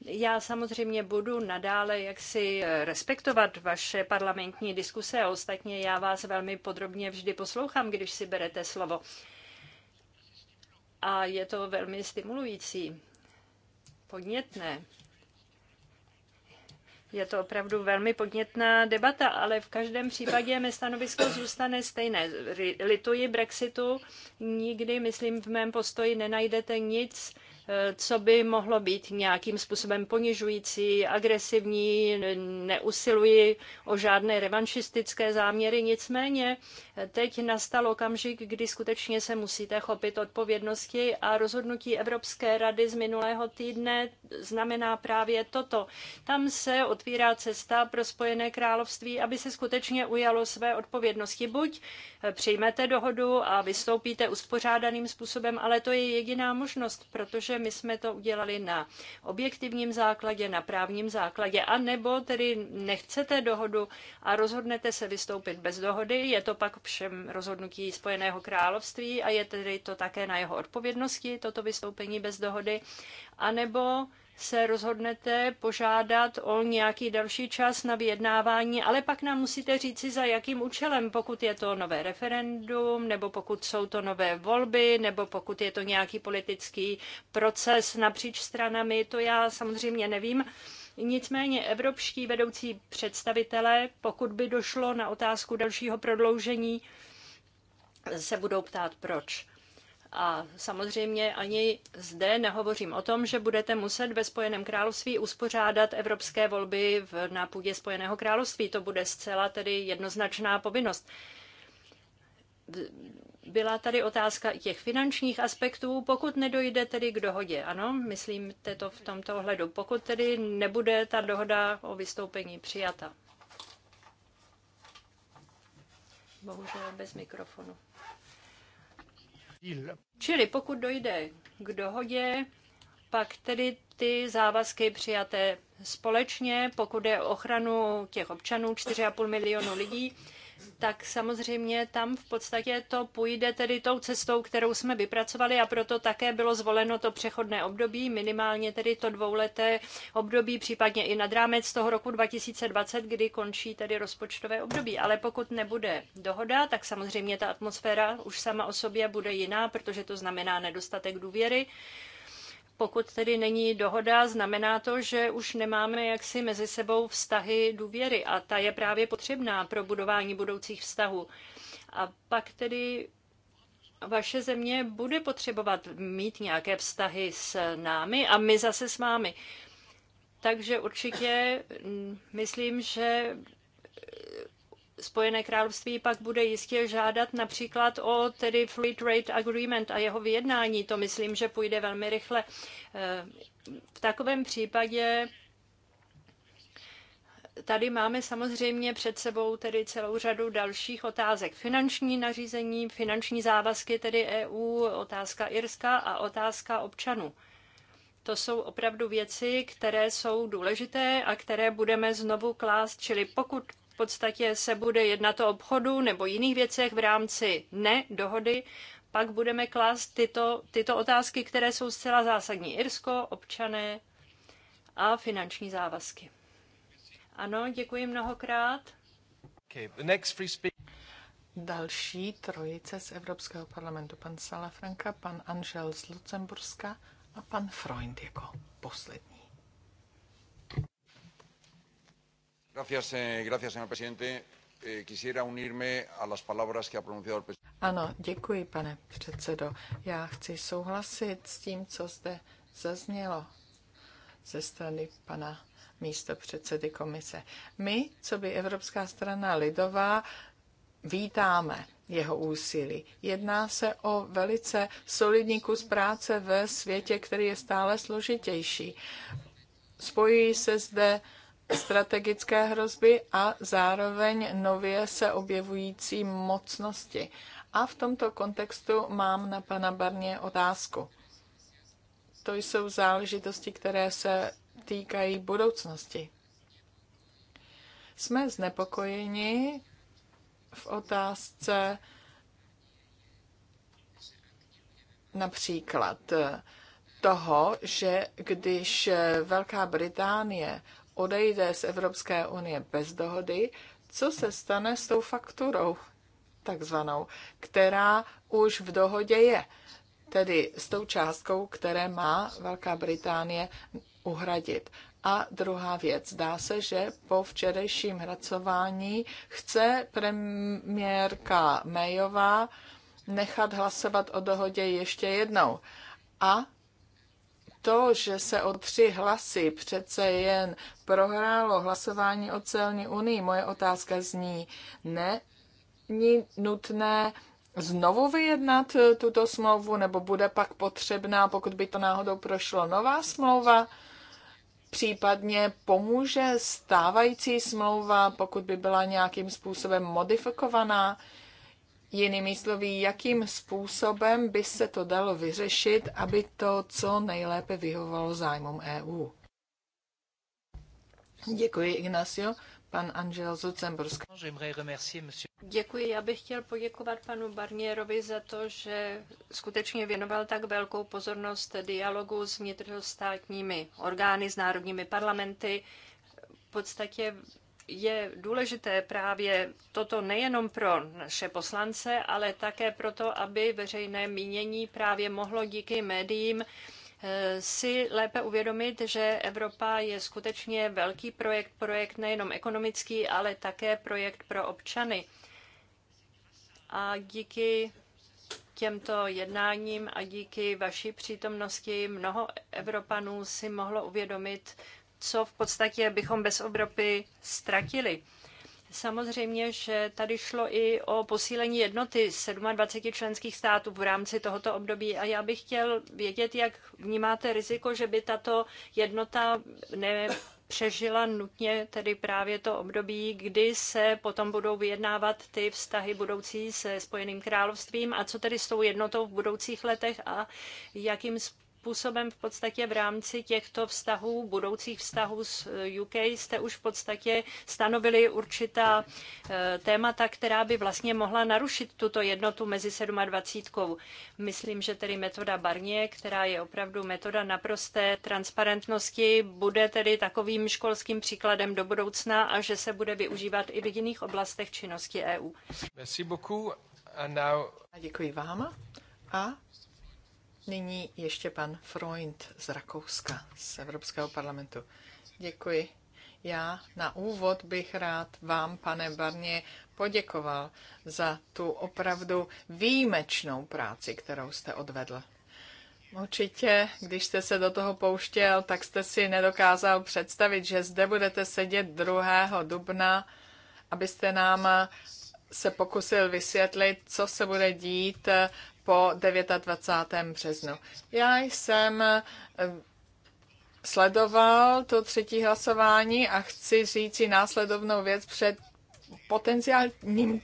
já samozřejmě budu nadále jaksi eh, respektovat vaše parlamentní diskuse a ostatně já vás velmi podrobně vždy poslouchám, když si berete slovo. A je to velmi stimulující, podnětné. Je to opravdu velmi podnětná debata, ale v každém případě mé stanovisko zůstane stejné. Lituji Brexitu, nikdy, myslím, v mém postoji nenajdete nic, co by mohlo být nějakým způsobem ponižující, agresivní, neusiluji o žádné revanšistické záměry, nicméně teď nastal okamžik, kdy skutečně se musíte chopit odpovědnosti a rozhodnutí Evropské rady z minulého týdne znamená právě toto. Tam se otvírá cesta pro Spojené království, aby se skutečně ujalo své odpovědnosti. Buď přijmete dohodu a vystoupíte uspořádaným způsobem, ale to je jediná možnost, protože protože my jsme to udělali na objektivním základě, na právním základě, a nebo tedy nechcete dohodu a rozhodnete se vystoupit bez dohody, je to pak všem rozhodnutí Spojeného království a je tedy to také na jeho odpovědnosti, toto vystoupení bez dohody, a nebo se rozhodnete požádat o nějaký další čas na vyjednávání, ale pak nám musíte říci, za jakým účelem, pokud je to nové referendum, nebo pokud jsou to nové volby, nebo pokud je to nějaký politický proces napříč stranami, to já samozřejmě nevím. Nicméně evropští vedoucí představitelé, pokud by došlo na otázku dalšího prodloužení, se budou ptát proč. A samozřejmě ani zde nehovořím o tom, že budete muset ve Spojeném království uspořádat evropské volby v, na půdě Spojeného království. To bude zcela tedy jednoznačná povinnost. Byla tady otázka i těch finančních aspektů, pokud nedojde tedy k dohodě. Ano, myslím to v tomto ohledu. Pokud tedy nebude ta dohoda o vystoupení přijata. Bohužel bez mikrofonu. Čili pokud dojde k dohodě, pak tedy ty závazky přijaté společně, pokud je ochranu těch občanů 4,5 milionu lidí, tak samozřejmě tam v podstatě to půjde tedy tou cestou, kterou jsme vypracovali a proto také bylo zvoleno to přechodné období, minimálně tedy to dvouleté období, případně i nad rámec toho roku 2020, kdy končí tedy rozpočtové období. Ale pokud nebude dohoda, tak samozřejmě ta atmosféra už sama o sobě bude jiná, protože to znamená nedostatek důvěry pokud tedy není dohoda, znamená to, že už nemáme jaksi mezi sebou vztahy důvěry a ta je právě potřebná pro budování budoucích vztahů. A pak tedy vaše země bude potřebovat mít nějaké vztahy s námi a my zase s vámi. Takže určitě mm, myslím, že Spojené království pak bude jistě žádat například o tedy Free Trade Agreement a jeho vyjednání. To myslím, že půjde velmi rychle. Eh, v takovém případě tady máme samozřejmě před sebou tedy celou řadu dalších otázek. Finanční nařízení, finanční závazky tedy EU, otázka Irska a otázka občanů. To jsou opravdu věci, které jsou důležité a které budeme znovu klást. Čili pokud v podstatě se bude jednat o obchodu nebo jiných věcech v rámci ne dohody, pak budeme klást tyto, tyto otázky, které jsou zcela zásadní. Irsko, občané a finanční závazky. Ano, děkuji mnohokrát. Okay, next free Další trojice z Evropského parlamentu, pan Salafranka, pan Angel z Lucemburska a pan Freund jako poslední. Ano, děkuji, pane předsedo. Já chci souhlasit s tím, co zde zaznělo ze strany pana místo předsedy komise. My, co by Evropská strana lidová, vítáme jeho úsilí. Jedná se o velice solidní kus práce ve světě, který je stále složitější. Spojují se zde strategické hrozby a zároveň nově se objevující mocnosti. A v tomto kontextu mám na pana Barně otázku. To jsou záležitosti, které se týkají budoucnosti. Jsme znepokojeni v otázce například toho, že když Velká Británie odejde z Evropské unie bez dohody, co se stane s tou fakturou, takzvanou, která už v dohodě je, tedy s tou částkou, které má Velká Británie uhradit. A druhá věc, dá se, že po včerejším hlasování chce premiérka Mayová nechat hlasovat o dohodě ještě jednou. A to, že se o tři hlasy přece jen prohrálo hlasování o celní unii, moje otázka zní, ne, není nutné znovu vyjednat tuto smlouvu, nebo bude pak potřebná, pokud by to náhodou prošlo, nová smlouva? Případně pomůže stávající smlouva, pokud by byla nějakým způsobem modifikovaná? Jinými slovy, jakým způsobem by se to dalo vyřešit, aby to co nejlépe vyhovalo zájmům EU. Děkuji, Ignacio. Pan Angel Zucembursk. Děkuji, já bych chtěl poděkovat panu Barnierovi za to, že skutečně věnoval tak velkou pozornost dialogu s vnitrostátními orgány, s národními parlamenty. V podstatě je důležité právě toto nejenom pro naše poslance, ale také proto, aby veřejné mínění právě mohlo díky médiím eh, si lépe uvědomit, že Evropa je skutečně velký projekt, projekt nejenom ekonomický, ale také projekt pro občany. A díky těmto jednáním a díky vaší přítomnosti mnoho Evropanů si mohlo uvědomit, co v podstatě bychom bez Evropy ztratili. Samozřejmě, že tady šlo i o posílení jednoty 27 členských států v rámci tohoto období a já bych chtěl vědět, jak vnímáte riziko, že by tato jednota ne přežila nutně tedy právě to období, kdy se potom budou vyjednávat ty vztahy budoucí se Spojeným královstvím a co tedy s tou jednotou v budoucích letech a jakým způsobem způsobem v podstatě v rámci těchto vztahů, budoucích vztahů s eh, UK, jste už v podstatě stanovili určitá eh, témata, která by vlastně mohla narušit tuto jednotu mezi 27. Myslím, že tedy metoda Barnier, která je opravdu metoda naprosté transparentnosti, bude tedy takovým školským příkladem do budoucna a že se bude využívat i v jiných oblastech činnosti EU. Merci beaucoup. Now... Děkuji vám. A Nyní ještě pan Freund z Rakouska, z Evropského parlamentu. Děkuji. Já na úvod bych rád vám, pane Barně, poděkoval za tu opravdu výjimečnou práci, kterou jste odvedl. Určitě, když jste se do toho pouštěl, tak jste si nedokázal představit, že zde budete sedět 2. dubna, abyste nám se pokusil vysvětlit, co se bude dít eh, po 29. březnu. Já jsem eh, sledoval to třetí hlasování a chci říci následovnou věc před potenciálním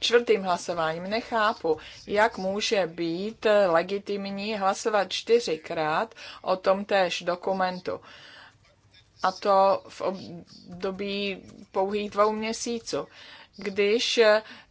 čtvrtým hlasováním. Nechápu, jak může být eh, legitimní hlasovat čtyřikrát o tom též dokumentu. A to v období pouhých dvou měsíců když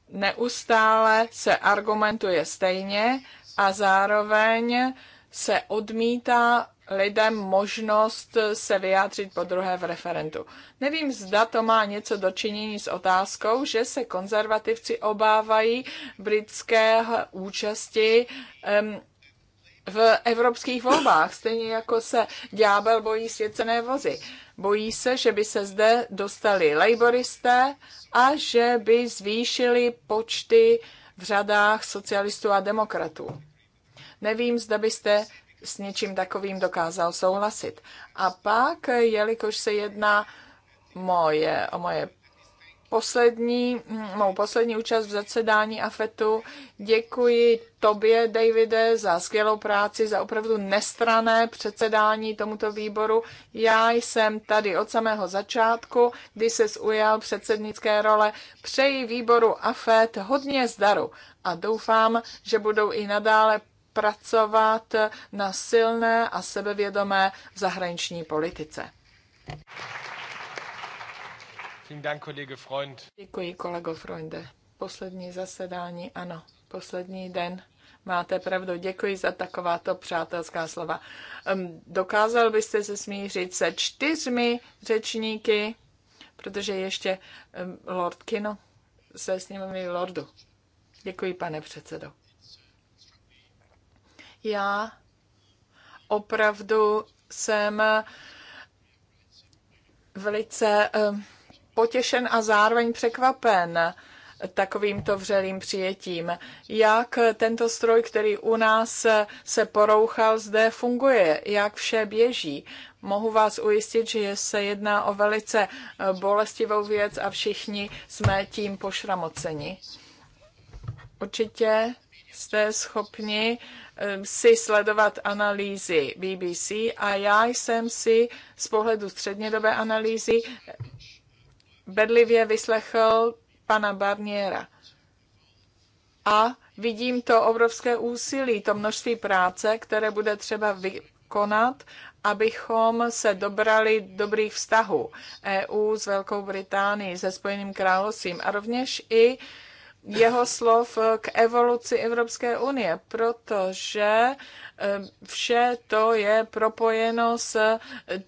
neustále se argumentuje stejně a zároveň se odmítá lidem možnost se vyjádřit po druhé v referendu. Nevím, zda to má něco dočinění s otázkou, že se konzervativci obávají britské účasti um, v evropských volbách, stejně jako se ďábel bojí svěcené vozy. Bojí se, že by se zde dostali laboristé a že by zvýšili počty v řadách socialistů a demokratů. Nevím, zda byste s něčím takovým dokázal souhlasit. A pak, jelikož se jedná moje, o moje poslední, mou poslední účast v zasedání AFETu. Děkuji tobě, Davide, za skvělou práci, za opravdu nestrané předsedání tomuto výboru. Já jsem tady od samého začátku, kdy se ujal předsednické role. Přeji výboru AFET hodně zdaru a doufám, že budou i nadále pracovat na silné a sebevědomé zahraniční politice. Děkuji, kolego Freunde. Poslední zasedání, ano, poslední den. Máte pravdu, děkuji za takováto přátelská slova. Dokázal byste se smířit se čtyřmi řečníky, protože ještě Lord Kino se nimi Lordu. Děkuji, pane předsedo. Já opravdu jsem velice potěšen a zároveň překvapen takovýmto vřelým přijetím. Jak tento stroj, který u nás se porouchal, zde funguje, jak vše běží. Mohu vás ujistit, že se jedná o velice bolestivou věc a všichni jsme tím pošramoceni. Určitě jste schopni eh, si sledovat analýzy BBC a já jsem si z pohledu střednědobé analýzy bedlivě vyslechl pana Barniera. A vidím to obrovské úsilí, to množství práce, které bude třeba vykonat, abychom se dobrali dobrých vztahů EU s Velkou Británií, se Spojeným královstvím a rovněž i jeho slov eh, k evoluci Evropské unie, protože eh, vše to je propojeno s eh,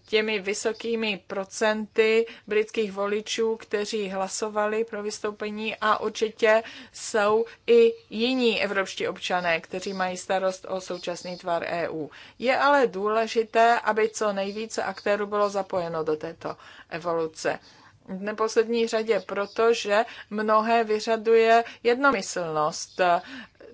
těmi vysokými procenty britských voličů, kteří hlasovali pro vystoupení a určitě jsou i jiní evropští občané, kteří mají starost o současný tvar EU. Je ale důležité, aby co nejvíce aktérů bylo zapojeno do této evoluce v neposlední řadě, protože mnohé vyřaduje jednomyslnost,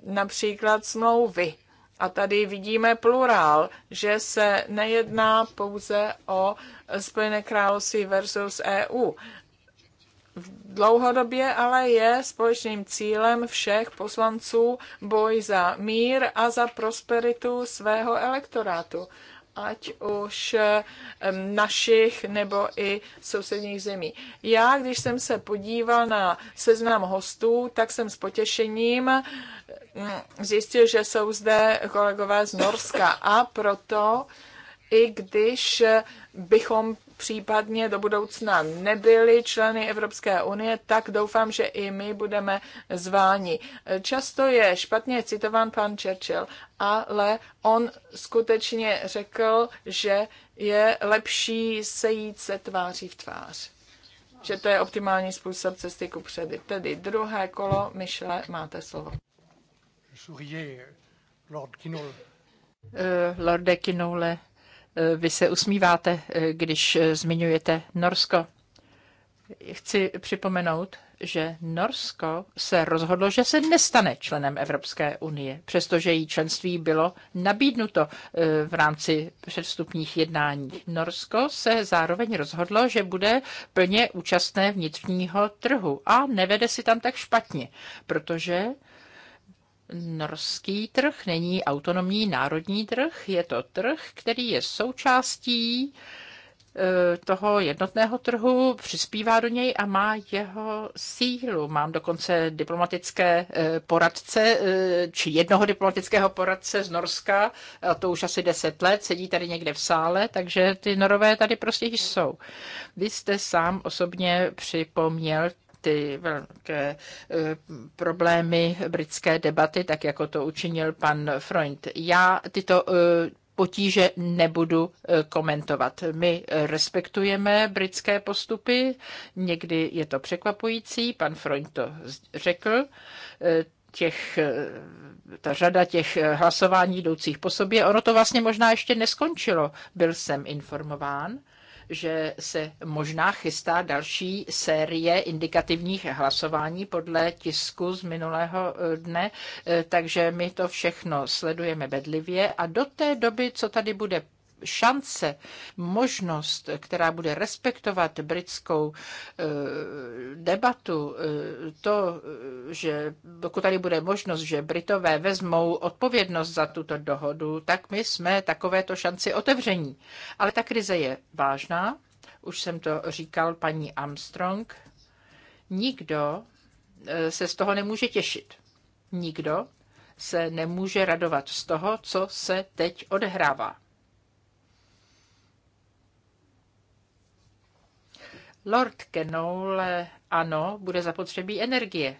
například smlouvy. A tady vidíme plurál, že se nejedná pouze o Spojené království versus EU. V dlouhodobě ale je společným cílem všech poslanců boj za mír a za prosperitu svého elektorátu ať už našich nebo i sousedních zemí. Já, když jsem se podíval na seznam hostů, tak jsem s potěšením mm, zjistil, že jsou zde kolegové z Norska a proto i když bychom případně do budoucna nebyli členy Evropské unie, tak doufám, že i my budeme zváni. Často je špatně citován pan Churchill, ale on skutečně řekl, že je lepší sejít se tváří v tvář. Že to je optimální způsob cesty ku předy. Tedy druhé kolo, Myšle, máte slovo. Eh, Lorde Kinole. Vy se usmíváte, eh, když eh, zmiňujete Norsko. Chci připomenout, že Norsko se rozhodlo, že se nestane členem Evropské unie, přestože jí členství bylo nabídnuto eh, v rámci předstupních jednání. Norsko se zároveň rozhodlo, že bude plně účastné vnitřního trhu a nevede si tam tak špatně, protože norský trh není autonomní národní trh, je to trh, který je součástí eh, toho jednotného trhu, přispívá do něj a má jeho sílu. Mám dokonce diplomatické eh, poradce, eh, či jednoho diplomatického poradce z Norska, a to už asi deset let, sedí tady někde v sále, takže ty norové tady prostě jsou. Vy jste sám osobně připomněl ty velké e, problémy britské debaty, tak jako to učinil pan Freund. Já tyto e, potíže nebudu e, komentovat. My respektujeme britské postupy, někdy je to překvapující, pan Freund to řekl, těch, ta řada těch hlasování jdoucích po sobě, ono to vlastně možná ještě neskončilo, byl jsem informován že se možná chystá další série indikativních hlasování podle tisku z minulého eh, dne, eh, takže my to všechno sledujeme bedlivě a do té doby, co tady bude šance, možnost, která bude respektovat britskou e, debatu, e, to, že pokud tady bude možnost, že Britové vezmou odpovědnost za tuto dohodu, tak my jsme takovéto šanci otevření. Ale ta krize je vážná, už jsem to říkal paní Armstrong, nikdo e, se z toho nemůže těšit. Nikdo se nemůže radovat z toho, co se teď odehrává. Lord Kenoule, ano, bude zapotřebí energie.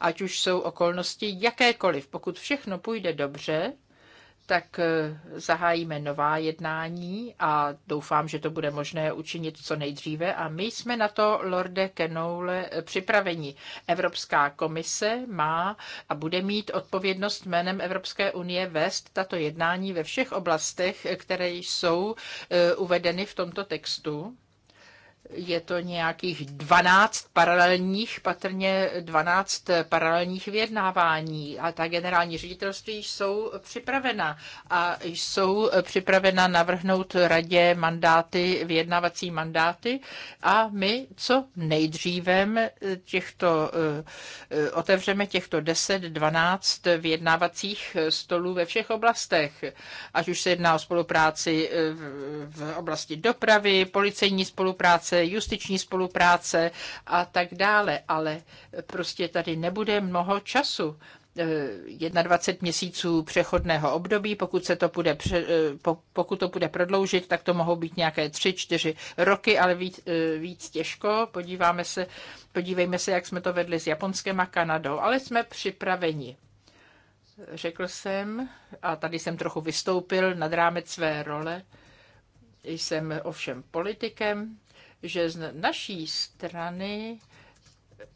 Ať už jsou okolnosti jakékoliv, pokud všechno půjde dobře, tak eh, zahájíme nová jednání a doufám, že to bude možné učinit co nejdříve. A my jsme na to, Lorde Kenoule, eh, připraveni. Evropská komise má a bude mít odpovědnost jménem Evropské unie vést tato jednání ve všech oblastech, eh, které jsou uvedeny v tomto textu je to nějakých 12 paralelních, patrně 12 paralelních vyjednávání a ta generální ředitelství jsou připravena a jsou připravena navrhnout radě mandáty, vyjednávací mandáty a my co nejdříve těchto, eh, otevřeme těchto 10-12 vyjednávacích stolů ve všech oblastech, ať už se jedná o spolupráci eh, v oblasti dopravy, policejní spolupráce, spolupráce, justiční spolupráce a tak dále, ale prostě tady nebude mnoho času. 21 eh, měsíců přechodného období. Pokud, se to bude, eh, pokud to bude prodloužit, tak to mohou být nějaké 3-4 roky, ale víc, eh, víc těžko. Podíváme se, podívejme se, jak jsme to vedli s Japonskem a Kanadou, ale jsme připraveni. Řekl jsem, a tady jsem trochu vystoupil nad rámec své role, jsem ovšem politikem, že z naší strany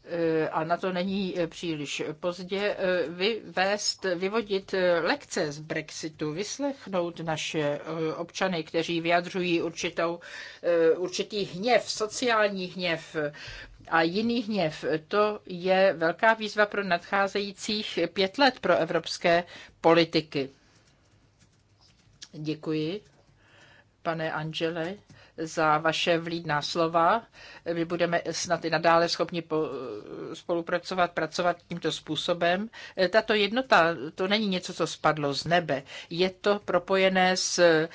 eh, a na to není eh, příliš pozdě, eh, vyvést, vyvodit lekce z Brexitu, vyslechnout naše občany, kteří vyjadřují určitou, určitý hněv, sociální hněv, a jiný hněv. To je velká výzva pro nadcházejících pět let pro evropské politiky. Děkuji, pane Angele za vaše vlídná slova. My budeme snad i nadále schopni spolupracovat, pracovat tímto způsobem. Tato jednota, to není něco, co spadlo z nebe. Je to propojené s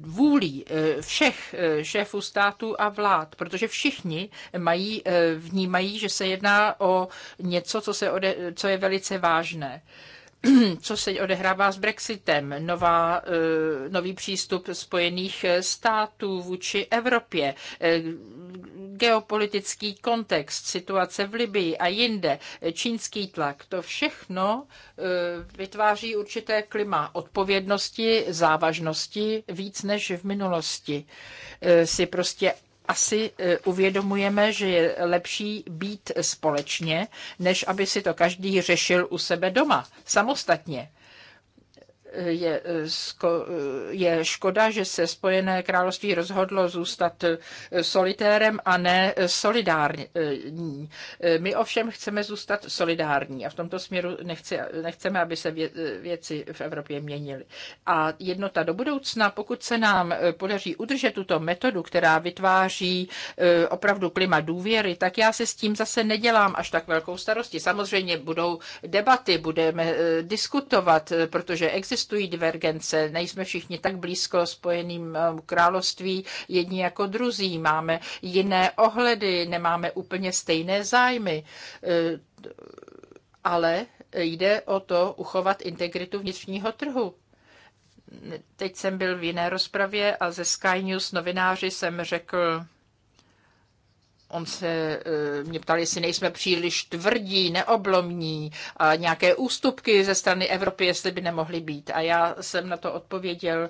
vůlí eh, všech eh, šéfů států a vlád, protože všichni mají, eh, vnímají, že se jedná o něco, co, se ode, co je velice vážné. co se odehrává s Brexitem, nová, eh, nový přístup Spojených států vůči Evropě, eh, geopolitický kontext, situace v Libii a jinde, eh, čínský tlak, to všechno vytváří určité klima odpovědnosti, závažnosti víc než v minulosti. Si prostě asi eh, uvědomujeme, že je lepší být společně, než aby si to každý řešil u sebe doma, samostatně je, je škoda, že se Spojené království rozhodlo zůstat solitérem a ne solidární. My ovšem chceme zůstat solidární a v tomto směru nechceme, aby se věci v Evropě měnily. A jednota do budoucna, pokud se nám podaří udržet tuto metodu, která vytváří e, opravdu klima důvěry, tak já se s tím zase nedělám až tak velkou starosti. Samozřejmě budou debaty, budeme e, diskutovat, e, protože existují existují divergence, nejsme všichni tak blízko spojeným eh, království jedni jako druzí, máme jiné ohledy, nemáme úplně stejné zájmy, eh, ale jde o to uchovat integritu vnitřního trhu teď jsem byl v jiné rozpravě a ze Sky News novináři jsem řekl, On se eh, mě ptal, jestli nejsme příliš tvrdí, neoblomní a nějaké ústupky ze strany Evropy, jestli by nemohly být. A já jsem na to odpověděl,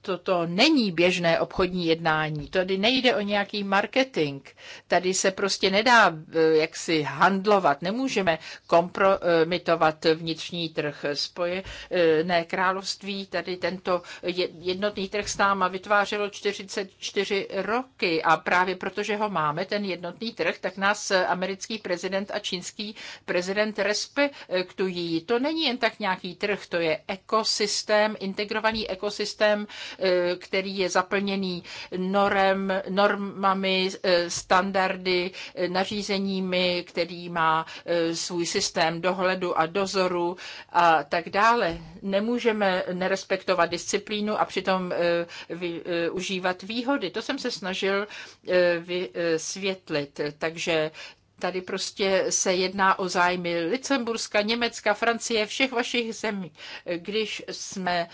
toto není běžné obchodní jednání. Tady nejde o nějaký marketing. Tady se prostě nedá eh, jaksi handlovat. Nemůžeme kompromitovat vnitřní trh. ne království tady tento jednotný trh s náma vytvářelo 44 roky a právě protože ho máme, ten jednotný trh, tak nás americký prezident a čínský prezident respektují. To není jen tak nějaký trh, to je ekosystém, integrovaný ekosystém Eh, který je zaplněný norem, normami, eh, standardy, eh, nařízeními, který má svůj systém dohledu a dozoru a tak dále. Nemůžeme nerespektovat disciplínu a přitom užívat výhody. To jsem se snažil vysvětlit. Takže Tady prostě se jedná o zájmy Lucemburska, Německa, Francie, všech vašich zemí. Když jsme e,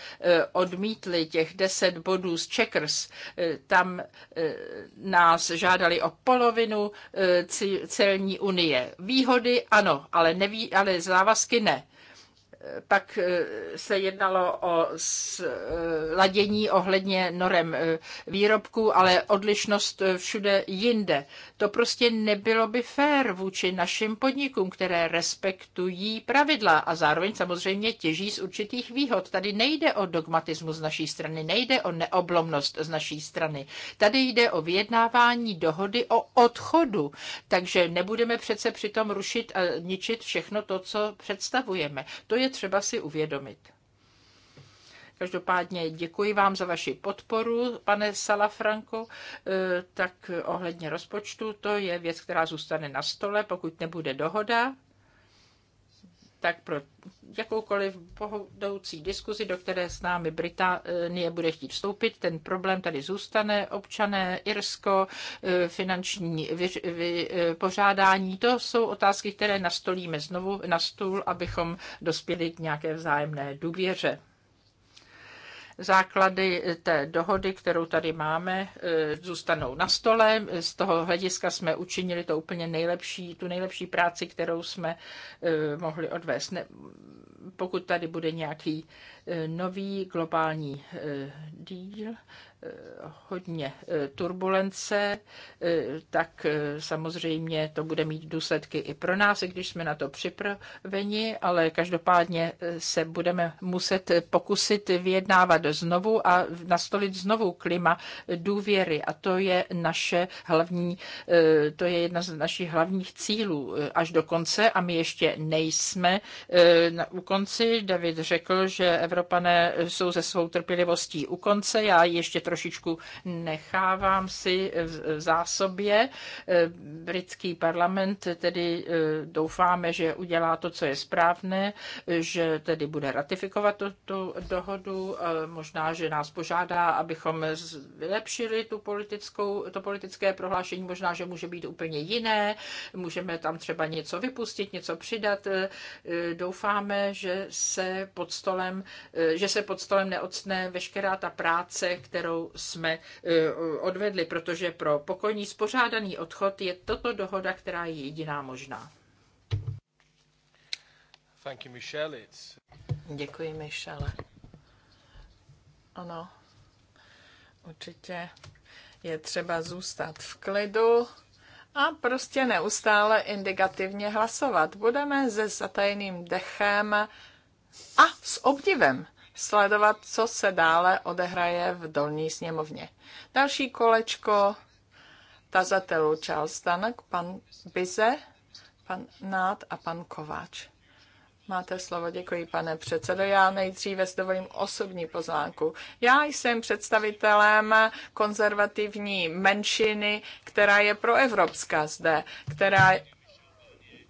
odmítli těch deset bodů z Checkers, e, tam e, nás žádali o polovinu celní unie. Výhody ano, ale, neví, ale závazky ne pak eh, se jednalo o sladění eh, ohledně norem eh, výrobků, ale odlišnost všude jinde. To prostě nebylo by fér vůči našim podnikům, které respektují pravidla a zároveň samozřejmě těží z určitých výhod. Tady nejde o dogmatismus z naší strany, nejde o neoblomnost z naší strany. Tady jde o vyjednávání dohody o odchodu, takže nebudeme přece přitom rušit a ničit všechno to, co představujeme. To je třeba si uvědomit. Každopádně děkuji vám za vaši podporu, pane Salafranko, e, tak ohledně rozpočtu, to je věc, která zůstane na stole, pokud nebude dohoda, tak pro jakoukoliv pohodoucí diskuzi, do které s námi Británie bude chtít vstoupit, ten problém tady zůstane, občané, Irsko, eh, finanční eh, pořádání, to jsou otázky, které nastolíme znovu na stůl, abychom dospěli k nějaké vzájemné důvěře. Základy té dohody, kterou tady máme, e, zůstanou na stole. Z toho hlediska jsme učinili to úplně nejlepší, tu nejlepší práci, kterou jsme e, mohli odvést. Ne, pokud tady bude nějaký e, nový globální díl, hodně eh, turbulence, eh, tak eh, samozřejmě to bude mít důsledky i pro nás, i když jsme na to připraveni, ale každopádně se budeme muset pokusit vyjednávat znovu a nastolit znovu klima důvěry. A to je naše hlavní, to je jedna z našich hlavních cílů až do konce a my ještě nejsme u konci. David řekl, že Evropané jsou se svou trpělivostí u konce. Já ještě trošičku nechávám si v zásobě. E, britský parlament tedy e, doufáme, že udělá to, co je správné, že tedy bude ratifikovat tu, tu dohodu. E, možná, že nás požádá, abychom vylepšili tu politickou, to politické prohlášení. Možná, že může být úplně jiné. Můžeme tam třeba něco vypustit, něco přidat. Doufáme, že se pod stolem, že se pod stolem neocne veškerá ta práce, kterou kterou jsme eh, odvedli, protože pro pokojní spořádaný odchod je toto dohoda, která je jediná možná. Thank you, Michelle. It's... Děkuji, Michelle. Ano, určitě je třeba zůstat v klidu a prostě neustále indikativně hlasovat. Budeme se zatajeným dechem a s obdivem sledovat, co se dále odehraje v dolní sněmovně. Další kolečko tazatelů Charles Danek, pan Bize, pan Nád a pan Kováč. Máte slovo, děkuji, pane předsedo. Já nejdříve s dovolím osobní pozvánku. Já jsem představitelem konzervativní menšiny, která je proevropská zde, která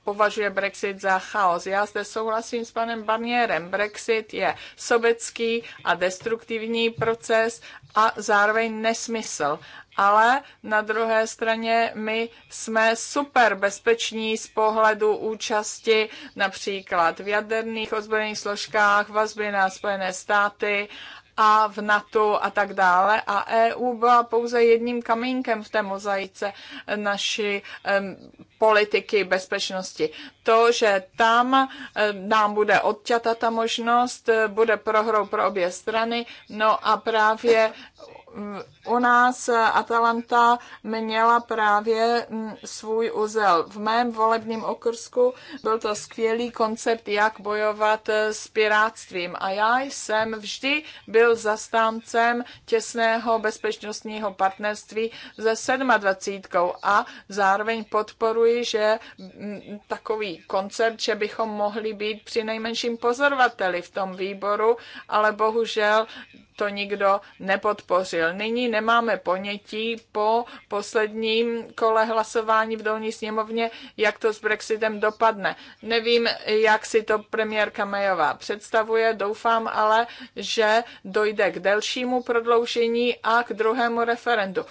považuje Brexit za chaos. Já zde souhlasím s panem Barnierem. Brexit je sobecký a destruktivní proces a zároveň nesmysl. Ale na druhé straně my jsme super bezpeční z pohledu účasti například v jaderných ozbrojených složkách, vazby na Spojené státy a v NATO a tak dále. A EU byla pouze jedním kamínkem v té mozaice naší um, politiky bezpečnosti. To, že tam um, nám bude odťata ta možnost, bude prohrou pro obě strany, no a právě u nás Atalanta měla právě mm, svůj uzel. V mém volebním okrsku byl to skvělý koncept, jak bojovat eh, s piráctvím. A já jsem vždy byl zastáncem těsného bezpečnostního partnerství se 27. A zároveň podporuji, že mm, takový koncept, že bychom mohli být při nejmenším pozorovateli v tom výboru, ale bohužel to nikdo nepodpořil hovořil. Nyní nemáme ponětí po posledním kole hlasování v dolní sněmovně, jak to s Brexitem dopadne. Nevím, jak si to premiérka Mayová představuje, doufám ale, že dojde k delšímu prodloužení a k druhému referendu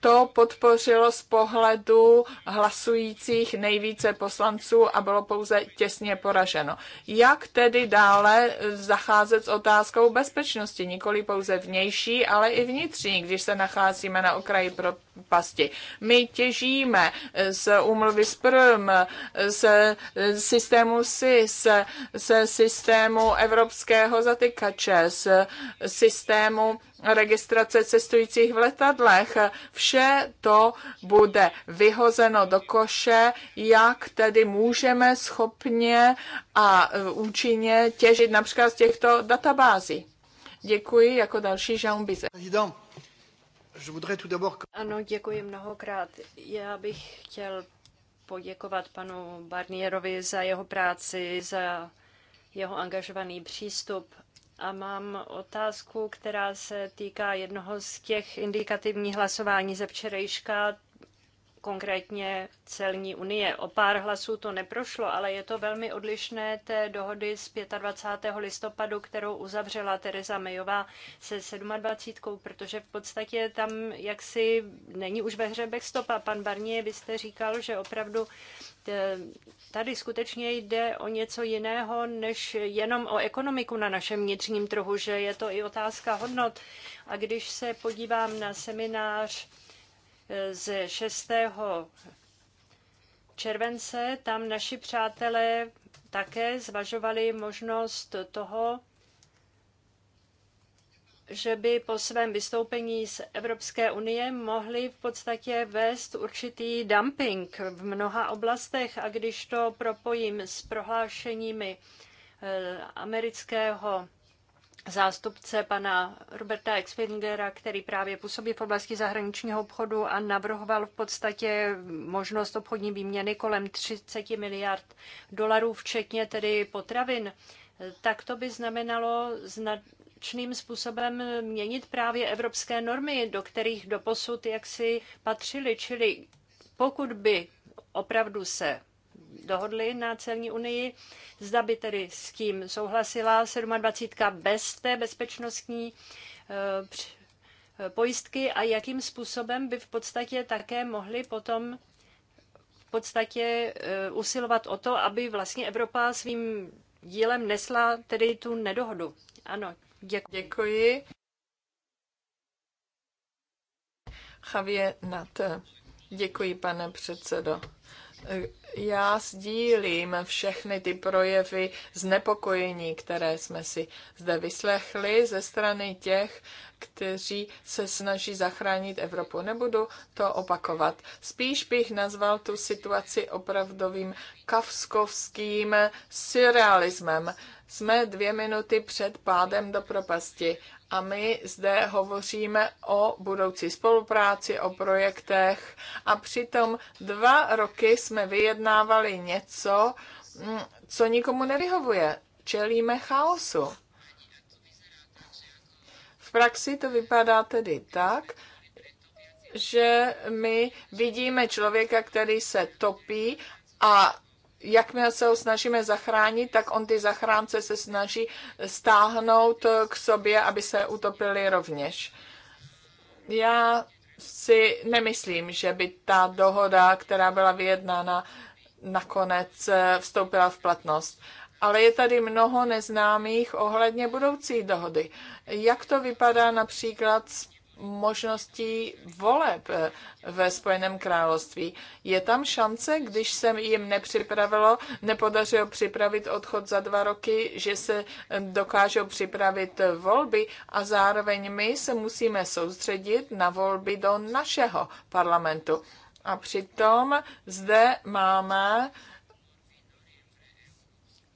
to podpořilo z pohledu hlasujících nejvíce poslanců a bylo pouze těsně poraženo. Jak tedy dále zacházet s otázkou bezpečnosti, nikoli pouze vnější, ale i vnitřní, když se nacházíme na okraji pro pasti. My těžíme z umluvy s Prm, z systému SIS, z systému evropského zatykače, z systému registrace cestujících v letadlech. Vše to bude vyhozeno do koše, jak tedy můžeme schopně a účinně těžit například z těchto databází. Děkuji jako další Jean Bizet. Ano, děkuji mnohokrát. Já bych chtěl poděkovat panu Barnierovi za jeho práci, za jeho angažovaný přístup. A mám otázku, která se týká jednoho z těch indikativních hlasování ze včerejška konkrétně celní unie. O pár hlasů to neprošlo, ale je to velmi odlišné té dohody z 25. listopadu, kterou uzavřela Teresa Mejová se 27. protože v podstatě tam jaksi není už ve hře backstopa. Pan Barnier, byste říkal, že opravdu tady skutečně jde o něco jiného, než jenom o ekonomiku na našem vnitřním trhu, že je to i otázka hodnot. A když se podívám na seminář, ze 6. července. Tam naši přátelé také zvažovali možnost toho, že by po svém vystoupení z Evropské unie mohli v podstatě vést určitý dumping v mnoha oblastech. A když to propojím s prohlášeními eh, amerického zástupce pana Roberta Exfingera, který právě působí v oblasti zahraničního obchodu a navrhoval v podstatě možnost obchodní výměny kolem 30 miliard dolarů, včetně tedy potravin, tak to by znamenalo značným způsobem měnit právě evropské normy, do kterých doposud jaksi patřili, Čili pokud by opravdu se dohodli na celní unii. Zda by tedy s tím souhlasila 27. bez té bezpečnostní eh, eh, pojistky a jakým způsobem by v podstatě také mohli potom v podstatě eh, usilovat o to, aby vlastně Evropa svým dílem nesla tedy tu nedohodu. Ano, děkuji. Děkuji. Javier Nat. Děkuji, pane předsedo. Já sdílím všechny ty projevy znepokojení, které jsme si zde vyslechli ze strany těch, kteří se snaží zachránit Evropu. Nebudu to opakovat. Spíš bych nazval tu situaci opravdovým kavskovským surrealismem. Jsme dvě minuty před pádem do propasti a my zde hovoříme o budoucí spolupráci, o projektech a přitom dva roky jsme vyjednávali něco, mm, co nikomu nevyhovuje. Čelíme chaosu. V praxi to vypadá tedy tak, že my vidíme člověka, který se topí a jakmile se ho snažíme zachránit, tak on ty zachránce se snaží stáhnout k sobě, aby se utopili rovněž. Já si nemyslím, že by ta dohoda, která byla vyjednána, nakonec eh, vstoupila v platnost. Ale je tady mnoho neznámých ohledně budoucí dohody. Jak to vypadá například s možnosti voleb eh, ve Spojeném království. Je tam šance, když se jim nepřipravilo, nepodařilo připravit odchod za dva roky, že se eh, dokážou připravit volby a zároveň my se musíme soustředit na volby do našeho parlamentu. A přitom zde máme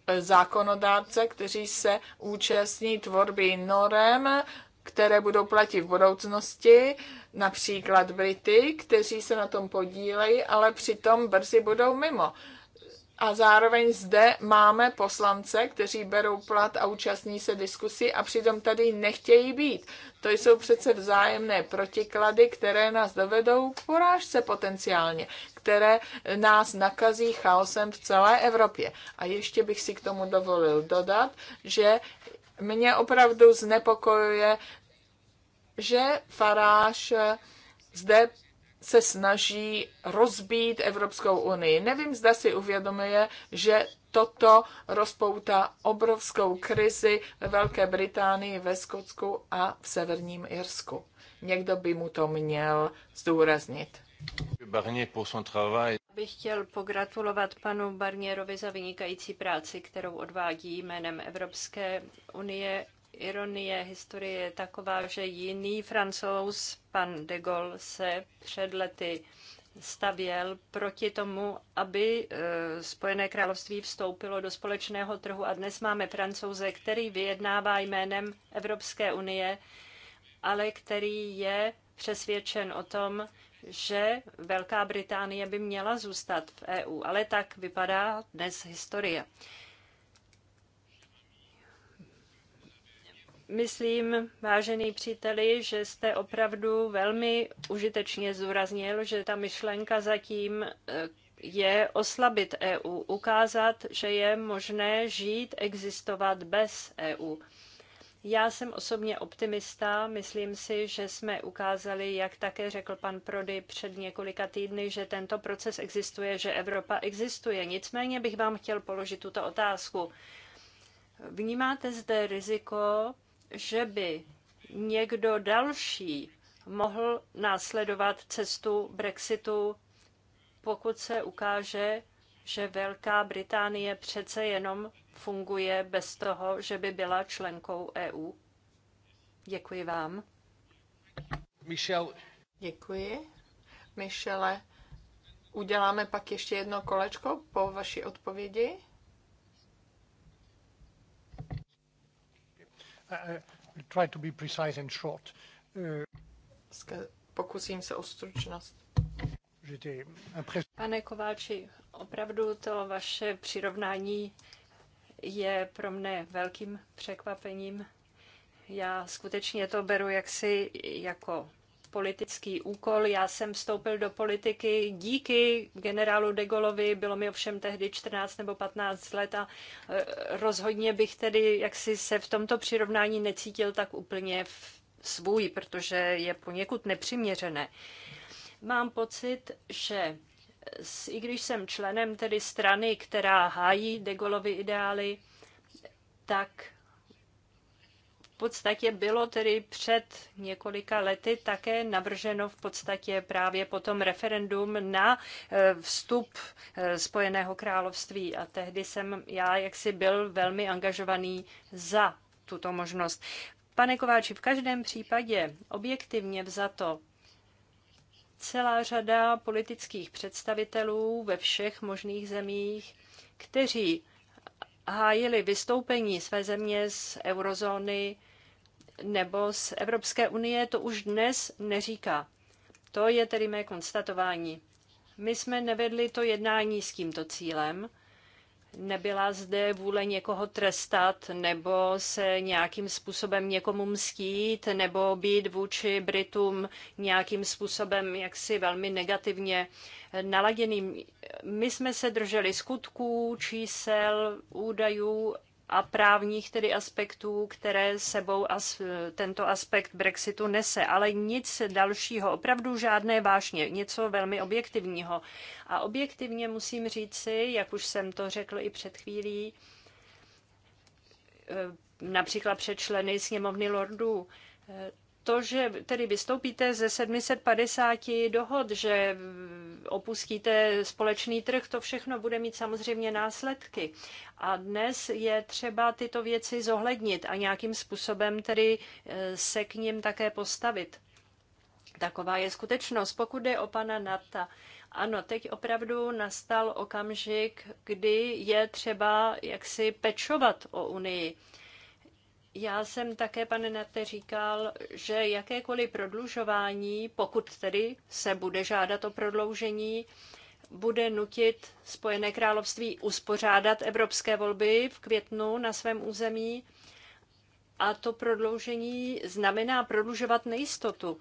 eh, zákonodárce, kteří se účastní tvorby norem, které budou platit v budoucnosti, například Brity, kteří se na tom podílejí, ale přitom brzy budou mimo. A zároveň zde máme poslance, kteří berou plat a účastní se diskusí a přitom tady nechtějí být. To jsou přece vzájemné protiklady, které nás dovedou k porážce potenciálně, které nás nakazí chaosem v celé Evropě. A ještě bych si k tomu dovolil dodat, že mě opravdu znepokojuje, že Faráš zde se snaží rozbít Evropskou unii. Nevím, zda si uvědomuje, že toto rozpoutá obrovskou krizi ve Velké Británii, ve Skotsku a v Severním Irsku. Někdo by mu to měl zdůraznit. Bych chtěl pogratulovat panu Barnierovi za vynikající práci, kterou odvádí jménem Evropské unie. Ironie historie je taková, že jiný francouz, pan de Gaulle, se před lety stavěl proti tomu, aby eh, Spojené království vstoupilo do společného trhu. A dnes máme francouze, který vyjednává jménem Evropské unie, ale který je přesvědčen o tom, že Velká Británie by měla zůstat v EU, ale tak vypadá dnes historie. Myslím, vážený příteli, že jste opravdu velmi užitečně zúraznil, že ta myšlenka zatím eh, je oslabit EU, ukázat, že je možné žít, existovat bez EU. Já jsem osobně optimista. Myslím si, že jsme ukázali, jak také řekl pan Prody před několika týdny, že tento proces existuje, že Evropa existuje. Nicméně bych vám chtěl položit tuto otázku. Vnímáte zde riziko, že by někdo další mohl následovat cestu Brexitu, pokud se ukáže, že Velká Británie přece jenom funguje bez toho, že by byla členkou EU. Děkuji vám. Michel. Děkuji. Michele, uděláme pak ještě jedno kolečko po vaší odpovědi. Uh, uh, try to be precise and short. Pokusím se o stručnost. Eh, Pane Kováči, opravdu to vaše přirovnání je pro mne velkým překvapením. Já skutečně to beru jaksi jako politický úkol. Já jsem vstoupil do politiky díky generálu de Gaulovi, bylo mi ovšem tehdy 14 nebo 15 let a e, rozhodně bych tedy jaksi se v tomto přirovnání necítil tak úplně svůj, protože je poněkud nepřiměřené. Mám pocit, že i když jsem členem tedy strany, která hájí de Gaulleovy ideály, tak v podstatě bylo tedy před několika lety také navrženo v podstatě právě potom referendum na eh, vstup eh, Spojeného království. A tehdy jsem já jaksi byl velmi angažovaný za tuto možnost. Pane Kováči, v každém případě objektivně vzato celá řada politických představitelů ve všech možných zemích, kteří hájili vystoupení své země z eurozóny nebo z Evropské unie, to už dnes neříká. To je tedy mé konstatování. My jsme nevedli to jednání s tímto cílem nebyla zde vůle někoho trestat nebo se nějakým způsobem někomu mstít nebo být vůči Britům nějakým způsobem jaksi velmi negativně naladěným. My jsme se drželi skutků, čísel, údajů a právních tedy aspektů, které sebou as, tento aspekt Brexitu nese, ale nic dalšího, opravdu žádné vášně, něco velmi objektivního. A objektivně musím říci, jak už jsem to řekl i před chvílí, e, například před členy sněmovny lordů, e, to, že tedy vystoupíte ze 750 dohod, že opustíte společný trh, to všechno bude mít samozřejmě následky. A dnes je třeba tyto věci zohlednit a nějakým způsobem tedy e, se k ním také postavit. Taková je skutečnost. Pokud je o pana Nata, ano, teď opravdu nastal okamžik, kdy je třeba jaksi pečovat o Unii já jsem také, pane Nate, říkal, že jakékoliv prodlužování, pokud tedy se bude žádat o prodloužení, bude nutit Spojené království uspořádat evropské volby v květnu na svém území. A to prodloužení znamená prodlužovat nejistotu.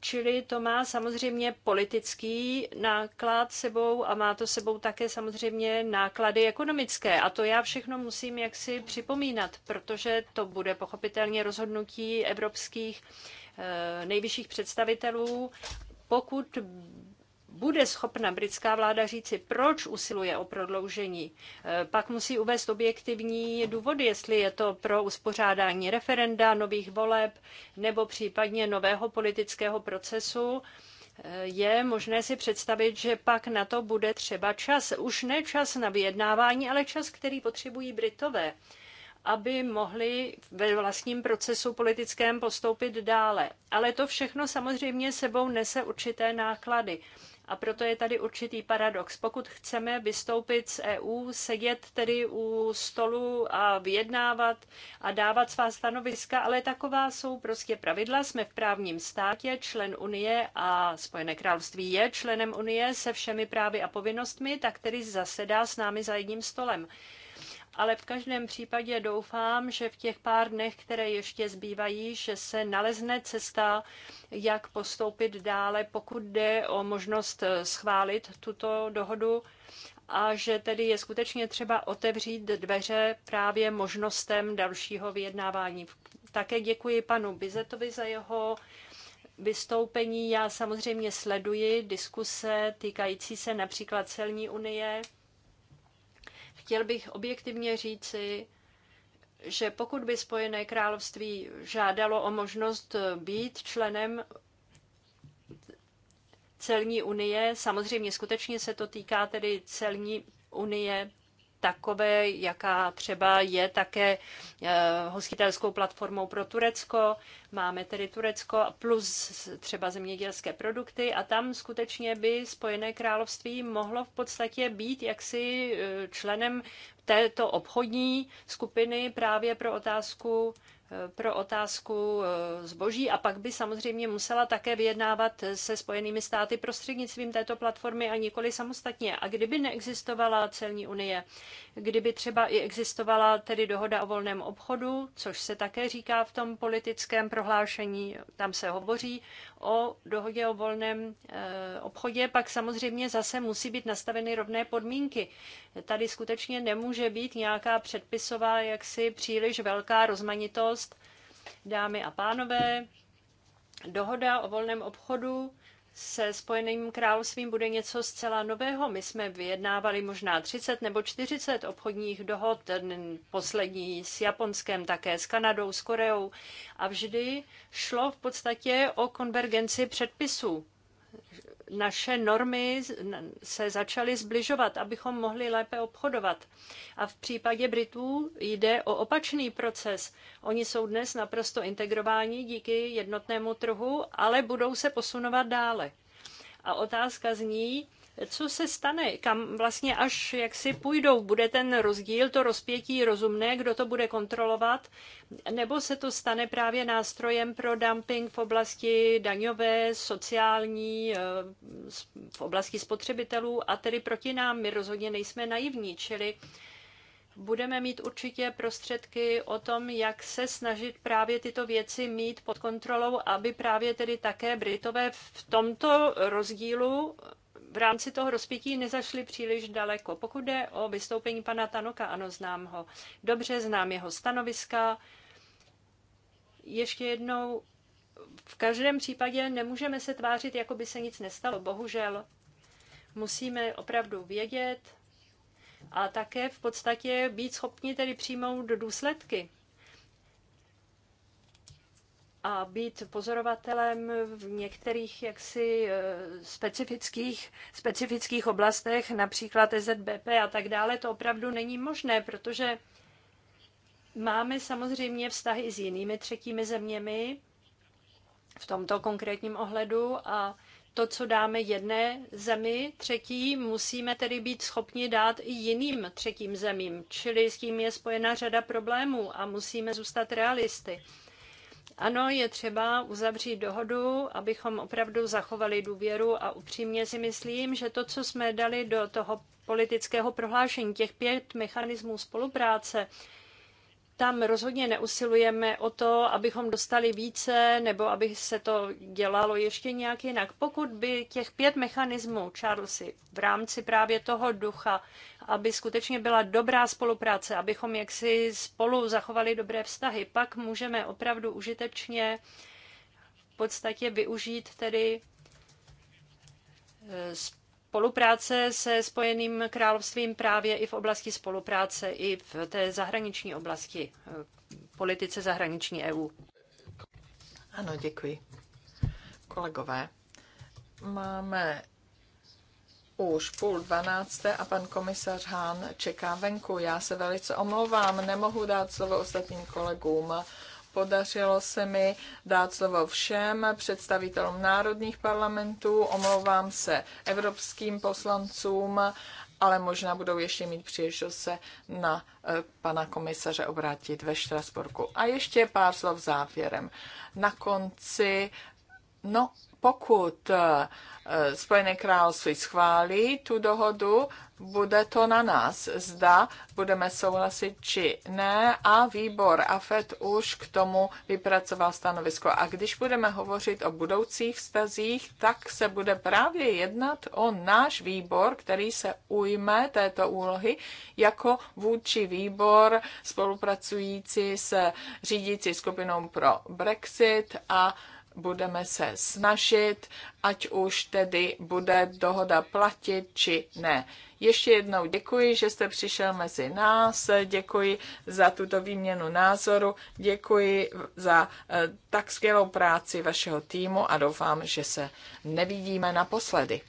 Čili to má samozřejmě politický náklad sebou a má to sebou také samozřejmě náklady ekonomické. A to já všechno musím jaksi připomínat, protože to bude pochopitelně rozhodnutí evropských eh, nejvyšších představitelů, pokud bude schopna britská vláda říci, proč usiluje o prodloužení, e, pak musí uvést objektivní důvody, jestli je to pro uspořádání referenda, nových voleb nebo případně nového politického procesu e, je možné si představit, že pak na to bude třeba čas. Už ne čas na vyjednávání, ale čas, který potřebují Britové, aby mohli ve vlastním procesu politickém postoupit dále. Ale to všechno samozřejmě sebou nese určité náklady. A proto je tady určitý paradox. Pokud chceme vystoupit z EU, sedět tedy u stolu a vyjednávat a dávat svá stanoviska, ale taková jsou prostě pravidla. Jsme v právním státě, člen Unie a Spojené království je členem Unie se všemi právy a povinnostmi, tak tedy zasedá s námi za jedním stolem ale v každém případě doufám, že v těch pár dnech, které ještě zbývají, že se nalezne cesta, jak postoupit dále, pokud jde o možnost eh, schválit tuto dohodu a že tedy je skutečně třeba otevřít dveře právě možnostem dalšího vyjednávání. Také děkuji panu Bizetovi za jeho vystoupení. Já samozřejmě sleduji diskuse týkající se například celní unie chtěl bych objektivně říci, že pokud by Spojené království žádalo o možnost být členem celní unie, samozřejmě skutečně se to týká tedy celní unie takové, jaká třeba je také eh, hostitelskou platformou pro Turecko. Máme tedy Turecko plus třeba zemědělské produkty a tam skutečně by Spojené království mohlo v podstatě být jaksi eh, členem této obchodní skupiny právě pro otázku pro otázku eh, zboží a pak by samozřejmě musela také vyjednávat se Spojenými státy prostřednictvím této platformy a nikoli samostatně. A kdyby neexistovala celní unie, kdyby třeba i existovala tedy dohoda o volném obchodu, což se také říká v tom politickém prohlášení, tam se hovoří o dohodě o volném eh, obchodě, pak samozřejmě zase musí být nastaveny rovné podmínky. Tady skutečně nemůže být nějaká předpisová jaksi příliš velká rozmanitost. Dámy a pánové, dohoda o volném obchodu se Spojeným královstvím bude něco zcela nového. My jsme vyjednávali možná 30 nebo 40 obchodních dohod, ten poslední s Japonskem, také s Kanadou, s Koreou a vždy šlo v podstatě o konvergenci předpisů naše normy se začaly zbližovat, abychom mohli lépe obchodovat. A v případě Britů jde o opačný proces. Oni jsou dnes naprosto integrováni díky jednotnému trhu, ale budou se posunovat dále. A otázka zní, co se stane, kam vlastně až jak si půjdou, bude ten rozdíl, to rozpětí rozumné, kdo to bude kontrolovat, nebo se to stane právě nástrojem pro dumping v oblasti daňové, sociální, eh, v oblasti spotřebitelů a tedy proti nám. My rozhodně nejsme naivní, čili budeme mít určitě prostředky o tom, jak se snažit právě tyto věci mít pod kontrolou, aby právě tedy také Britové v tomto rozdílu v rámci toho rozpětí nezašli příliš daleko. Pokud jde o vystoupení pana Tanoka, ano, znám ho dobře, znám jeho stanoviska. Ještě jednou, v každém případě nemůžeme se tvářit, jako by se nic nestalo. Bohužel musíme opravdu vědět a také v podstatě být schopni tedy přijmout důsledky a být pozorovatelem v některých jaksi eh, specifických, specifických oblastech, například EZBP a tak dále, to opravdu není možné, protože máme samozřejmě vztahy s jinými třetími zeměmi v tomto konkrétním ohledu a to, co dáme jedné zemi, třetí, musíme tedy být schopni dát i jiným třetím zemím. Čili s tím je spojena řada problémů a musíme zůstat realisty. Ano, je třeba uzavřít dohodu, abychom opravdu zachovali důvěru a upřímně si myslím, že to, co jsme dali do toho politického prohlášení, těch pět mechanismů spolupráce, tam rozhodně neusilujeme o to, abychom dostali více nebo aby se to dělalo ještě nějak jinak. Pokud by těch pět mechanismů, Charlesy, v rámci právě toho ducha, aby skutečně byla dobrá spolupráce, abychom jaksi spolu zachovali dobré vztahy, pak můžeme opravdu užitečně v podstatě využít tedy eh, spolupráce se Spojeným královstvím právě i v oblasti spolupráce, i v té zahraniční oblasti, eh, politice zahraniční EU. Ano, děkuji. Kolegové, máme už půl dvanácté a pan komisař Hán čeká venku. Já se velice omlouvám, nemohu dát slovo ostatním kolegům. Podařilo se mi dát slovo všem představitelům národních parlamentů, omlouvám se evropským poslancům, ale možná budou ještě mít příležitost se na eh, pana komisaře obrátit ve Štrasburku. A ještě pár slov závěrem. Na konci, no, pokud eh, eh, Spojené království schválí tu dohodu, bude to na nás, zda budeme souhlasit či ne a výbor AFET už k tomu vypracoval stanovisko. A když budeme hovořit o budoucích vztazích, tak se bude právě jednat o náš výbor, který se ujme této úlohy jako vůči výbor spolupracující s řídící skupinou pro Brexit a budeme se snažit, ať už tedy bude dohoda platit či ne. Ještě jednou děkuji, že jste přišel mezi nás, děkuji za tuto výměnu názoru, děkuji za eh, tak skvělou práci vašeho týmu a doufám, že se nevidíme naposledy.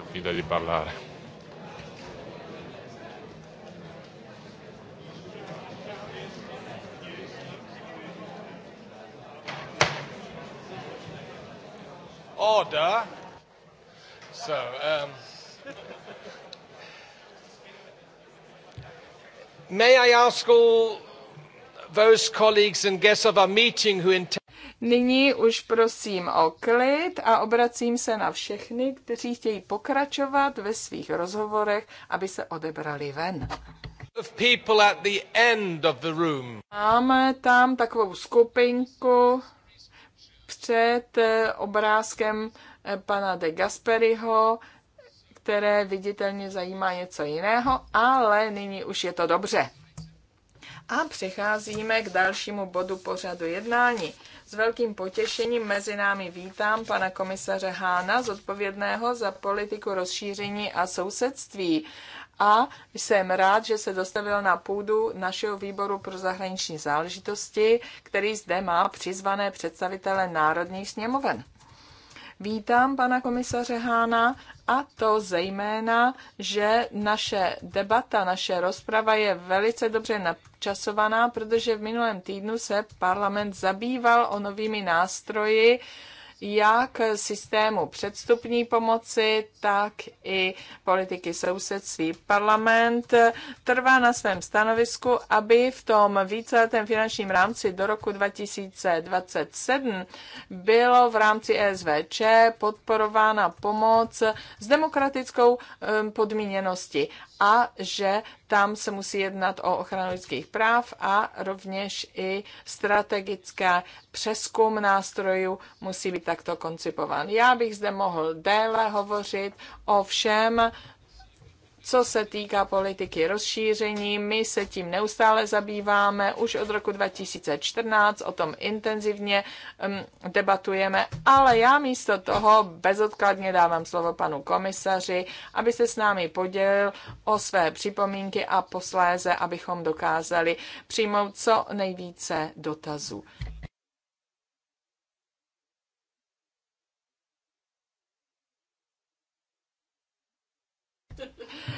faccio finta di parlare. Order. So, um, may I ask all those colleagues and guests of our meeting who intend Nyní už prosím o klid a obracím se na všechny, kteří chtějí pokračovat ve svých rozhovorech, aby se odebrali ven. Máme tam takovou skupinku před eh, obrázkem eh, pana de Gasperiho, které viditelně zajímá něco jiného, ale nyní už je to dobře. A přecházíme k dalšímu bodu pořadu jednání. S velkým potěšením mezi námi vítám pana komisaře Hána, zodpovědného za politiku rozšíření a sousedství. A jsem rád, že se dostavil na půdu našeho výboru pro zahraniční záležitosti, který zde má přizvané představitele Národních sněmoven. Vítám pana komisaře Hána a to zejména, že naše debata, naše rozprava je velice dobře načasovaná, protože v minulém týdnu se parlament zabýval o novými nástroji, jak systému předstupní pomoci, tak i politiky sousedství. Parlament trvá na svém stanovisku, aby v tom víceletém finančním rámci do roku 2027 bylo v rámci ESVČ podporována pomoc s demokratickou podmíněností a že tam se musí jednat o ochranu lidských práv a rovněž i strategická přeskum nástrojů musí být takto koncipován. Já bych zde mohl déle hovořit o všem, co se týká politiky rozšíření, my se tím neustále zabýváme, už od roku 2014 o tom intenzivně um, debatujeme, ale já místo toho bezodkladně dávám slovo panu komisaři, aby se s námi podělil o své připomínky a posléze, abychom dokázali přijmout co nejvíce dotazů.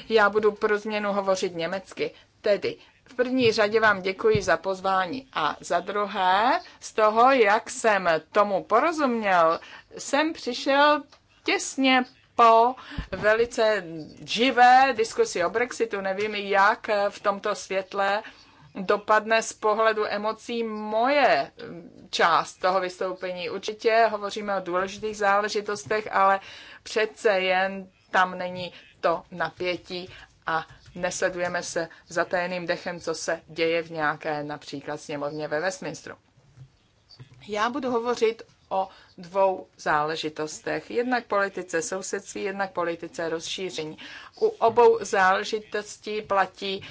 Já budu pro změnu hovořit německy. Tedy v první řadě vám děkuji za pozvání a za druhé, z toho, jak jsem tomu porozuměl, jsem přišel těsně po velice živé diskusi o Brexitu. Nevím, jak v tomto světle dopadne z pohledu emocí moje mm, část toho vystoupení. Určitě hovoříme o důležitých záležitostech, ale přece jen tam není to napětí a nesledujeme se zatajeným dechem, co se děje v nějaké například sněmovně ve Westminsteru. Já budu hovořit o dvou záležitostech. Jednak politice sousedství, jednak politice rozšíření. U obou záležitostí platí,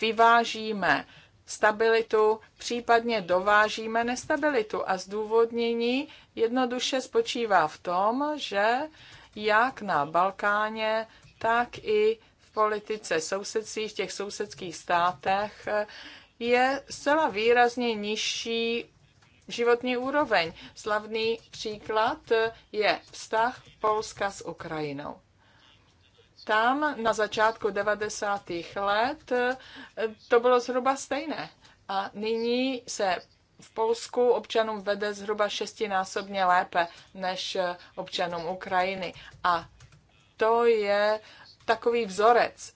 vyvážíme stabilitu, případně dovážíme nestabilitu. A zdůvodnění jednoduše spočívá v tom, že jak na Balkáně, tak i v politice sousedství, v těch sousedských státech je zcela výrazně nižší životní úroveň. Slavný příklad je vztah Polska s Ukrajinou. Tam na začátku 90. let to bylo zhruba stejné. A nyní se v Polsku občanům vede zhruba šestinásobně lépe než občanům Ukrajiny. A to je takový vzorec,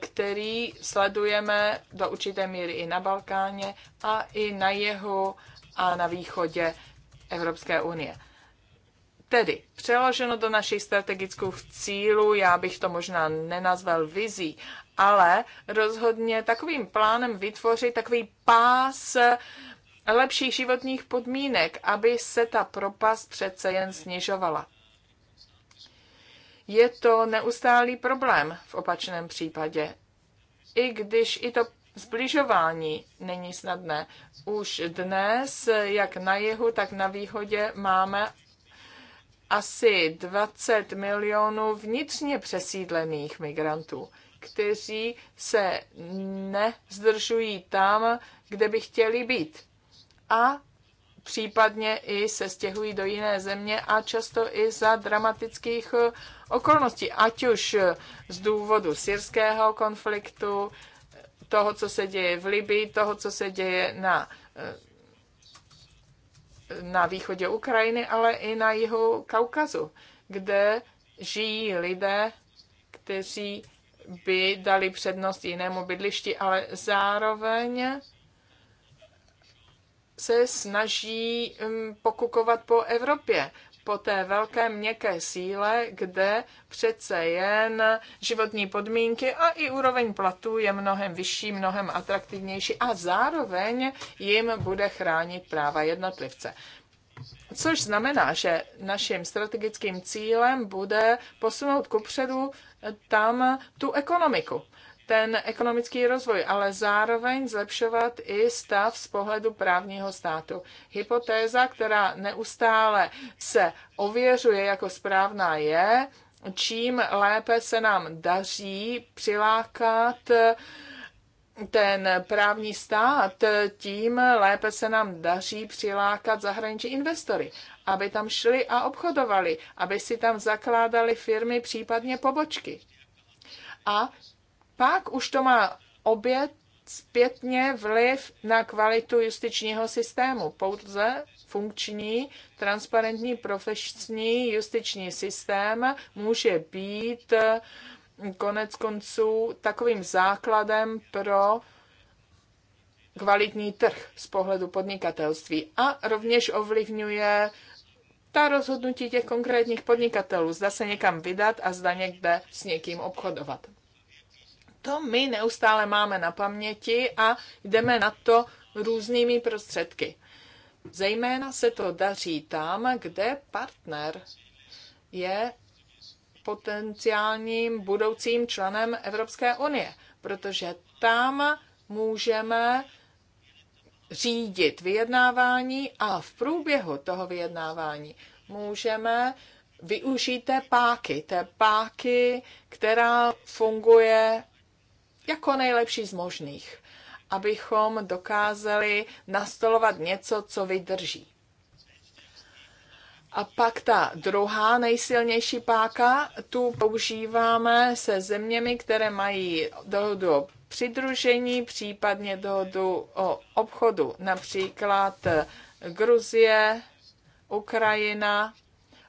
který sledujeme do určité míry i na Balkáně a i na jihu a na východě Evropské unie. Tedy přeloženo do našich strategických cílů, já bych to možná nenazval vizí, ale rozhodně takovým plánem vytvořit takový pás lepších životních podmínek, aby se ta propast přece jen snižovala je to neustálý problém v opačném případě. I když i to zbližování není snadné. Už dnes, jak na jihu, tak na východě, máme asi 20 milionů vnitřně přesídlených migrantů, kteří se nezdržují tam, kde by chtěli být. A případně i se stěhují do jiné země a často i za dramatických Okolnosti ať už eh, z důvodu syrského konfliktu, toho, co se děje v Libii, toho, co se děje na, eh, na východě Ukrajiny, ale i na jihu Kaukazu, kde žijí lidé, kteří by dali přednost jinému bydlišti, ale zároveň se snaží mm, pokukovat po Evropě, po té velké měkké síle, kde přece jen životní podmínky a i úroveň platů je mnohem vyšší, mnohem atraktivnější a zároveň jim bude chránit práva jednotlivce. Což znamená, že naším strategickým cílem bude posunout kupředu tam tu ekonomiku ten ekonomický rozvoj, ale zároveň zlepšovat i stav z pohledu právního státu. Hypotéza, která neustále se ověřuje jako správná je, čím lépe se nám daří přilákat ten právní stát, tím lépe se nám daří přilákat zahraniční investory, aby tam šli a obchodovali, aby si tam zakládali firmy, případně pobočky. A pak už to má obět zpětně vliv na kvalitu justičního systému. Pouze funkční, transparentní, profesní justiční systém může být eh, konec konců takovým základem pro kvalitní trh z pohledu podnikatelství a rovněž ovlivňuje ta rozhodnutí těch konkrétních podnikatelů, zda se někam vydat a zda někde s někým obchodovat. To my neustále máme na paměti a jdeme na to různými prostředky. Zejména se to daří tam, kde partner je potenciálním budoucím členem Evropské unie, protože tam můžeme řídit vyjednávání a v průběhu toho vyjednávání můžeme využít té páky, té páky, která funguje jako nejlepší z možných, abychom dokázali nastolovat něco, co vydrží. A pak ta druhá nejsilnější páka, tu používáme se zeměmi, které mají dohodu o přidružení, případně dohodu o obchodu, například eh, Gruzie, Ukrajina,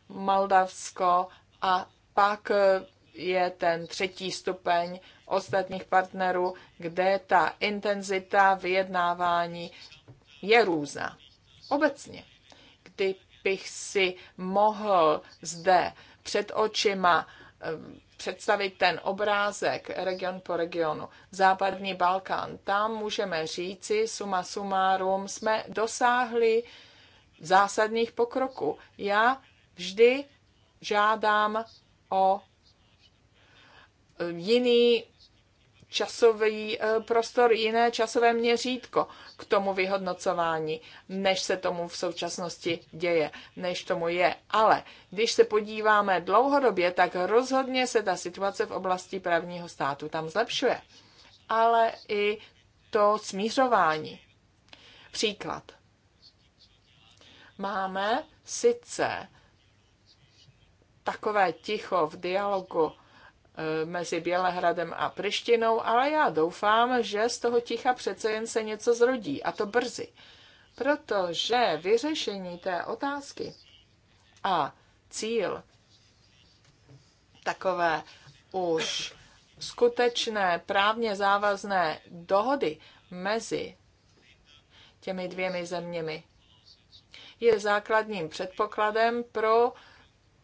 Moldavsko a pak eh, je ten třetí stupeň ostatních partnerů, kde ta intenzita vyjednávání je různá. Obecně, kdybych si mohl zde před očima eh, představit ten obrázek region po regionu. Západní Balkán, tam můžeme říci, suma sumárum, jsme dosáhli zásadních pokroků. Já vždy žádám o eh, jiný časový eh, prostor, jiné časové měřítko k tomu vyhodnocování, než se tomu v současnosti děje, než tomu je. Ale když se podíváme dlouhodobě, tak rozhodně se ta situace v oblasti právního státu tam zlepšuje. Ale i to smířování. Příklad. Máme sice takové ticho v dialogu Eh, mezi Bělehradem a Prištinou, ale já doufám, že z toho ticha přece jen se něco zrodí a to brzy. Protože vyřešení té otázky a cíl takové už skutečné právně závazné dohody mezi těmi dvěmi zeměmi je základním předpokladem pro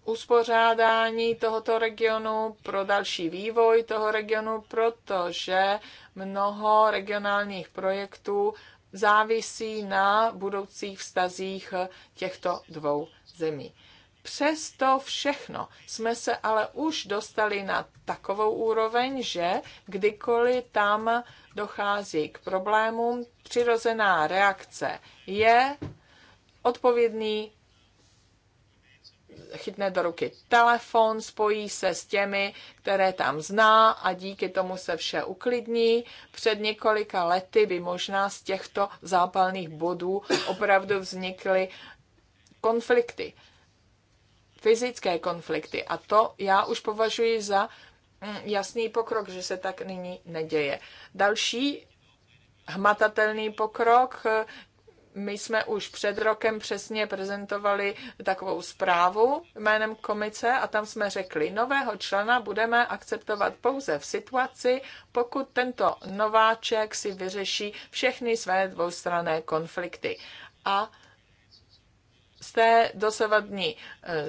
uspořádání tohoto regionu, pro další vývoj toho regionu, protože mnoho regionálních projektů závisí na budoucích vztazích těchto dvou zemí. Přesto to všechno jsme se ale už dostali na takovou úroveň, že kdykoliv tam dochází k problémům, přirozená reakce je odpovědný chytne do ruky telefon, spojí se s těmi, které tam zná a díky tomu se vše uklidní. Před několika lety by možná z těchto zápalných bodů opravdu vznikly konflikty, fyzické konflikty. A to já už považuji za mm, jasný pokrok, že se tak nyní neděje. Další hmatatelný pokrok my jsme už před rokem přesně prezentovali takovou zprávu jménem komice a tam jsme řekli, nového člena budeme akceptovat pouze v situaci, pokud tento nováček si vyřeší všechny své dvoustrané konflikty. A z té dosavadní eh,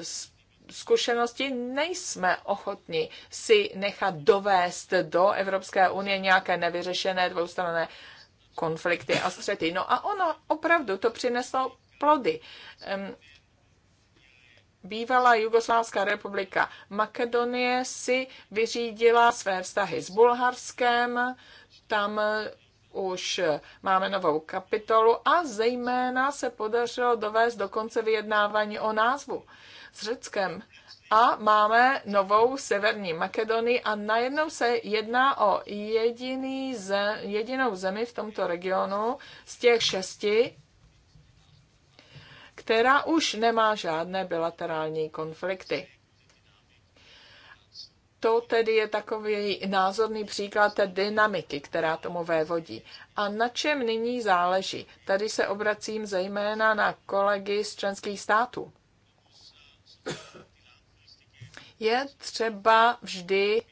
zkušenosti nejsme ochotni si nechat dovést do Evropské unie nějaké nevyřešené dvoustrané konflikty konflikty a střety. No a ono opravdu to přineslo plody. Bývalá Jugoslávská republika Makedonie si vyřídila své vztahy s Bulharskem, tam eh, už máme novou kapitolu a zejména se podařilo dovést do konce vyjednávání o názvu. S Řeckem a máme novou Severní Makedonii a najednou se jedná o jediný zem, jedinou zemi v tomto regionu z těch šesti, která už nemá žádné bilaterální konflikty. To tedy je takový názorný příklad té dynamiky, která tomu vévodí. A na čem nyní záleží? Tady se obracím zejména na kolegy z členských států je třeba vždy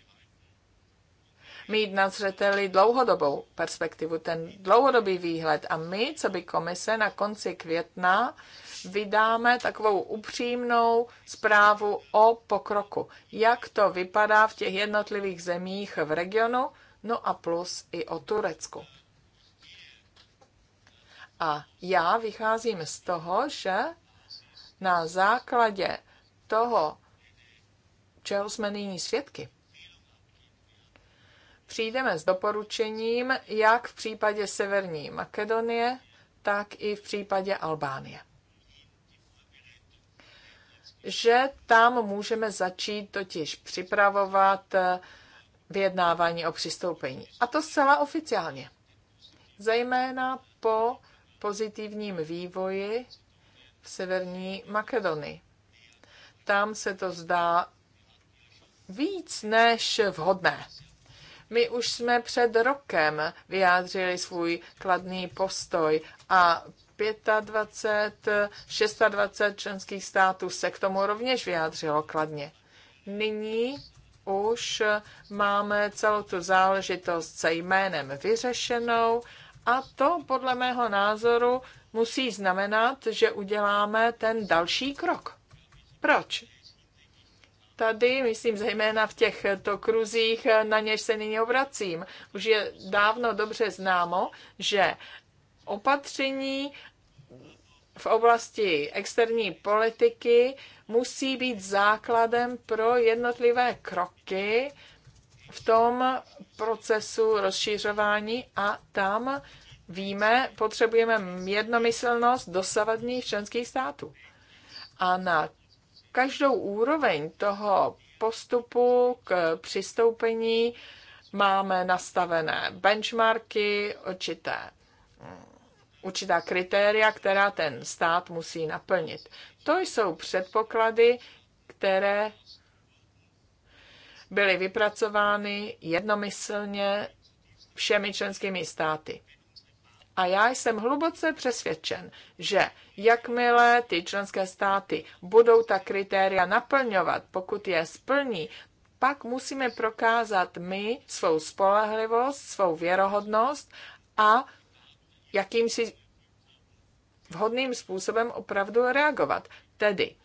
mít na zřeteli dlouhodobou perspektivu, ten dlouhodobý výhled. A my, co by komise na konci května, vydáme takovou upřímnou zprávu o pokroku. Jak to vypadá v těch jednotlivých zemích v regionu, no a plus i o Turecku. A já vycházím z toho, že na základě toho, čeho jsme nyní svědky, přijdeme s doporučením jak v případě Severní Makedonie, tak i v případě Albánie. Že tam můžeme začít totiž připravovat eh, vyjednávání o přistoupení. A to zcela oficiálně. Zejména po pozitivním vývoji v Severní Makedonii. Tam se to zdá víc než vhodné. My už jsme před rokem vyjádřili svůj kladný postoj a 25, 26 členských států se k tomu rovněž vyjádřilo kladně. Nyní už máme celou tu záležitost se jménem vyřešenou a to podle mého názoru musí znamenat, že uděláme ten další krok. Proč? tady, myslím zejména v těchto eh, kruzích, eh, na něž se nyní obracím. Už je dávno dobře známo, že opatření v oblasti externí politiky musí být základem pro jednotlivé kroky v tom procesu rozšířování a tam víme, potřebujeme jednomyslnost dosavadních členských států. A na každou úroveň toho postupu k přistoupení máme nastavené benchmarky, určité, mm, určitá kritéria, která ten stát musí naplnit. To jsou předpoklady, které byly vypracovány jednomyslně všemi členskými státy. A já jsem hluboce přesvědčen, že jakmile ty členské státy budou ta kritéria naplňovat, pokud je splní, pak musíme prokázat my svou spolehlivost, svou věrohodnost a jakýmsi vhodným způsobem opravdu reagovat. Tedy,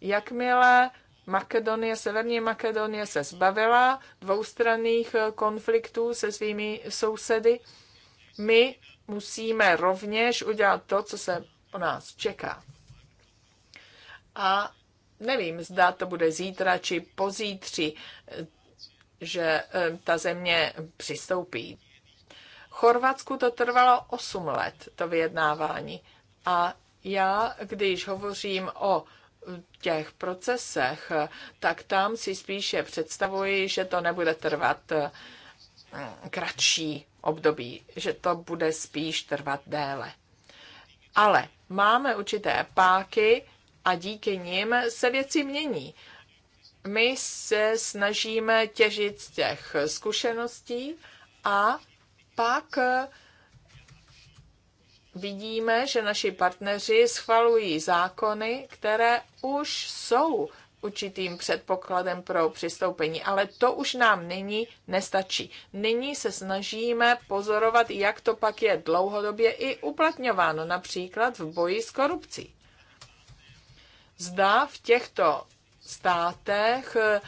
jakmile Makedonie, Severní Makedonie se zbavila dvoustranných konfliktů se svými sousedy, my musíme rovněž udělat to, co se o nás čeká. A nevím, zda to bude zítra či pozítří, že eh, ta země přistoupí. Chorvatsku to trvalo 8 let, to vyjednávání. A já, když hovořím o těch procesech, tak tam si spíše představuji, že to nebude trvat eh, kratší období, že to bude spíš trvat déle. Ale máme určité páky a díky nim se věci mění. My se snažíme těžit z těch zkušeností a pak vidíme, že naši partneři schvalují zákony, které už jsou určitým předpokladem pro přistoupení, ale to už nám nyní nestačí. Nyní se snažíme pozorovat, jak to pak je dlouhodobě i uplatňováno, například v boji s korupcí. Zdá v těchto státech eh,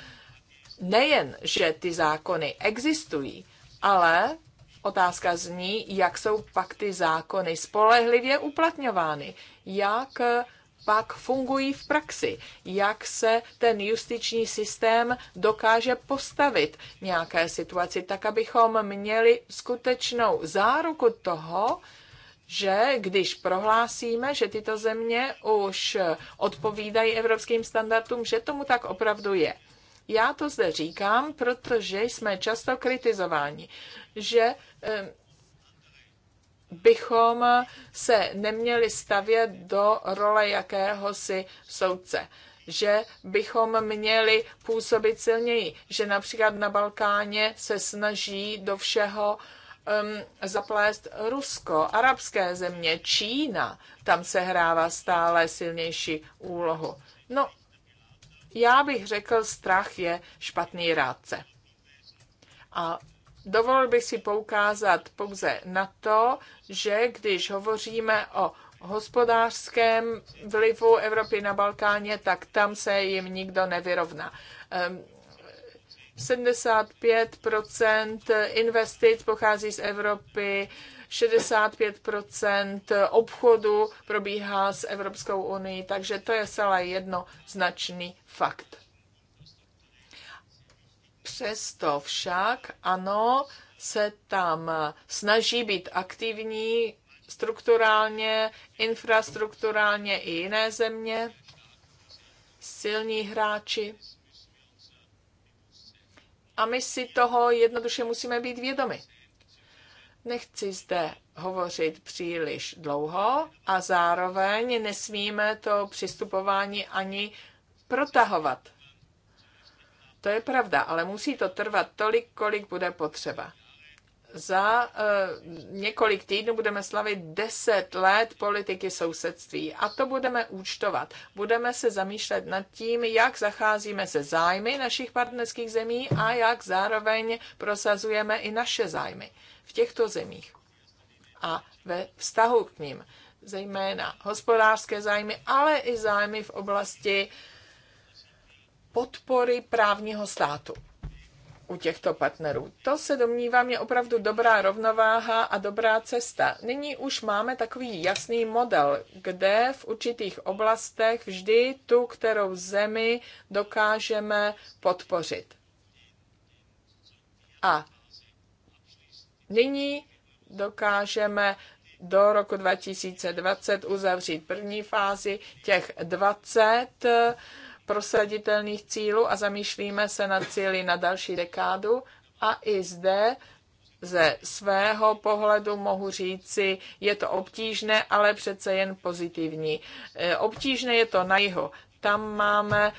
nejen, že ty zákony existují, ale Otázka zní, jak jsou pak ty zákony spolehlivě uplatňovány, jak eh, pak fungují v praxi, jak se ten justiční systém dokáže postavit nějaké situaci, tak abychom měli skutečnou záruku toho, že když prohlásíme, že tyto země už odpovídají evropským standardům, že tomu tak opravdu je. Já to zde říkám, protože jsme často kritizováni, že bychom se neměli stavět do role jakéhosi soudce že bychom měli působit silněji, že například na Balkáně se snaží do všeho um, zaplést Rusko, arabské země, Čína, tam se hrává stále silnější úlohu. No, já bych řekl, strach je špatný rádce. A Dovolil bych si poukázat pouze na to, že když hovoříme o hospodářském vlivu Evropy na Balkáně, tak tam se jim nikdo nevyrovná. 75 ehm, investic pochází z Evropy, 65 obchodu probíhá s Evropskou unii, takže to je celé jednoznačný fakt. Přesto však, ano, se tam snaží být aktivní strukturálně, infrastrukturálně i jiné země, silní hráči. A my si toho jednoduše musíme být vědomi. Nechci zde hovořit příliš dlouho a zároveň nesmíme to přistupování ani protahovat. To je pravda, ale musí to trvat tolik, kolik bude potřeba. Za uh, několik týdnů budeme slavit 10 let politiky sousedství a to budeme účtovat. Budeme se zamýšlet nad tím, jak zacházíme se zájmy našich partnerských zemí a jak zároveň prosazujeme i naše zájmy v těchto zemích a ve vztahu k ním, zejména hospodářské zájmy, ale i zájmy v oblasti podpory právního státu u těchto partnerů. To se domnívám je opravdu dobrá rovnováha a dobrá cesta. Nyní už máme takový jasný model, kde v určitých oblastech vždy tu, kterou zemi dokážeme podpořit. A nyní dokážeme do roku 2020 uzavřít první fázi těch 20 prosaditelných cílů a zamýšlíme se nad cíly na další dekádu. A i zde ze svého pohledu mohu říci, je to obtížné, ale přece jen pozitivní. E, obtížné je to na jihu. Tam máme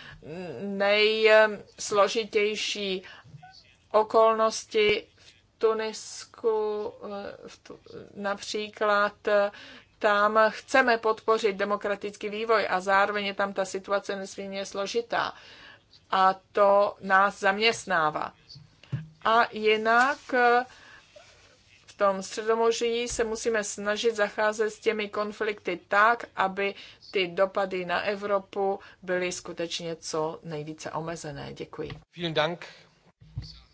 nejsložitější okolnosti v Tunisku e, v tu, například tam chceme podpořit demokratický vývoj a zároveň je tam ta situace nesmírně složitá. A to nás zaměstnává. A jinak eh, v tom středomoří se musíme snažit zacházet s těmi konflikty tak, aby ty dopady na Evropu byly skutečně co nejvíce omezené. Děkuji. Vielen Dank.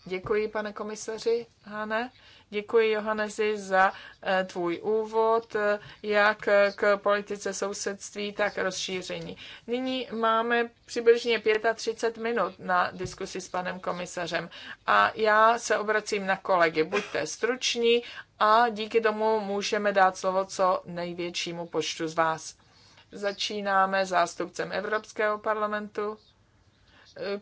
Děkuji, pane komisaři Hane. Děkuji, Johanezi, za eh, tvůj úvod, eh, jak k politice sousedství, tak rozšíření. Nyní máme přibližně 35 minut na diskusi s panem komisařem a já se obracím na kolegy. Buďte struční a díky tomu můžeme dát slovo co největšímu počtu z vás. Začínáme zástupcem Evropského parlamentu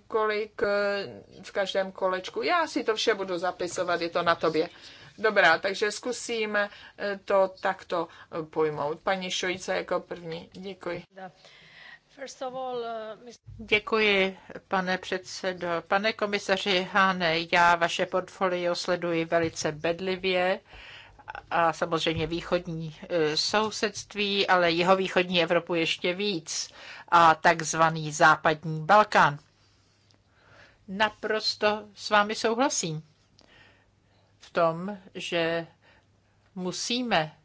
kolik eh, v každém kolečku. Já si to vše budu zapisovat, je to na tobě. Dobrá, takže zkusíme eh, to takto eh, pojmout. Paní Šojice jako první. Děkuji. Děkuji, pane předsedo. Pane komisaři Háne, já vaše portfolio sleduji velice bedlivě a samozřejmě východní sousedství, ale jeho východní Evropu ještě víc a takzvaný západní Balkán. Naprosto s vámi souhlasím v tom, že musíme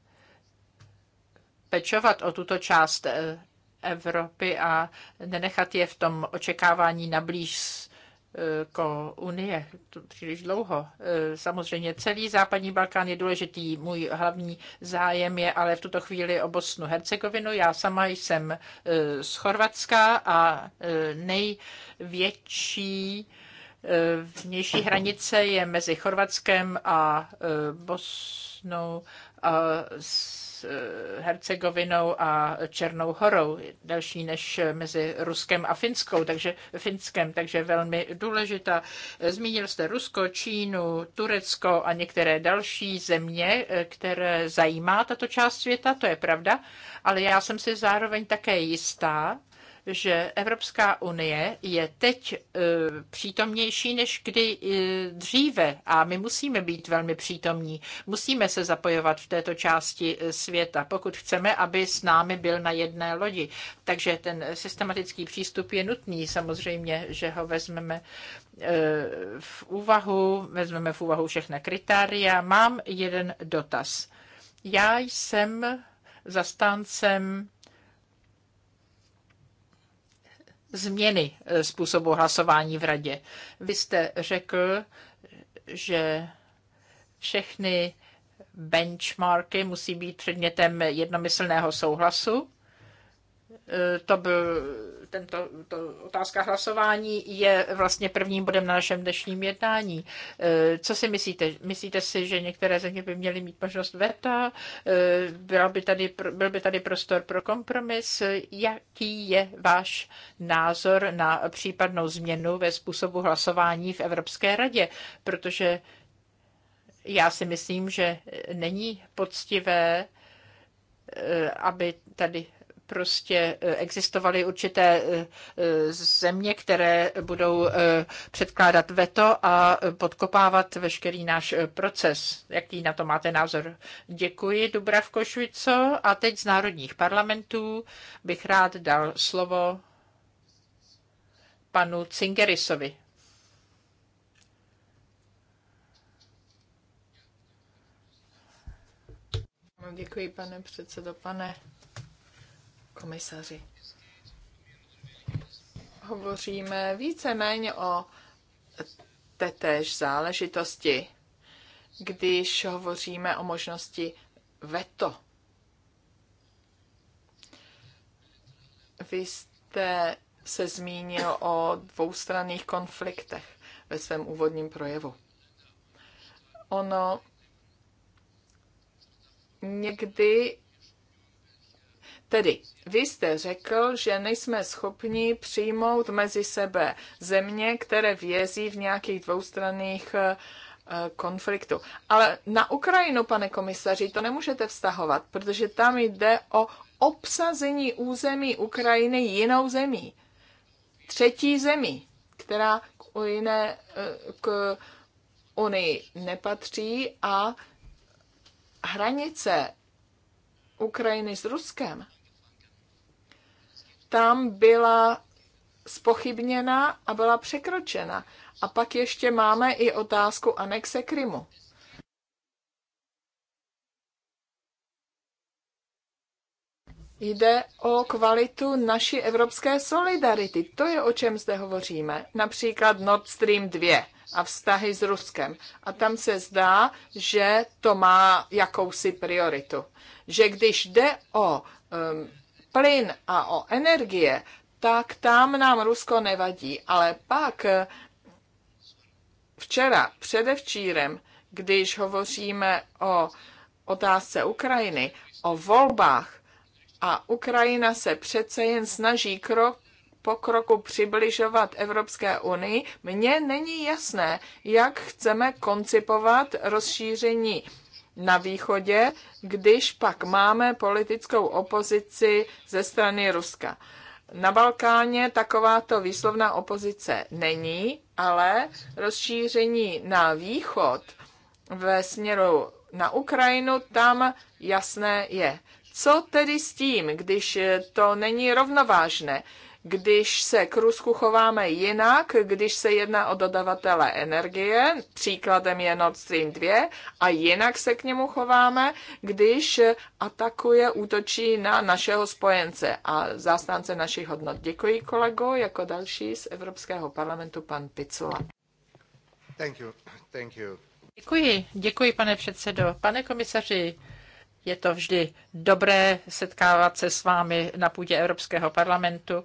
pečovat o tuto část eh, Evropy a nenechat je v tom očekávání na blíž jako Unie příliš dlouho. E, samozřejmě celý západní Balkán je důležitý. Můj hlavní zájem je ale v tuto chvíli o Bosnu Hercegovinu. Já sama jsem e, z Chorvatska a e, největší vnější hranice je mezi Chorvatskem a Bosnou a s Eh, Hercegovinou a Černou horou, další než eh, mezi Ruskem a Finskou, takže, Finskem, takže velmi důležitá. Eh, zmínil jste Rusko, Čínu, Turecko a některé další země, které zajímá tato část světa, to je pravda, ale já jsem si zároveň také jistá, že Evropská unie je teď e, přítomnější než kdy e, dříve a my musíme být velmi přítomní. Musíme se zapojovat v této části e, světa, pokud chceme, aby s námi byl na jedné lodi. Takže ten systematický přístup je nutný. Samozřejmě, že ho vezmeme v úvahu, vezmeme v úvahu všechna kritéria. Mám jeden dotaz. Já jsem zastáncem změny eh, způsobu hlasování v radě. Vy jste řekl, že všechny benchmarky musí být předmětem jednomyslného souhlasu Eh, to byl, tento, to otázka hlasování je vlastně prvním bodem na našem dnešním jednání. Eh, co si myslíte? Myslíte si, že některé země by měly mít možnost veta? Eh, byl by tady, byl by tady prostor pro kompromis? Jaký je váš názor na případnou změnu ve způsobu hlasování v Evropské radě? Protože já si myslím, že není poctivé aby tady prostě eh, existovaly určité eh, eh, země, které budou předkládat veto a podkopávat veškerý náš proces. Jaký na to máte názor? Děkuji, Dubravko Švico. A teď z národních parlamentů bych rád dal slovo panu Cingerisovi. Děkuji, pane předsedo, pane komisaři. Hovoříme víceméně o tetéž záležitosti, když hovoříme o možnosti veto. Vy jste se zmínil o dvoustranných konfliktech ve svém úvodním projevu. Ono někdy Tedy vy jste řekl, že nejsme schopni přijmout mezi sebe země, které vězí v nějakých dvoustranných eh, konfliktu. Ale na Ukrajinu, pane komisaři, to nemůžete vztahovat, protože tam jde o obsazení území Ukrajiny jinou zemí. Třetí zemí, která k, jiné, eh, k Unii nepatří a hranice Ukrajiny s Ruskem tam byla spochybněna a byla překročena. A pak ještě máme i otázku anexe Krymu. Jde o kvalitu naší evropské solidarity. To je, o čem zde hovoříme. Například Nord Stream 2 a vztahy s Ruskem. A tam se zdá, že to má jakousi prioritu. Že když jde o um, plyn a o energie, tak tam nám Rusko nevadí. Ale pak eh, včera, předevčírem, když hovoříme o otázce Ukrajiny, o volbách, a Ukrajina se přece jen snaží krok po kroku přibližovat Evropské unii, mně není jasné, jak chceme koncipovat rozšíření na východě, když pak máme politickou opozici ze strany Ruska. Na Balkáně takováto výslovná opozice není, ale rozšíření na východ ve směru na Ukrajinu tam jasné je. Co tedy s tím, když to není rovnovážné? když se k Rusku chováme jinak, když se jedná o dodavatele energie, příkladem je Nord Stream 2, a jinak se k němu chováme, když atakuje, útočí na našeho spojence a zástánce našich hodnot. Děkuji kolego, jako další z Evropského parlamentu pan Picula. Thank you. Thank you. Děkuji, děkuji pane předsedo. Pane komisaři, je to vždy dobré setkávat se s vámi na půdě Evropského parlamentu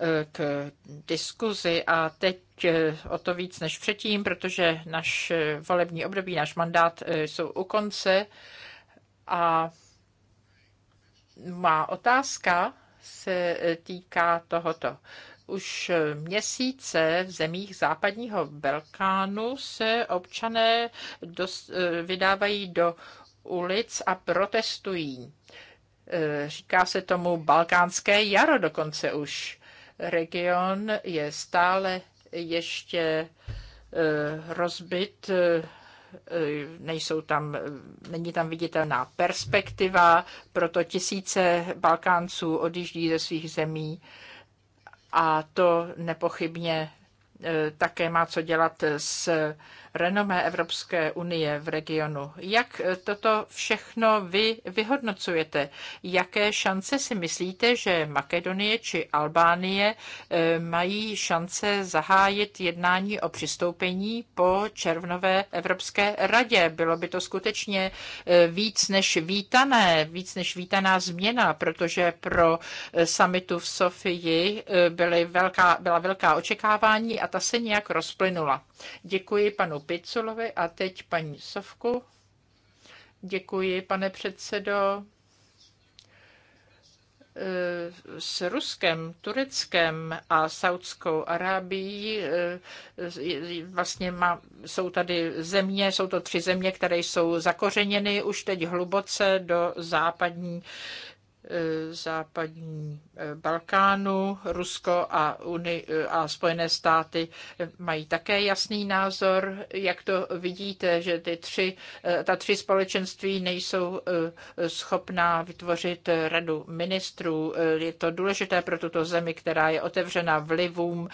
eh, k diskuzi a teď eh, o to víc než předtím, protože naš eh, volební období, náš mandát jsou u konce a má otázka se týká tohoto. Už měsíce v zemích západního Balkánu se občané dost, vydávají do ulic a protestují. E, říká se tomu balkánské jaro dokonce už. Region je stále ještě e, rozbit, e, nejsou tam, není tam viditelná perspektiva, proto tisíce Balkánců odjíždí ze svých zemí a to nepochybně také má co dělat s renomé Evropské unie v regionu. Jak toto všechno vy vyhodnocujete? Jaké šance si myslíte, že Makedonie či Albánie eh, mají šance zahájit jednání o přistoupení po červnové Evropské radě? Bylo by to skutečně eh, víc než vítané, víc než vítaná změna, protože pro eh, samitu v Sofii byly velká, byla velká očekávání a ta se nějak rozplynula. Děkuji panu Piculovi a teď paní Sovku. Děkuji, pane předsedo eh, s Ruskem, Tureckem a Saudskou Arábií eh, vlastně má, jsou tady země, jsou to tři země, které jsou zakořeněny už teď hluboce do západní Eh, západní eh, Balkánu, Rusko a, Uni- eh, a Spojené státy mají také jasný názor. Jak to vidíte, že ty tři, ta tři společenství nejsou schopná vytvořit radu ministrů? Je to důležité pro tuto zemi, která je otevřena vlivům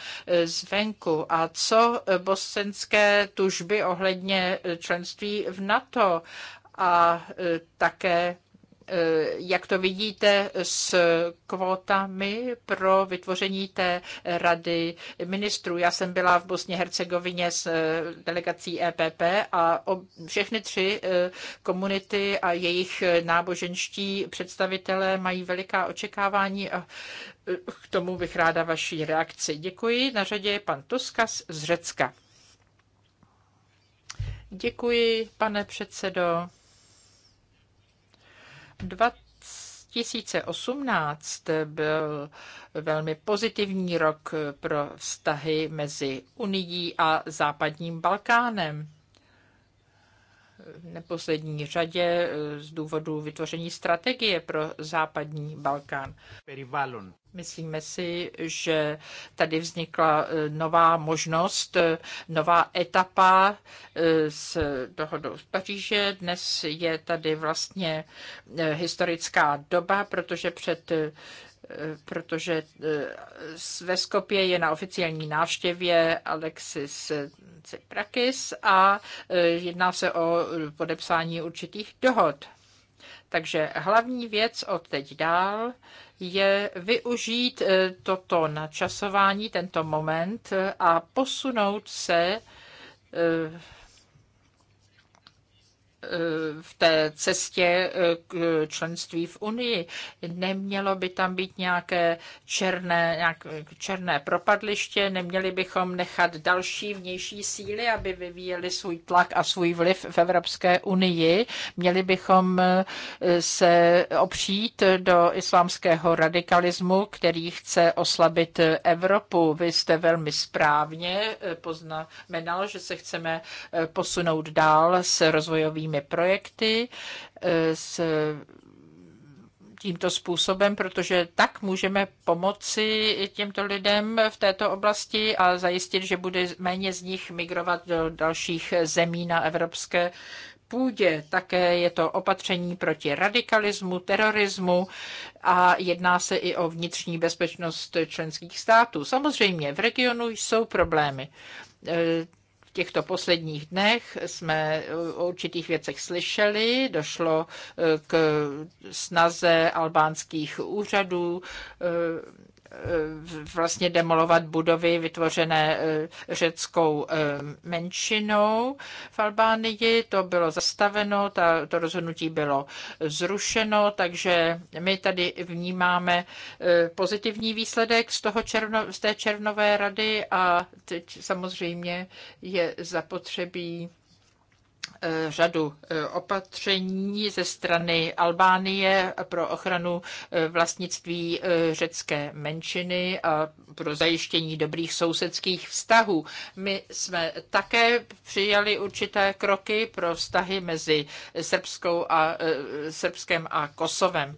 zvenku. A co bosenské tužby ohledně členství v NATO? a také Eh, jak to vidíte s kvótami pro vytvoření té rady ministrů. Já jsem byla v Bosně Hercegovině s eh, delegací EPP a všechny tři eh, komunity a jejich náboženští představitelé mají veliká očekávání a k tomu bych ráda vaší reakci. Děkuji. Na řadě je pan Tuskas z Řecka. Děkuji, pane předsedo. 2018 byl velmi pozitivní rok pro vztahy mezi Unií a západním Balkánem v neposlední řadě eh, z důvodu vytvoření strategie pro západní Balkán. Myslíme si, že tady vznikla e, nová možnost, e, nová etapa e, s dohodou z Paříže. Dnes je tady vlastně historická doba, protože před protože ve Skopě je na oficiální návštěvě Alexis Tsiprakis a jedná se o podepsání určitých dohod. Takže hlavní věc od teď dál je využít eh, toto načasování, tento moment eh, a posunout se eh, Eh, v té cestě eh, k členství v Unii. Nemělo by tam být nějaké černé, nějak eh, černé propadliště, neměli bychom nechat další vnější síly, aby vyvíjeli svůj tlak a svůj vliv v Evropské unii. Měli bychom se opřít do islámského radikalismu, který chce oslabit Evropu. Vy jste velmi správně poznamenal, že se chceme posunout dál s rozvojovým svými projekty e, s tímto způsobem, protože tak můžeme pomoci těmto lidem v této oblasti a zajistit, že bude méně z nich migrovat do dalších zemí na evropské půdě. Také je to opatření proti radikalismu, terorismu a jedná se i o vnitřní bezpečnost členských států. Samozřejmě v regionu jsou problémy e, v těchto posledních dnech jsme o určitých věcech slyšeli, došlo eh, k snaze albánských úřadů eh, vlastně demolovat budovy vytvořené eh, řeckou eh, menšinou v Albánii. To bylo zastaveno, ta, to rozhodnutí bylo zrušeno, takže my tady vnímáme eh, pozitivní výsledek z, toho červno, z té červnové rady a teď samozřejmě je zapotřebí Eh, řadu eh, opatření ze strany Albánie pro ochranu eh, vlastnictví řecké menšiny a pro zajištění dobrých sousedských vztahů. My jsme také přijali určité kroky pro vztahy mezi Srbskou a, Srbskem a Kosovem.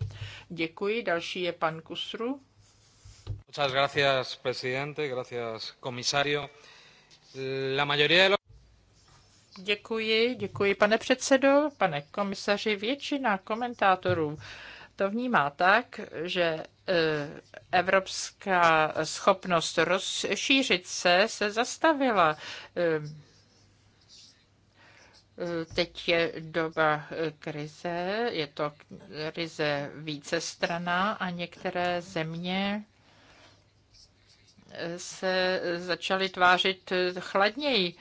Děkuji. Další je pan Kusru. Muchas gracias, presidente. Gracias, comisario. La mayoría de los... Děkuji, děkuji pane předsedo, pane komisaři. Většina komentátorů to vnímá tak, že e, evropská schopnost rozšířit se se zastavila. E, e, teď je doba krize, je to krize více strana a některé země se začaly tvářit chladněji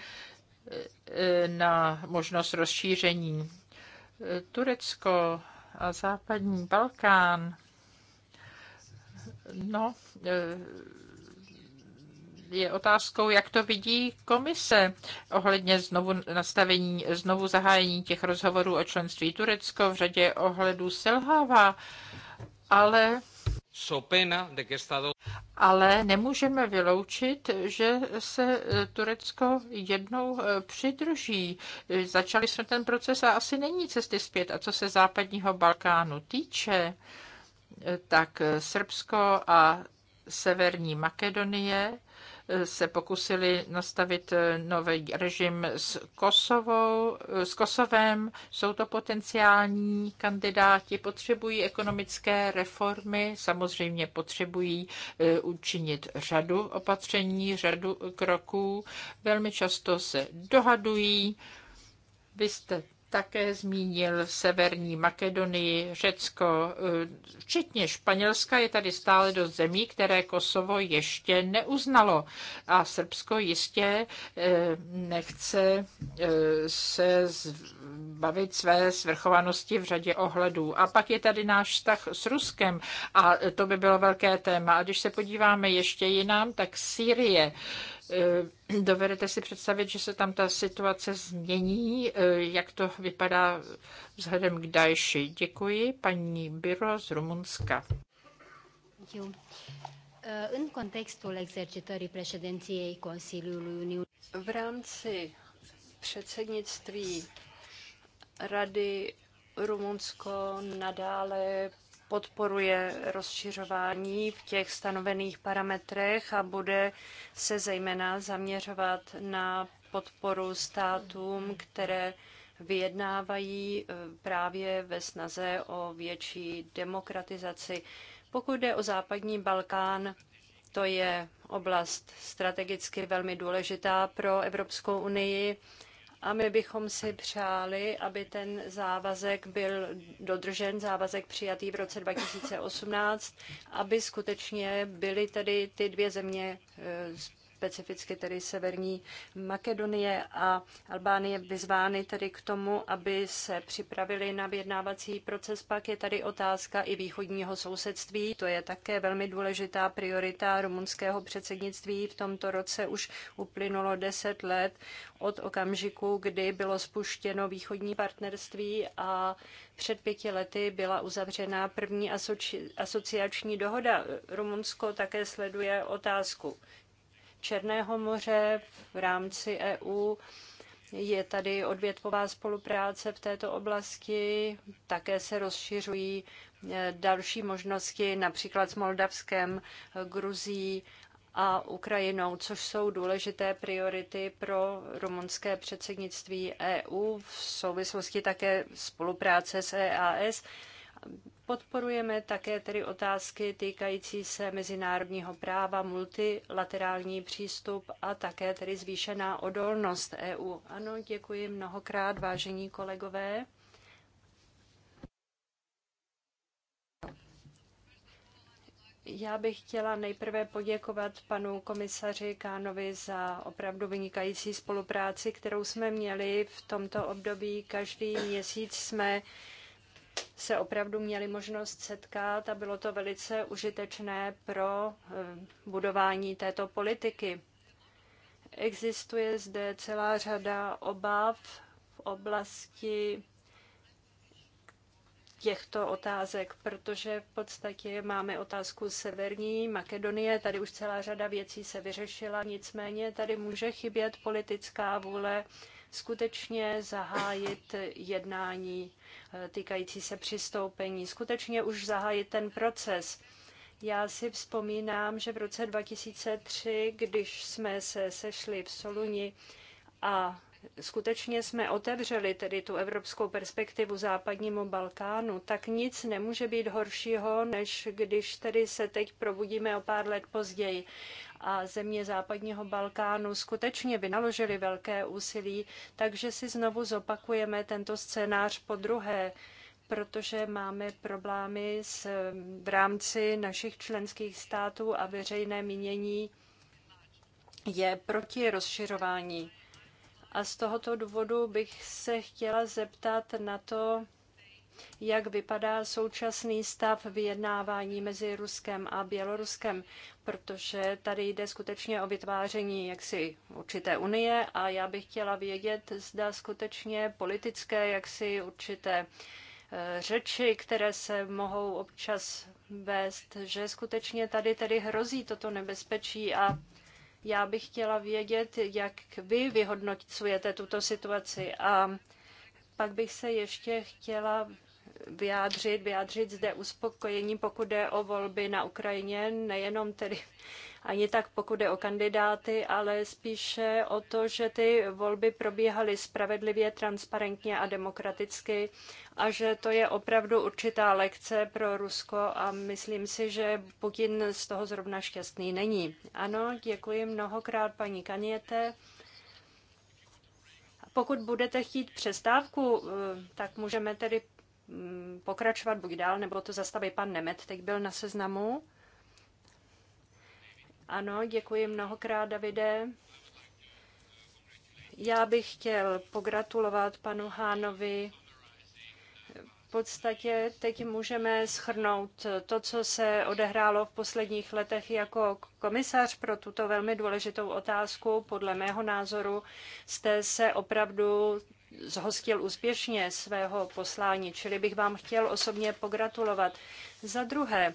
na možnost rozšíření. Turecko a západní Balkán, no, eh, je otázkou, jak to vidí komise ohledně znovu nastavení, znovu zahájení těch rozhovorů o členství Turecko v řadě ohledů selhává, ale ale nemůžeme vyloučit, že se eh, Turecko jednou eh, přidruží. Začali jsme ten proces a asi není cesty zpět. A co se západního Balkánu týče, eh, tak Srbsko a Severní Makedonie se pokusili nastavit eh, nový režim s, Kosovou, eh, s Kosovem. Jsou to potenciální kandidáti, potřebují ekonomické reformy, samozřejmě potřebují eh, učinit řadu opatření, řadu kroků. Velmi často se dohadují. Vy jste také zmínil Severní Makedonii, Řecko, eh, včetně Španělska je tady stále do zemí, které Kosovo ještě neuznalo. A Srbsko jistě eh, nechce eh, se zbavit své svrchovanosti v řadě ohledů. A pak je tady náš vztah s Ruskem a to by bylo velké téma. A když se podíváme ještě jinam, tak Sýrie Eh, dovedete si představit, že se tam ta situace změní, eh, jak to vypadá vzhledem k Dajši. Děkuji, paní Biro z Rumunska. Eh, v rámci předsednictví Rady Rumunsko nadále podporuje rozšiřování v těch stanovených parametrech a bude se zejména zaměřovat na podporu státům, které vyjednávají eh, právě ve snaze o větší demokratizaci. Pokud jde o západní Balkán, to je oblast strategicky velmi důležitá pro Evropskou unii a my bychom si přáli, aby ten závazek byl dodržen, závazek přijatý v roce 2018, aby skutečně byly tedy ty dvě země eh, specificky tedy Severní Makedonie a Albánie vyzvány tedy k tomu, aby se připravili na vyjednávací proces. Pak je tady otázka i východního sousedství. To je také velmi důležitá priorita rumunského předsednictví. V tomto roce už uplynulo 10 let od okamžiku, kdy bylo spuštěno východní partnerství a před pěti lety byla uzavřena první asociační dohoda. Rumunsko také sleduje otázku Černého moře v rámci EU. Je tady odvětvová spolupráce v této oblasti, také se rozšiřují eh, další možnosti, například s Moldavskem, eh, Gruzí a Ukrajinou, což jsou důležité priority pro rumunské předsednictví EU v souvislosti také spolupráce s EAS Podporujeme také tedy otázky týkající se mezinárodního práva, multilaterální přístup a také tedy zvýšená odolnost EU. Ano, děkuji mnohokrát, vážení kolegové. Já bych chtěla nejprve poděkovat panu komisaři Kánovi za opravdu vynikající spolupráci, kterou jsme měli v tomto období. Každý měsíc jsme se opravdu měli možnost setkat a bylo to velice užitečné pro eh, budování této politiky. Existuje zde celá řada obav v oblasti těchto otázek, protože v podstatě máme otázku Severní Makedonie, tady už celá řada věcí se vyřešila, nicméně tady může chybět politická vůle skutečně zahájit jednání eh, týkající se přistoupení, skutečně už zahájit ten proces. Já si vzpomínám, že v roce 2003, když jsme se sešli v Soluni a skutečně jsme otevřeli tedy tu evropskou perspektivu západnímu Balkánu, tak nic nemůže být horšího, než když tedy se teď probudíme o pár let později a země západního Balkánu skutečně vynaložili velké úsilí, takže si znovu zopakujeme tento scénář po druhé protože máme problémy s, v rámci našich členských států a veřejné mínění je proti rozšiřování. A z tohoto důvodu bych se chtěla zeptat na to, jak vypadá současný stav vyjednávání mezi Ruskem a Běloruskem, protože tady jde skutečně o vytváření jaksi určité unie a já bych chtěla vědět, zda skutečně politické jaksi určité eh, řeči, které se mohou občas vést, že skutečně tady tedy hrozí toto nebezpečí a já bych chtěla vědět, jak vy vyhodnocujete tuto situaci. A pak bych se ještě chtěla vyjádřit, vyjádřit zde uspokojení, pokud jde o volby na Ukrajině, nejenom tedy ani tak pokud jde o kandidáty, ale spíše o to, že ty volby probíhaly spravedlivě, transparentně a demokraticky a že to je opravdu určitá lekce pro Rusko a myslím si, že Putin z toho zrovna šťastný není. Ano, děkuji mnohokrát paní Kaněte. Pokud budete chtít přestávku, eh, tak můžeme tedy Mm, pokračovat buď dál, nebo to zastaví pan Nemet, teď byl na seznamu. Ano, děkuji mnohokrát, Davide. Já bych chtěl pogratulovat panu Hánovi. V podstatě teď můžeme schrnout to, co se odehrálo v posledních letech jako komisař pro tuto velmi důležitou otázku. Podle mého názoru jste se opravdu zhostil úspěšně svého poslání, čili bych vám chtěl osobně pogratulovat. Za druhé,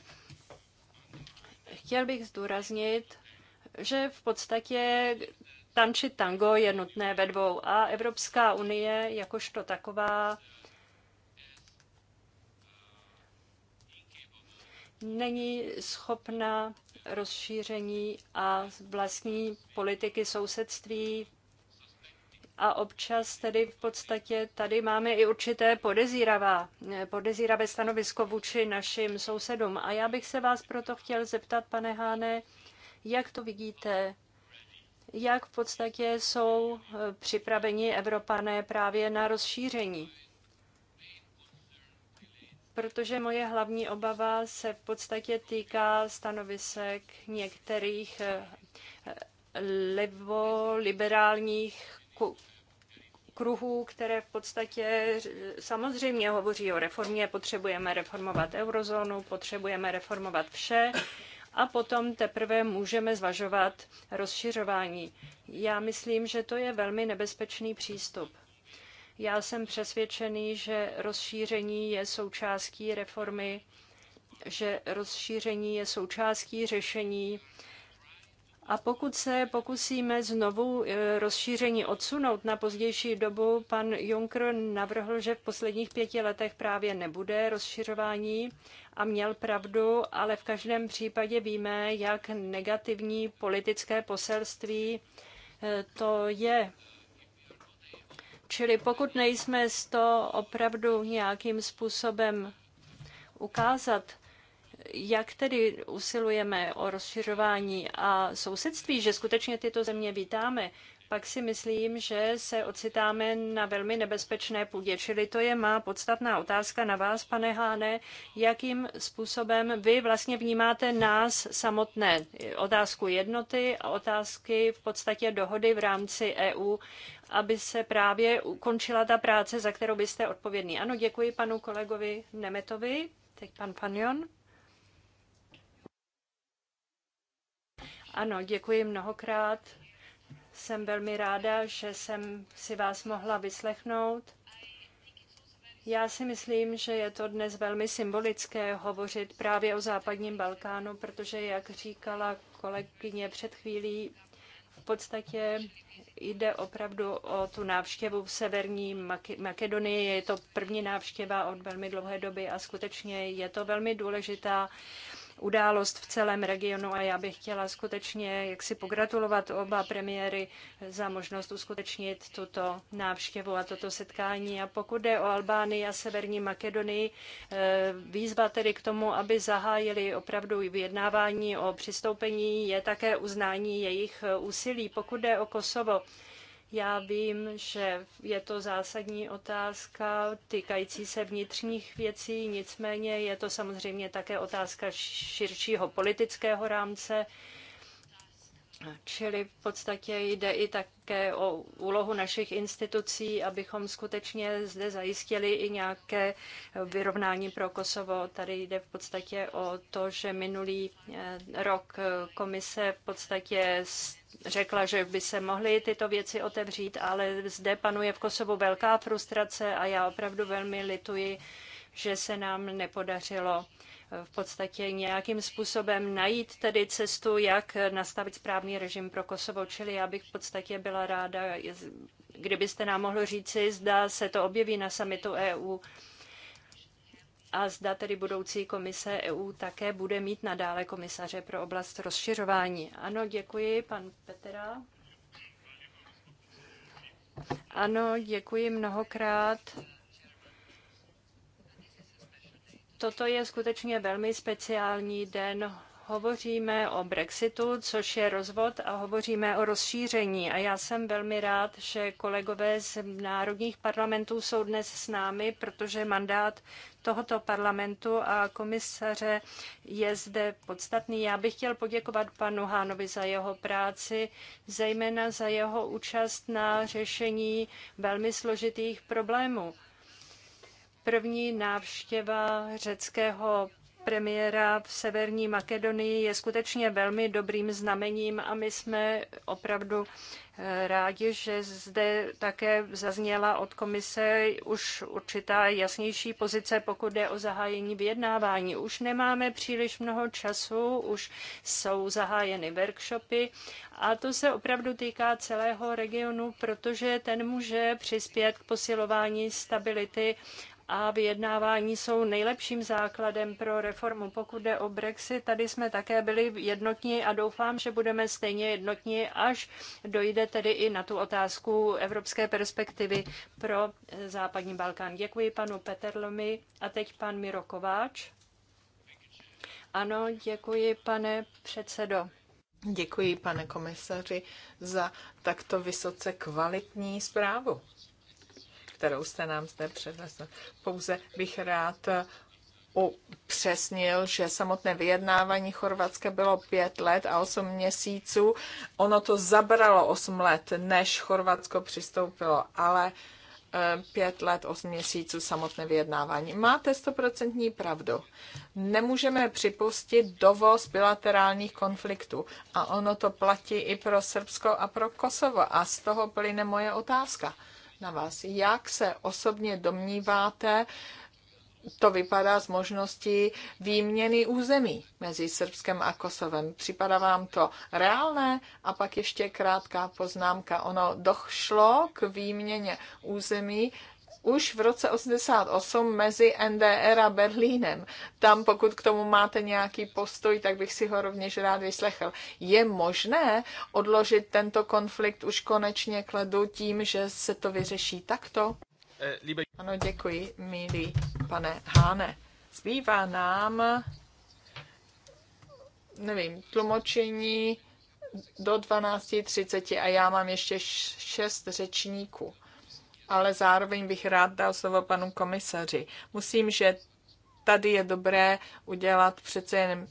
chtěl bych zdůraznit, že v podstatě tančit tango je nutné ve dvou a Evropská unie jakožto taková není schopna rozšíření a vlastní politiky sousedství a občas tedy v podstatě tady máme i určité podezíravá, podezíravé stanovisko vůči našim sousedům. A já bych se vás proto chtěl zeptat, pane Háne, jak to vidíte, jak v podstatě jsou eh, připraveni Evropané právě na rozšíření. Protože moje hlavní obava se v podstatě týká stanovisek některých eh, eh, levo-liberálních kruhů, které v podstatě samozřejmě hovoří o reformě. Potřebujeme reformovat eurozónu, potřebujeme reformovat vše a potom teprve můžeme zvažovat rozšiřování. Já myslím, že to je velmi nebezpečný přístup. Já jsem přesvědčený, že rozšíření je součástí reformy, že rozšíření je součástí řešení a pokud se pokusíme znovu e, rozšíření odsunout na pozdější dobu, pan Juncker navrhl, že v posledních pěti letech právě nebude rozšiřování a měl pravdu, ale v každém případě víme, jak negativní politické poselství e, to je. Čili pokud nejsme z to opravdu nějakým způsobem ukázat, jak tedy usilujeme o rozšiřování a sousedství, že skutečně tyto země vítáme, pak si myslím, že se ocitáme na velmi nebezpečné půdě. Čili to je má podstatná otázka na vás, pane Háne, jakým způsobem vy vlastně vnímáte nás samotné. Otázku jednoty a otázky v podstatě dohody v rámci EU, aby se právě ukončila ta práce, za kterou byste odpovědný. Ano, děkuji panu kolegovi Nemetovi. Teď pan Panion. Ano, děkuji mnohokrát. Jsem velmi ráda, že jsem si vás mohla vyslechnout. Já si myslím, že je to dnes velmi symbolické hovořit právě o západním Balkánu, protože, jak říkala kolegyně před chvílí, v podstatě jde opravdu o tu návštěvu v severní Makedonii. Je to první návštěva od velmi dlouhé doby a skutečně je to velmi důležitá událost v celém regionu a já bych chtěla skutečně jak si pogratulovat oba premiéry za možnost uskutečnit tuto návštěvu a toto setkání. A pokud jde o Albánii a Severní Makedonii, eh, výzva tedy k tomu, aby zahájili opravdu vyjednávání o přistoupení, je také uznání jejich úsilí. Pokud jde o Kosovo, já vím, že je to zásadní otázka týkající se vnitřních věcí, nicméně je to samozřejmě také otázka širšího politického rámce. Čili v podstatě jde i také o úlohu našich institucí, abychom skutečně zde zajistili i nějaké vyrovnání pro Kosovo. Tady jde v podstatě o to, že minulý eh, rok komise v podstatě řekla, že by se mohly tyto věci otevřít, ale zde panuje v Kosovu velká frustrace a já opravdu velmi lituji, že se nám nepodařilo v podstatě nějakým způsobem najít tedy cestu, jak nastavit správný režim pro Kosovo. Čili já bych v podstatě byla ráda, kdybyste nám mohli říci, zda se to objeví na samitu EU a zda tedy budoucí komise EU také bude mít nadále komisaře pro oblast rozšiřování. Ano, děkuji, pan Petera. Ano, děkuji mnohokrát. Toto je skutečně velmi speciální den. Hovoříme o Brexitu, což je rozvod, a hovoříme o rozšíření. A já jsem velmi rád, že kolegové z národních parlamentů jsou dnes s námi, protože mandát tohoto parlamentu a komisaře je zde podstatný. Já bych chtěl poděkovat panu Hánovi za jeho práci, zejména za jeho účast na řešení velmi složitých problémů První návštěva řeckého premiéra v Severní Makedonii je skutečně velmi dobrým znamením a my jsme opravdu eh, rádi, že zde také zazněla od komise už určitá jasnější pozice, pokud jde o zahájení vyjednávání. Už nemáme příliš mnoho času, už jsou zahájeny workshopy a to se opravdu týká celého regionu, protože ten může přispět k posilování stability a vyjednávání jsou nejlepším základem pro reformu. Pokud jde o Brexit, tady jsme také byli jednotní a doufám, že budeme stejně jednotní, až dojde tedy i na tu otázku evropské perspektivy pro eh, západní Balkán. Děkuji panu Peterlomi a teď pan Miro Kováč. Ano, děkuji, pane předsedo. Děkuji, pane komisaři, za takto vysoce kvalitní zprávu kterou jste nám zde přednesl. Pouze bych rád eh, upřesnil, že samotné vyjednávání Chorvatska bylo pět let a osm měsíců. Ono to zabralo osm let, než Chorvatsko přistoupilo, ale eh, pět let, osm měsíců samotné vyjednávání. Máte stoprocentní pravdu. Nemůžeme připustit dovoz bilaterálních konfliktů. A ono to platí i pro Srbsko a pro Kosovo. A z toho plyne moje otázka na vás. Jak se osobně domníváte, to vypadá z možnosti výměny území mezi Srbskem a Kosovem. Připadá vám to reálné? A pak ještě krátká poznámka. Ono došlo k výměně území už v roce 88 mezi NDR a Berlínem. Tam, pokud k tomu máte nějaký postoj, tak bych si ho rovněž rád vyslechl. Je možné odložit tento konflikt už konečně k ledu tím, že se to vyřeší takto? Eh, ano, děkuji, milý pane Háne. Zbývá nám, nevím, tlumočení do 12.30 a já mám ještě šest řečníků ale zároveň bych rád dal slovo panu komisaři. Musím, že tady je dobré udělat přece jen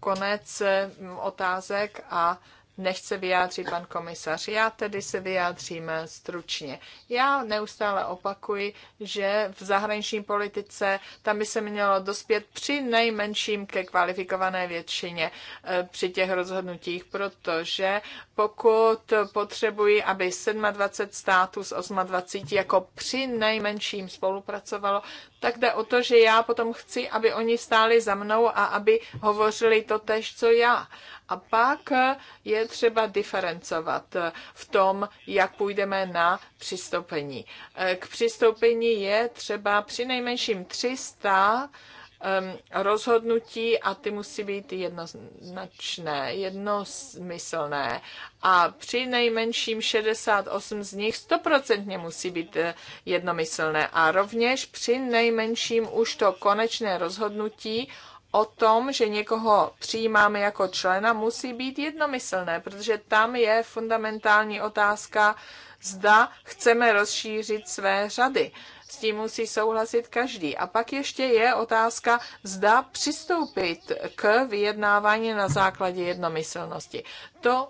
konec mm, otázek a nechce se vyjádří pan komisař. Já tedy se vyjádřím stručně. Já neustále opakuji, že v zahraniční politice tam by se mělo dospět při nejmenším ke kvalifikované většině eh, při těch rozhodnutích, protože pokud potřebují, aby 27 států z 28 jako při nejmenším spolupracovalo, tak jde o to, že já potom chci, aby oni stáli za mnou a aby hovořili to tež, co já. A pak je třeba diferencovat v tom, jak půjdeme na přistoupení. K přistoupení je třeba při nejmenším 300 Ehm, rozhodnutí a ty musí být jednoznačné, jednosmyslné. A při nejmenším 68 z nich stoprocentně musí být eh, jednomyslné. A rovněž při nejmenším už to konečné rozhodnutí o tom, že někoho přijímáme jako člena, musí být jednomyslné, protože tam je fundamentální otázka zda chceme rozšířit své řady. S tím musí souhlasit každý. A pak ještě je otázka, zda přistoupit k vyjednávání na základě jednomyslnosti. To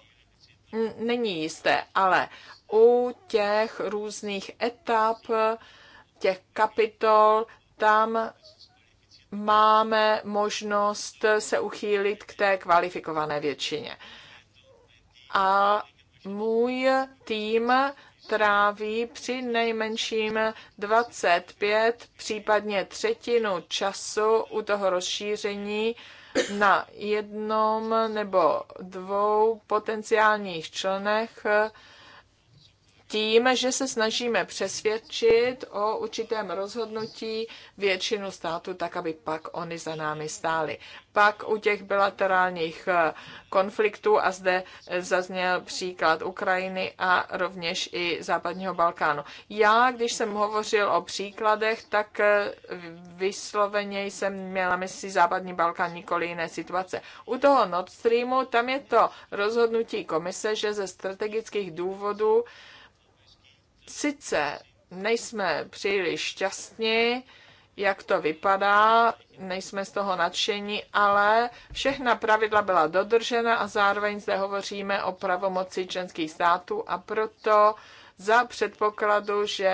není jisté, ale u těch různých etap, těch kapitol, tam máme možnost se uchýlit k té kvalifikované většině. A můj tým tráví při nejmenším 25, případně třetinu času u toho rozšíření na jednom nebo dvou potenciálních členech tím, že se snažíme přesvědčit o určitém rozhodnutí většinu států, tak aby pak oni za námi stáli. Pak u těch bilaterálních eh, konfliktů, a zde eh, zazněl příklad Ukrajiny a rovněž i západního Balkánu. Já, když jsem hovořil o příkladech, tak eh, vysloveně jsem měla mysli západní Balkán, nikoli jiné situace. U toho Nord Streamu, tam je to rozhodnutí komise, že ze strategických důvodů sice nejsme příliš šťastní, jak to vypadá, nejsme z toho nadšení, ale všechna pravidla byla dodržena a zároveň zde hovoříme o pravomoci členských států a proto za předpokladu, že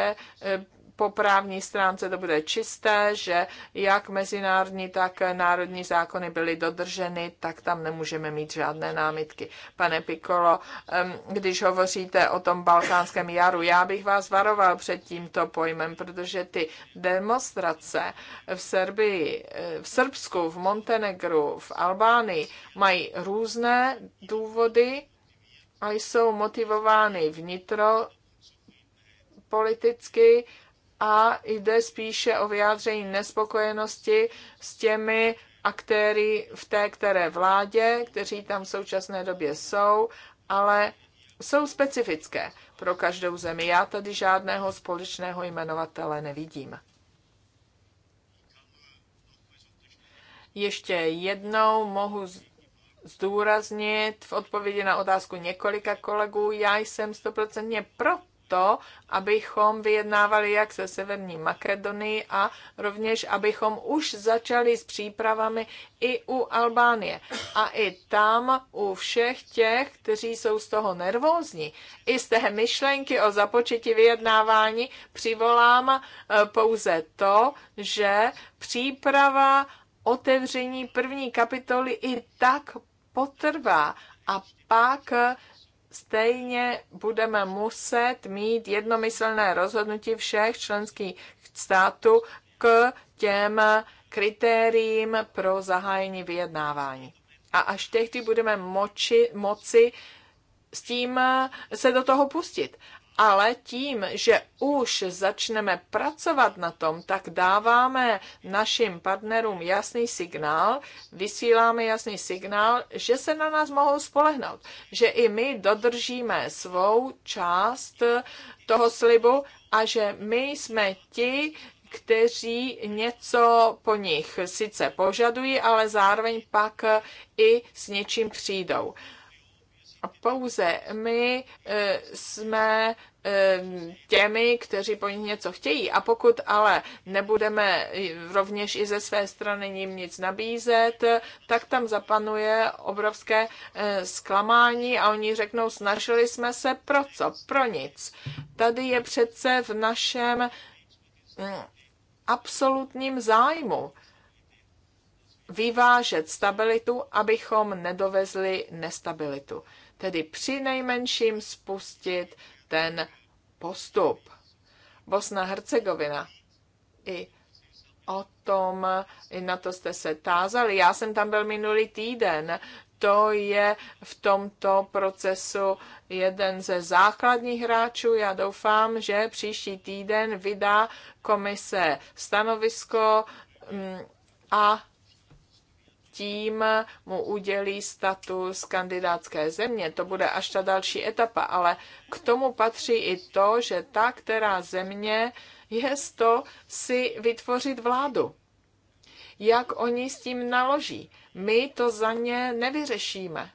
eh, po právní stránce to bude čisté, že jak mezinárodní, tak národní zákony byly dodrženy, tak tam nemůžeme mít žádné námitky. Pane Pikolo, když hovoříte o tom balkánském jaru, já bych vás varoval před tímto pojmem, protože ty demonstrace v Serbii, eh, v Srbsku, v Montenegru, v Albánii mají různé důvody a jsou motivovány vnitro politicky a jde spíše o vyjádření nespokojenosti s těmi aktéry v té které vládě, kteří tam v současné době jsou, ale jsou specifické pro každou zemi. Já tady žádného společného jmenovatele nevidím. Ještě jednou mohu zdůraznit v odpovědi na otázku několika kolegů, já jsem stoprocentně pro to, abychom vyjednávali jak se Severní Makedonii a rovněž, abychom už začali s přípravami i u Albánie. A i tam u všech těch, kteří jsou z toho nervózní, i z té myšlenky o započetí vyjednávání přivolám eh, pouze to, že příprava otevření první kapitoly i tak potrvá a pak stejně budeme muset mít jednomyslné rozhodnutí všech členských států k těm kritériím pro zahájení vyjednávání. A až tehdy budeme moči, moci s tím se do toho pustit ale tím, že už začneme pracovat na tom, tak dáváme našim partnerům jasný signál, vysíláme jasný signál, že se na nás mohou spolehnout, že i my dodržíme svou část toho slibu a že my jsme ti, kteří něco po nich sice požadují, ale zároveň pak i s něčím přijdou. A pouze my e, jsme e, těmi, kteří po nich něco chtějí. A pokud ale nebudeme rovněž i ze své strany ním nic nabízet, tak tam zapanuje obrovské e, zklamání a oni řeknou, snažili jsme se pro co? Pro nic. Tady je přece v našem mm, absolutním zájmu vyvážet stabilitu, abychom nedovezli nestabilitu tedy při nejmenším spustit ten postup. Bosna Hercegovina i o tom, i na to jste se tázali. Já jsem tam byl minulý týden. To je v tomto procesu jeden ze základních hráčů. Já doufám, že příští týden vydá komise stanovisko mm, a tím mu udělí status kandidátské země. To bude až ta další etapa, ale k tomu patří i to, že ta, která země je to si vytvořit vládu. Jak oni s tím naloží? My to za ně nevyřešíme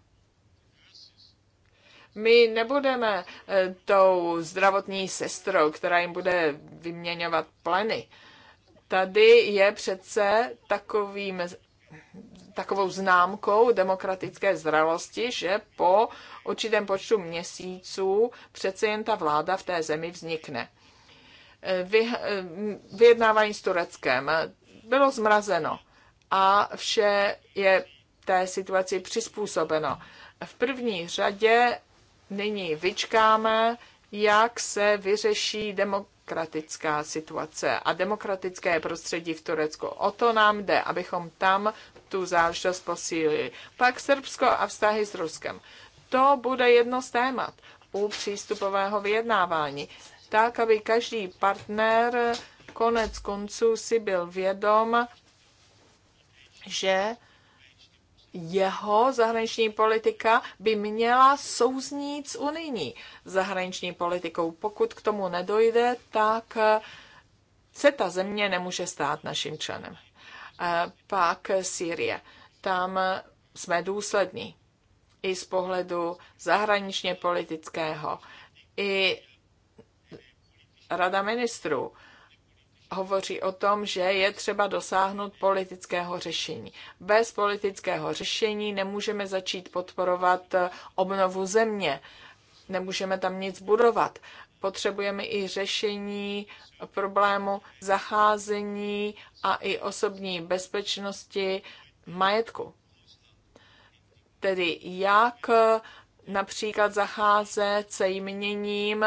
my nebudeme eh, tou zdravotní sestrou, která jim bude vyměňovat pleny. Tady je přece takovým takovou známkou demokratické zralosti, že po určitém počtu měsíců přece jen ta vláda v té zemi vznikne. Vy, vyjednávání s Tureckem bylo zmrazeno a vše je té situaci přizpůsobeno. V první řadě nyní vyčkáme, jak se vyřeší demokratická situace a demokratické prostředí v Turecku. O to nám jde, abychom tam tu záležitost posílili. Pak Srbsko a vztahy s Ruskem. To bude jedno z témat u přístupového vyjednávání, tak aby každý partner konec konců si byl vědom, že jeho zahraniční politika by měla souznít s unijní zahraniční politikou. Pokud k tomu nedojde, tak se ta země nemůže stát naším členem pak Syrie. Tam jsme důslední i z pohledu zahraničně politického. I Rada ministrů hovoří o tom, že je třeba dosáhnout politického řešení. Bez politického řešení nemůžeme začít podporovat obnovu země, nemůžeme tam nic budovat potřebujeme i řešení problému zacházení a i osobní bezpečnosti majetku. Tedy jak například zacházet se jměním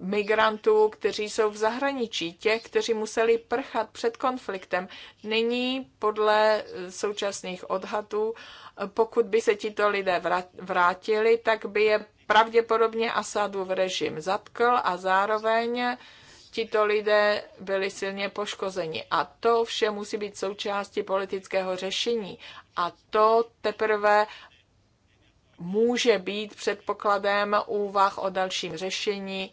migrantů, kteří jsou v zahraničí, těch, kteří museli prchat před konfliktem. Nyní podle současných odhadů, pokud by se tito lidé vrátili, tak by je pravděpodobně Asadův režim zatkl a zároveň tito lidé byli silně poškozeni. A to vše musí být součástí politického řešení. A to teprve může být předpokladem úvah o dalším řešení.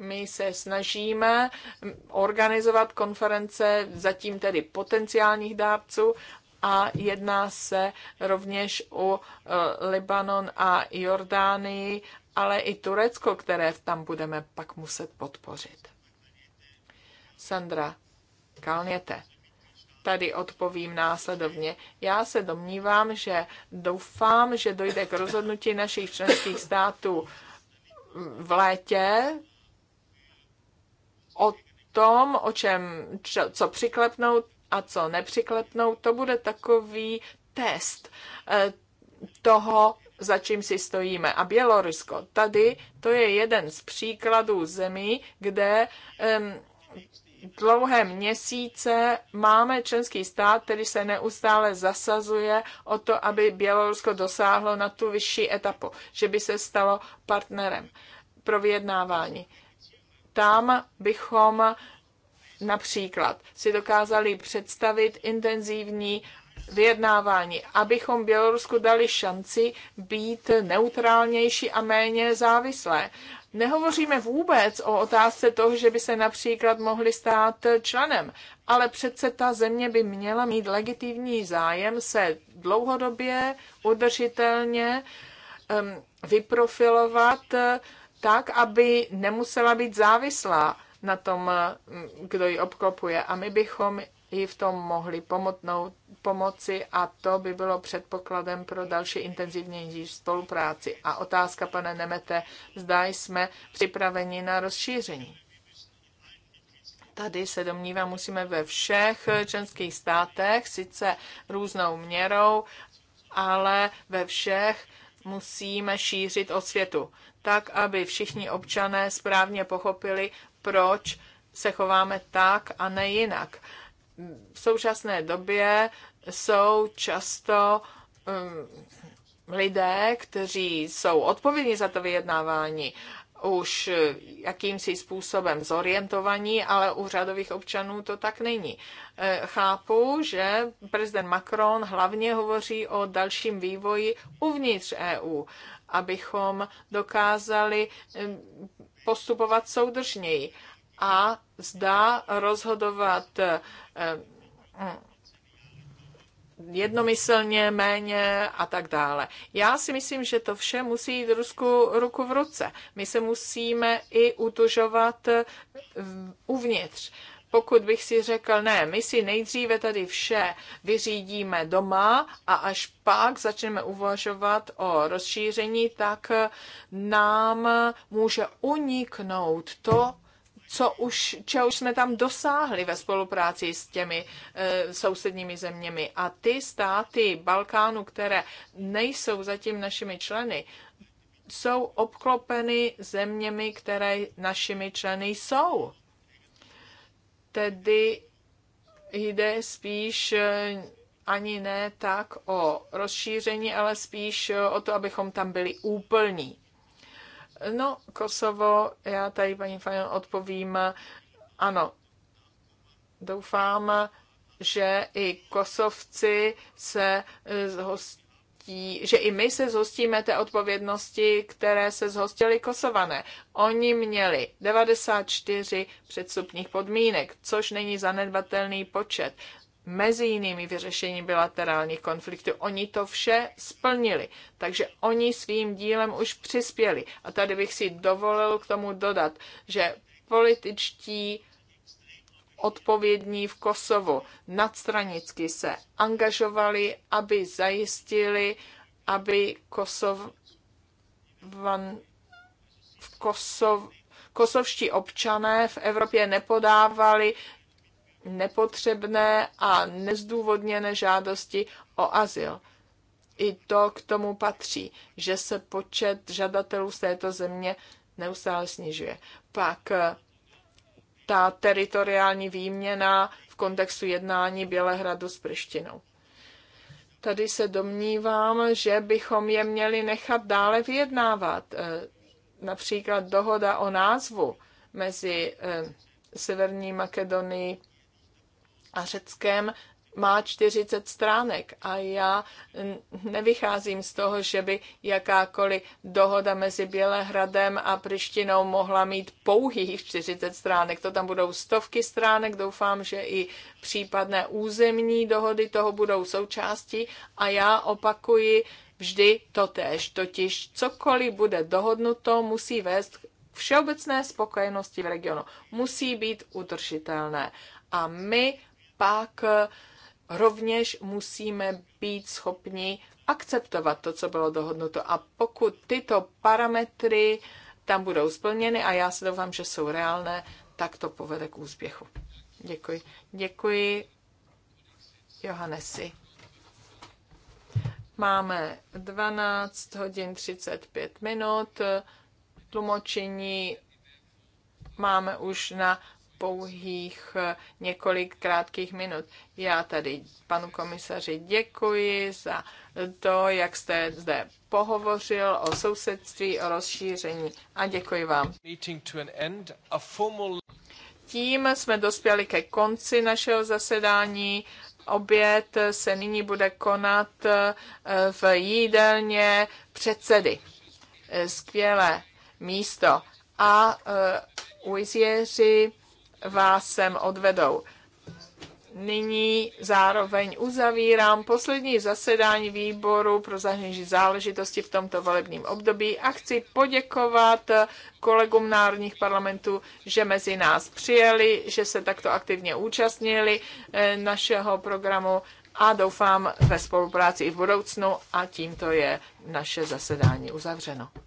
My se snažíme organizovat konference zatím tedy potenciálních dárců a jedná se rovněž o e, Libanon a Jordánii, ale i Turecko, které tam budeme pak muset podpořit. Sandra Kalněte tady odpovím následovně. Já se domnívám, že doufám, že dojde k rozhodnutí našich členských států v létě o tom, o čem, co přiklepnout a co nepřiklepnou, to bude takový test eh, toho, za čím si stojíme. A Bělorusko, tady to je jeden z příkladů zemí, kde um, dlouhé měsíce máme členský stát, který se neustále zasazuje o to, aby Bělorusko dosáhlo na tu vyšší etapu, že by se stalo partnerem pro vyjednávání. Tam bychom například si dokázali představit intenzivní vyjednávání, abychom Bělorusku dali šanci být neutrálnější a méně závislé. Nehovoříme vůbec o otázce toho, že by se například mohli stát členem, ale přece ta země by měla mít legitimní zájem se dlouhodobě, udržitelně um, vyprofilovat eh, tak, aby nemusela být závislá na tom, eh, kdo ji obklopuje. A my bychom i v tom mohli pomotnout, pomoci a to by bylo předpokladem pro další intenzivnější spolupráci. A otázka, pane Nemete, zda jsme připraveni na rozšíření. Tady se domnívám, musíme ve všech členských státech, sice různou měrou, ale ve všech musíme šířit osvětu, tak aby všichni občané správně pochopili, proč se chováme tak a ne jinak. V současné době jsou často um, lidé, kteří jsou odpovědní za to vyjednávání, už eh, jakýmsi způsobem zorientovaní, ale u řadových občanů to tak není. Eh, chápu, že prezident Macron hlavně hovoří o dalším vývoji uvnitř EU, abychom dokázali eh, postupovat soudržněji a zda rozhodovat eh, eh, jednomyslně, méně a tak dále. Já si myslím, že to vše musí jít Rusku ruku v ruce. My se musíme i utužovat eh, uvnitř pokud bych si řekl, ne, my si nejdříve tady vše vyřídíme doma a až pak začneme uvažovat o rozšíření, tak nám může uniknout to, co už, čeho už jsme tam dosáhli ve spolupráci s těmi e, sousedními zeměmi. A ty státy Balkánu, které nejsou zatím našimi členy, jsou obklopeny zeměmi, které našimi členy jsou tedy jde spíš eh, ani ne tak o rozšíření, ale spíš eh, o to, abychom tam byli úplní. No, Kosovo, já tady paní Fajon odpovím, eh, ano, doufám, že i Kosovci se zhostí zhostí, že i my se zhostíme té odpovědnosti, které se zhostili Kosované. Oni měli 94 předstupních podmínek, což není zanedbatelný počet. Mezi jinými vyřešení bilaterálních konfliktů. Oni to vše splnili, takže oni svým dílem už přispěli. A tady bych si dovolil k tomu dodat, že političtí odpovědní v Kosovu nadstranicky se angažovali, aby zajistili, aby Kosovan, v Kosov, kosovští občané v Evropě nepodávali nepotřebné a nezdůvodněné žádosti o azyl. I to k tomu patří, že se počet žadatelů z této země neustále snižuje. Pak eh, ta teritoriální výměna v kontextu jednání Bělehradu s Prištinou. Tady se domnívám, že bychom je měli nechat dále vyjednávat. Eh, například dohoda o názvu mezi eh, Severní Makedonii a Řeckem má 40 stránek a já nevycházím z toho, že by jakákoliv dohoda mezi Bělehradem a Prištinou mohla mít pouhých 40 stránek. To tam budou stovky stránek, doufám, že i případné územní dohody toho budou součástí a já opakuji vždy tež, totiž cokoliv bude dohodnuto, musí vést k všeobecné spokojenosti v regionu. Musí být udržitelné. A my pak uh, rovněž musíme být schopni akceptovat to, co bylo dohodnuto. A pokud tyto parametry tam budou splněny, a já se doufám, že jsou reálné, tak to povede k úspěchu. Děkuji. Děkuji, Johannesi. Máme 12 hodin 35 minut. Tlumočení máme už na pouhých eh, několik krátkých minut. Já tady panu komisaři děkuji za to, jak jste zde pohovořil o sousedství, o rozšíření a děkuji vám. Tím jsme dospěli ke konci našeho zasedání. Oběd se nyní bude konat eh, v jídelně předsedy. Eh, Skvělé místo. A uh, ujezděři vás sem odvedou. Nyní zároveň uzavírám poslední zasedání výboru pro zahraniční záležitosti v tomto volebním období a chci poděkovat kolegům národních parlamentů, že mezi nás přijeli, že se takto aktivně účastnili eh, našeho programu a doufám ve spolupráci i v budoucnu a tímto je naše zasedání uzavřeno.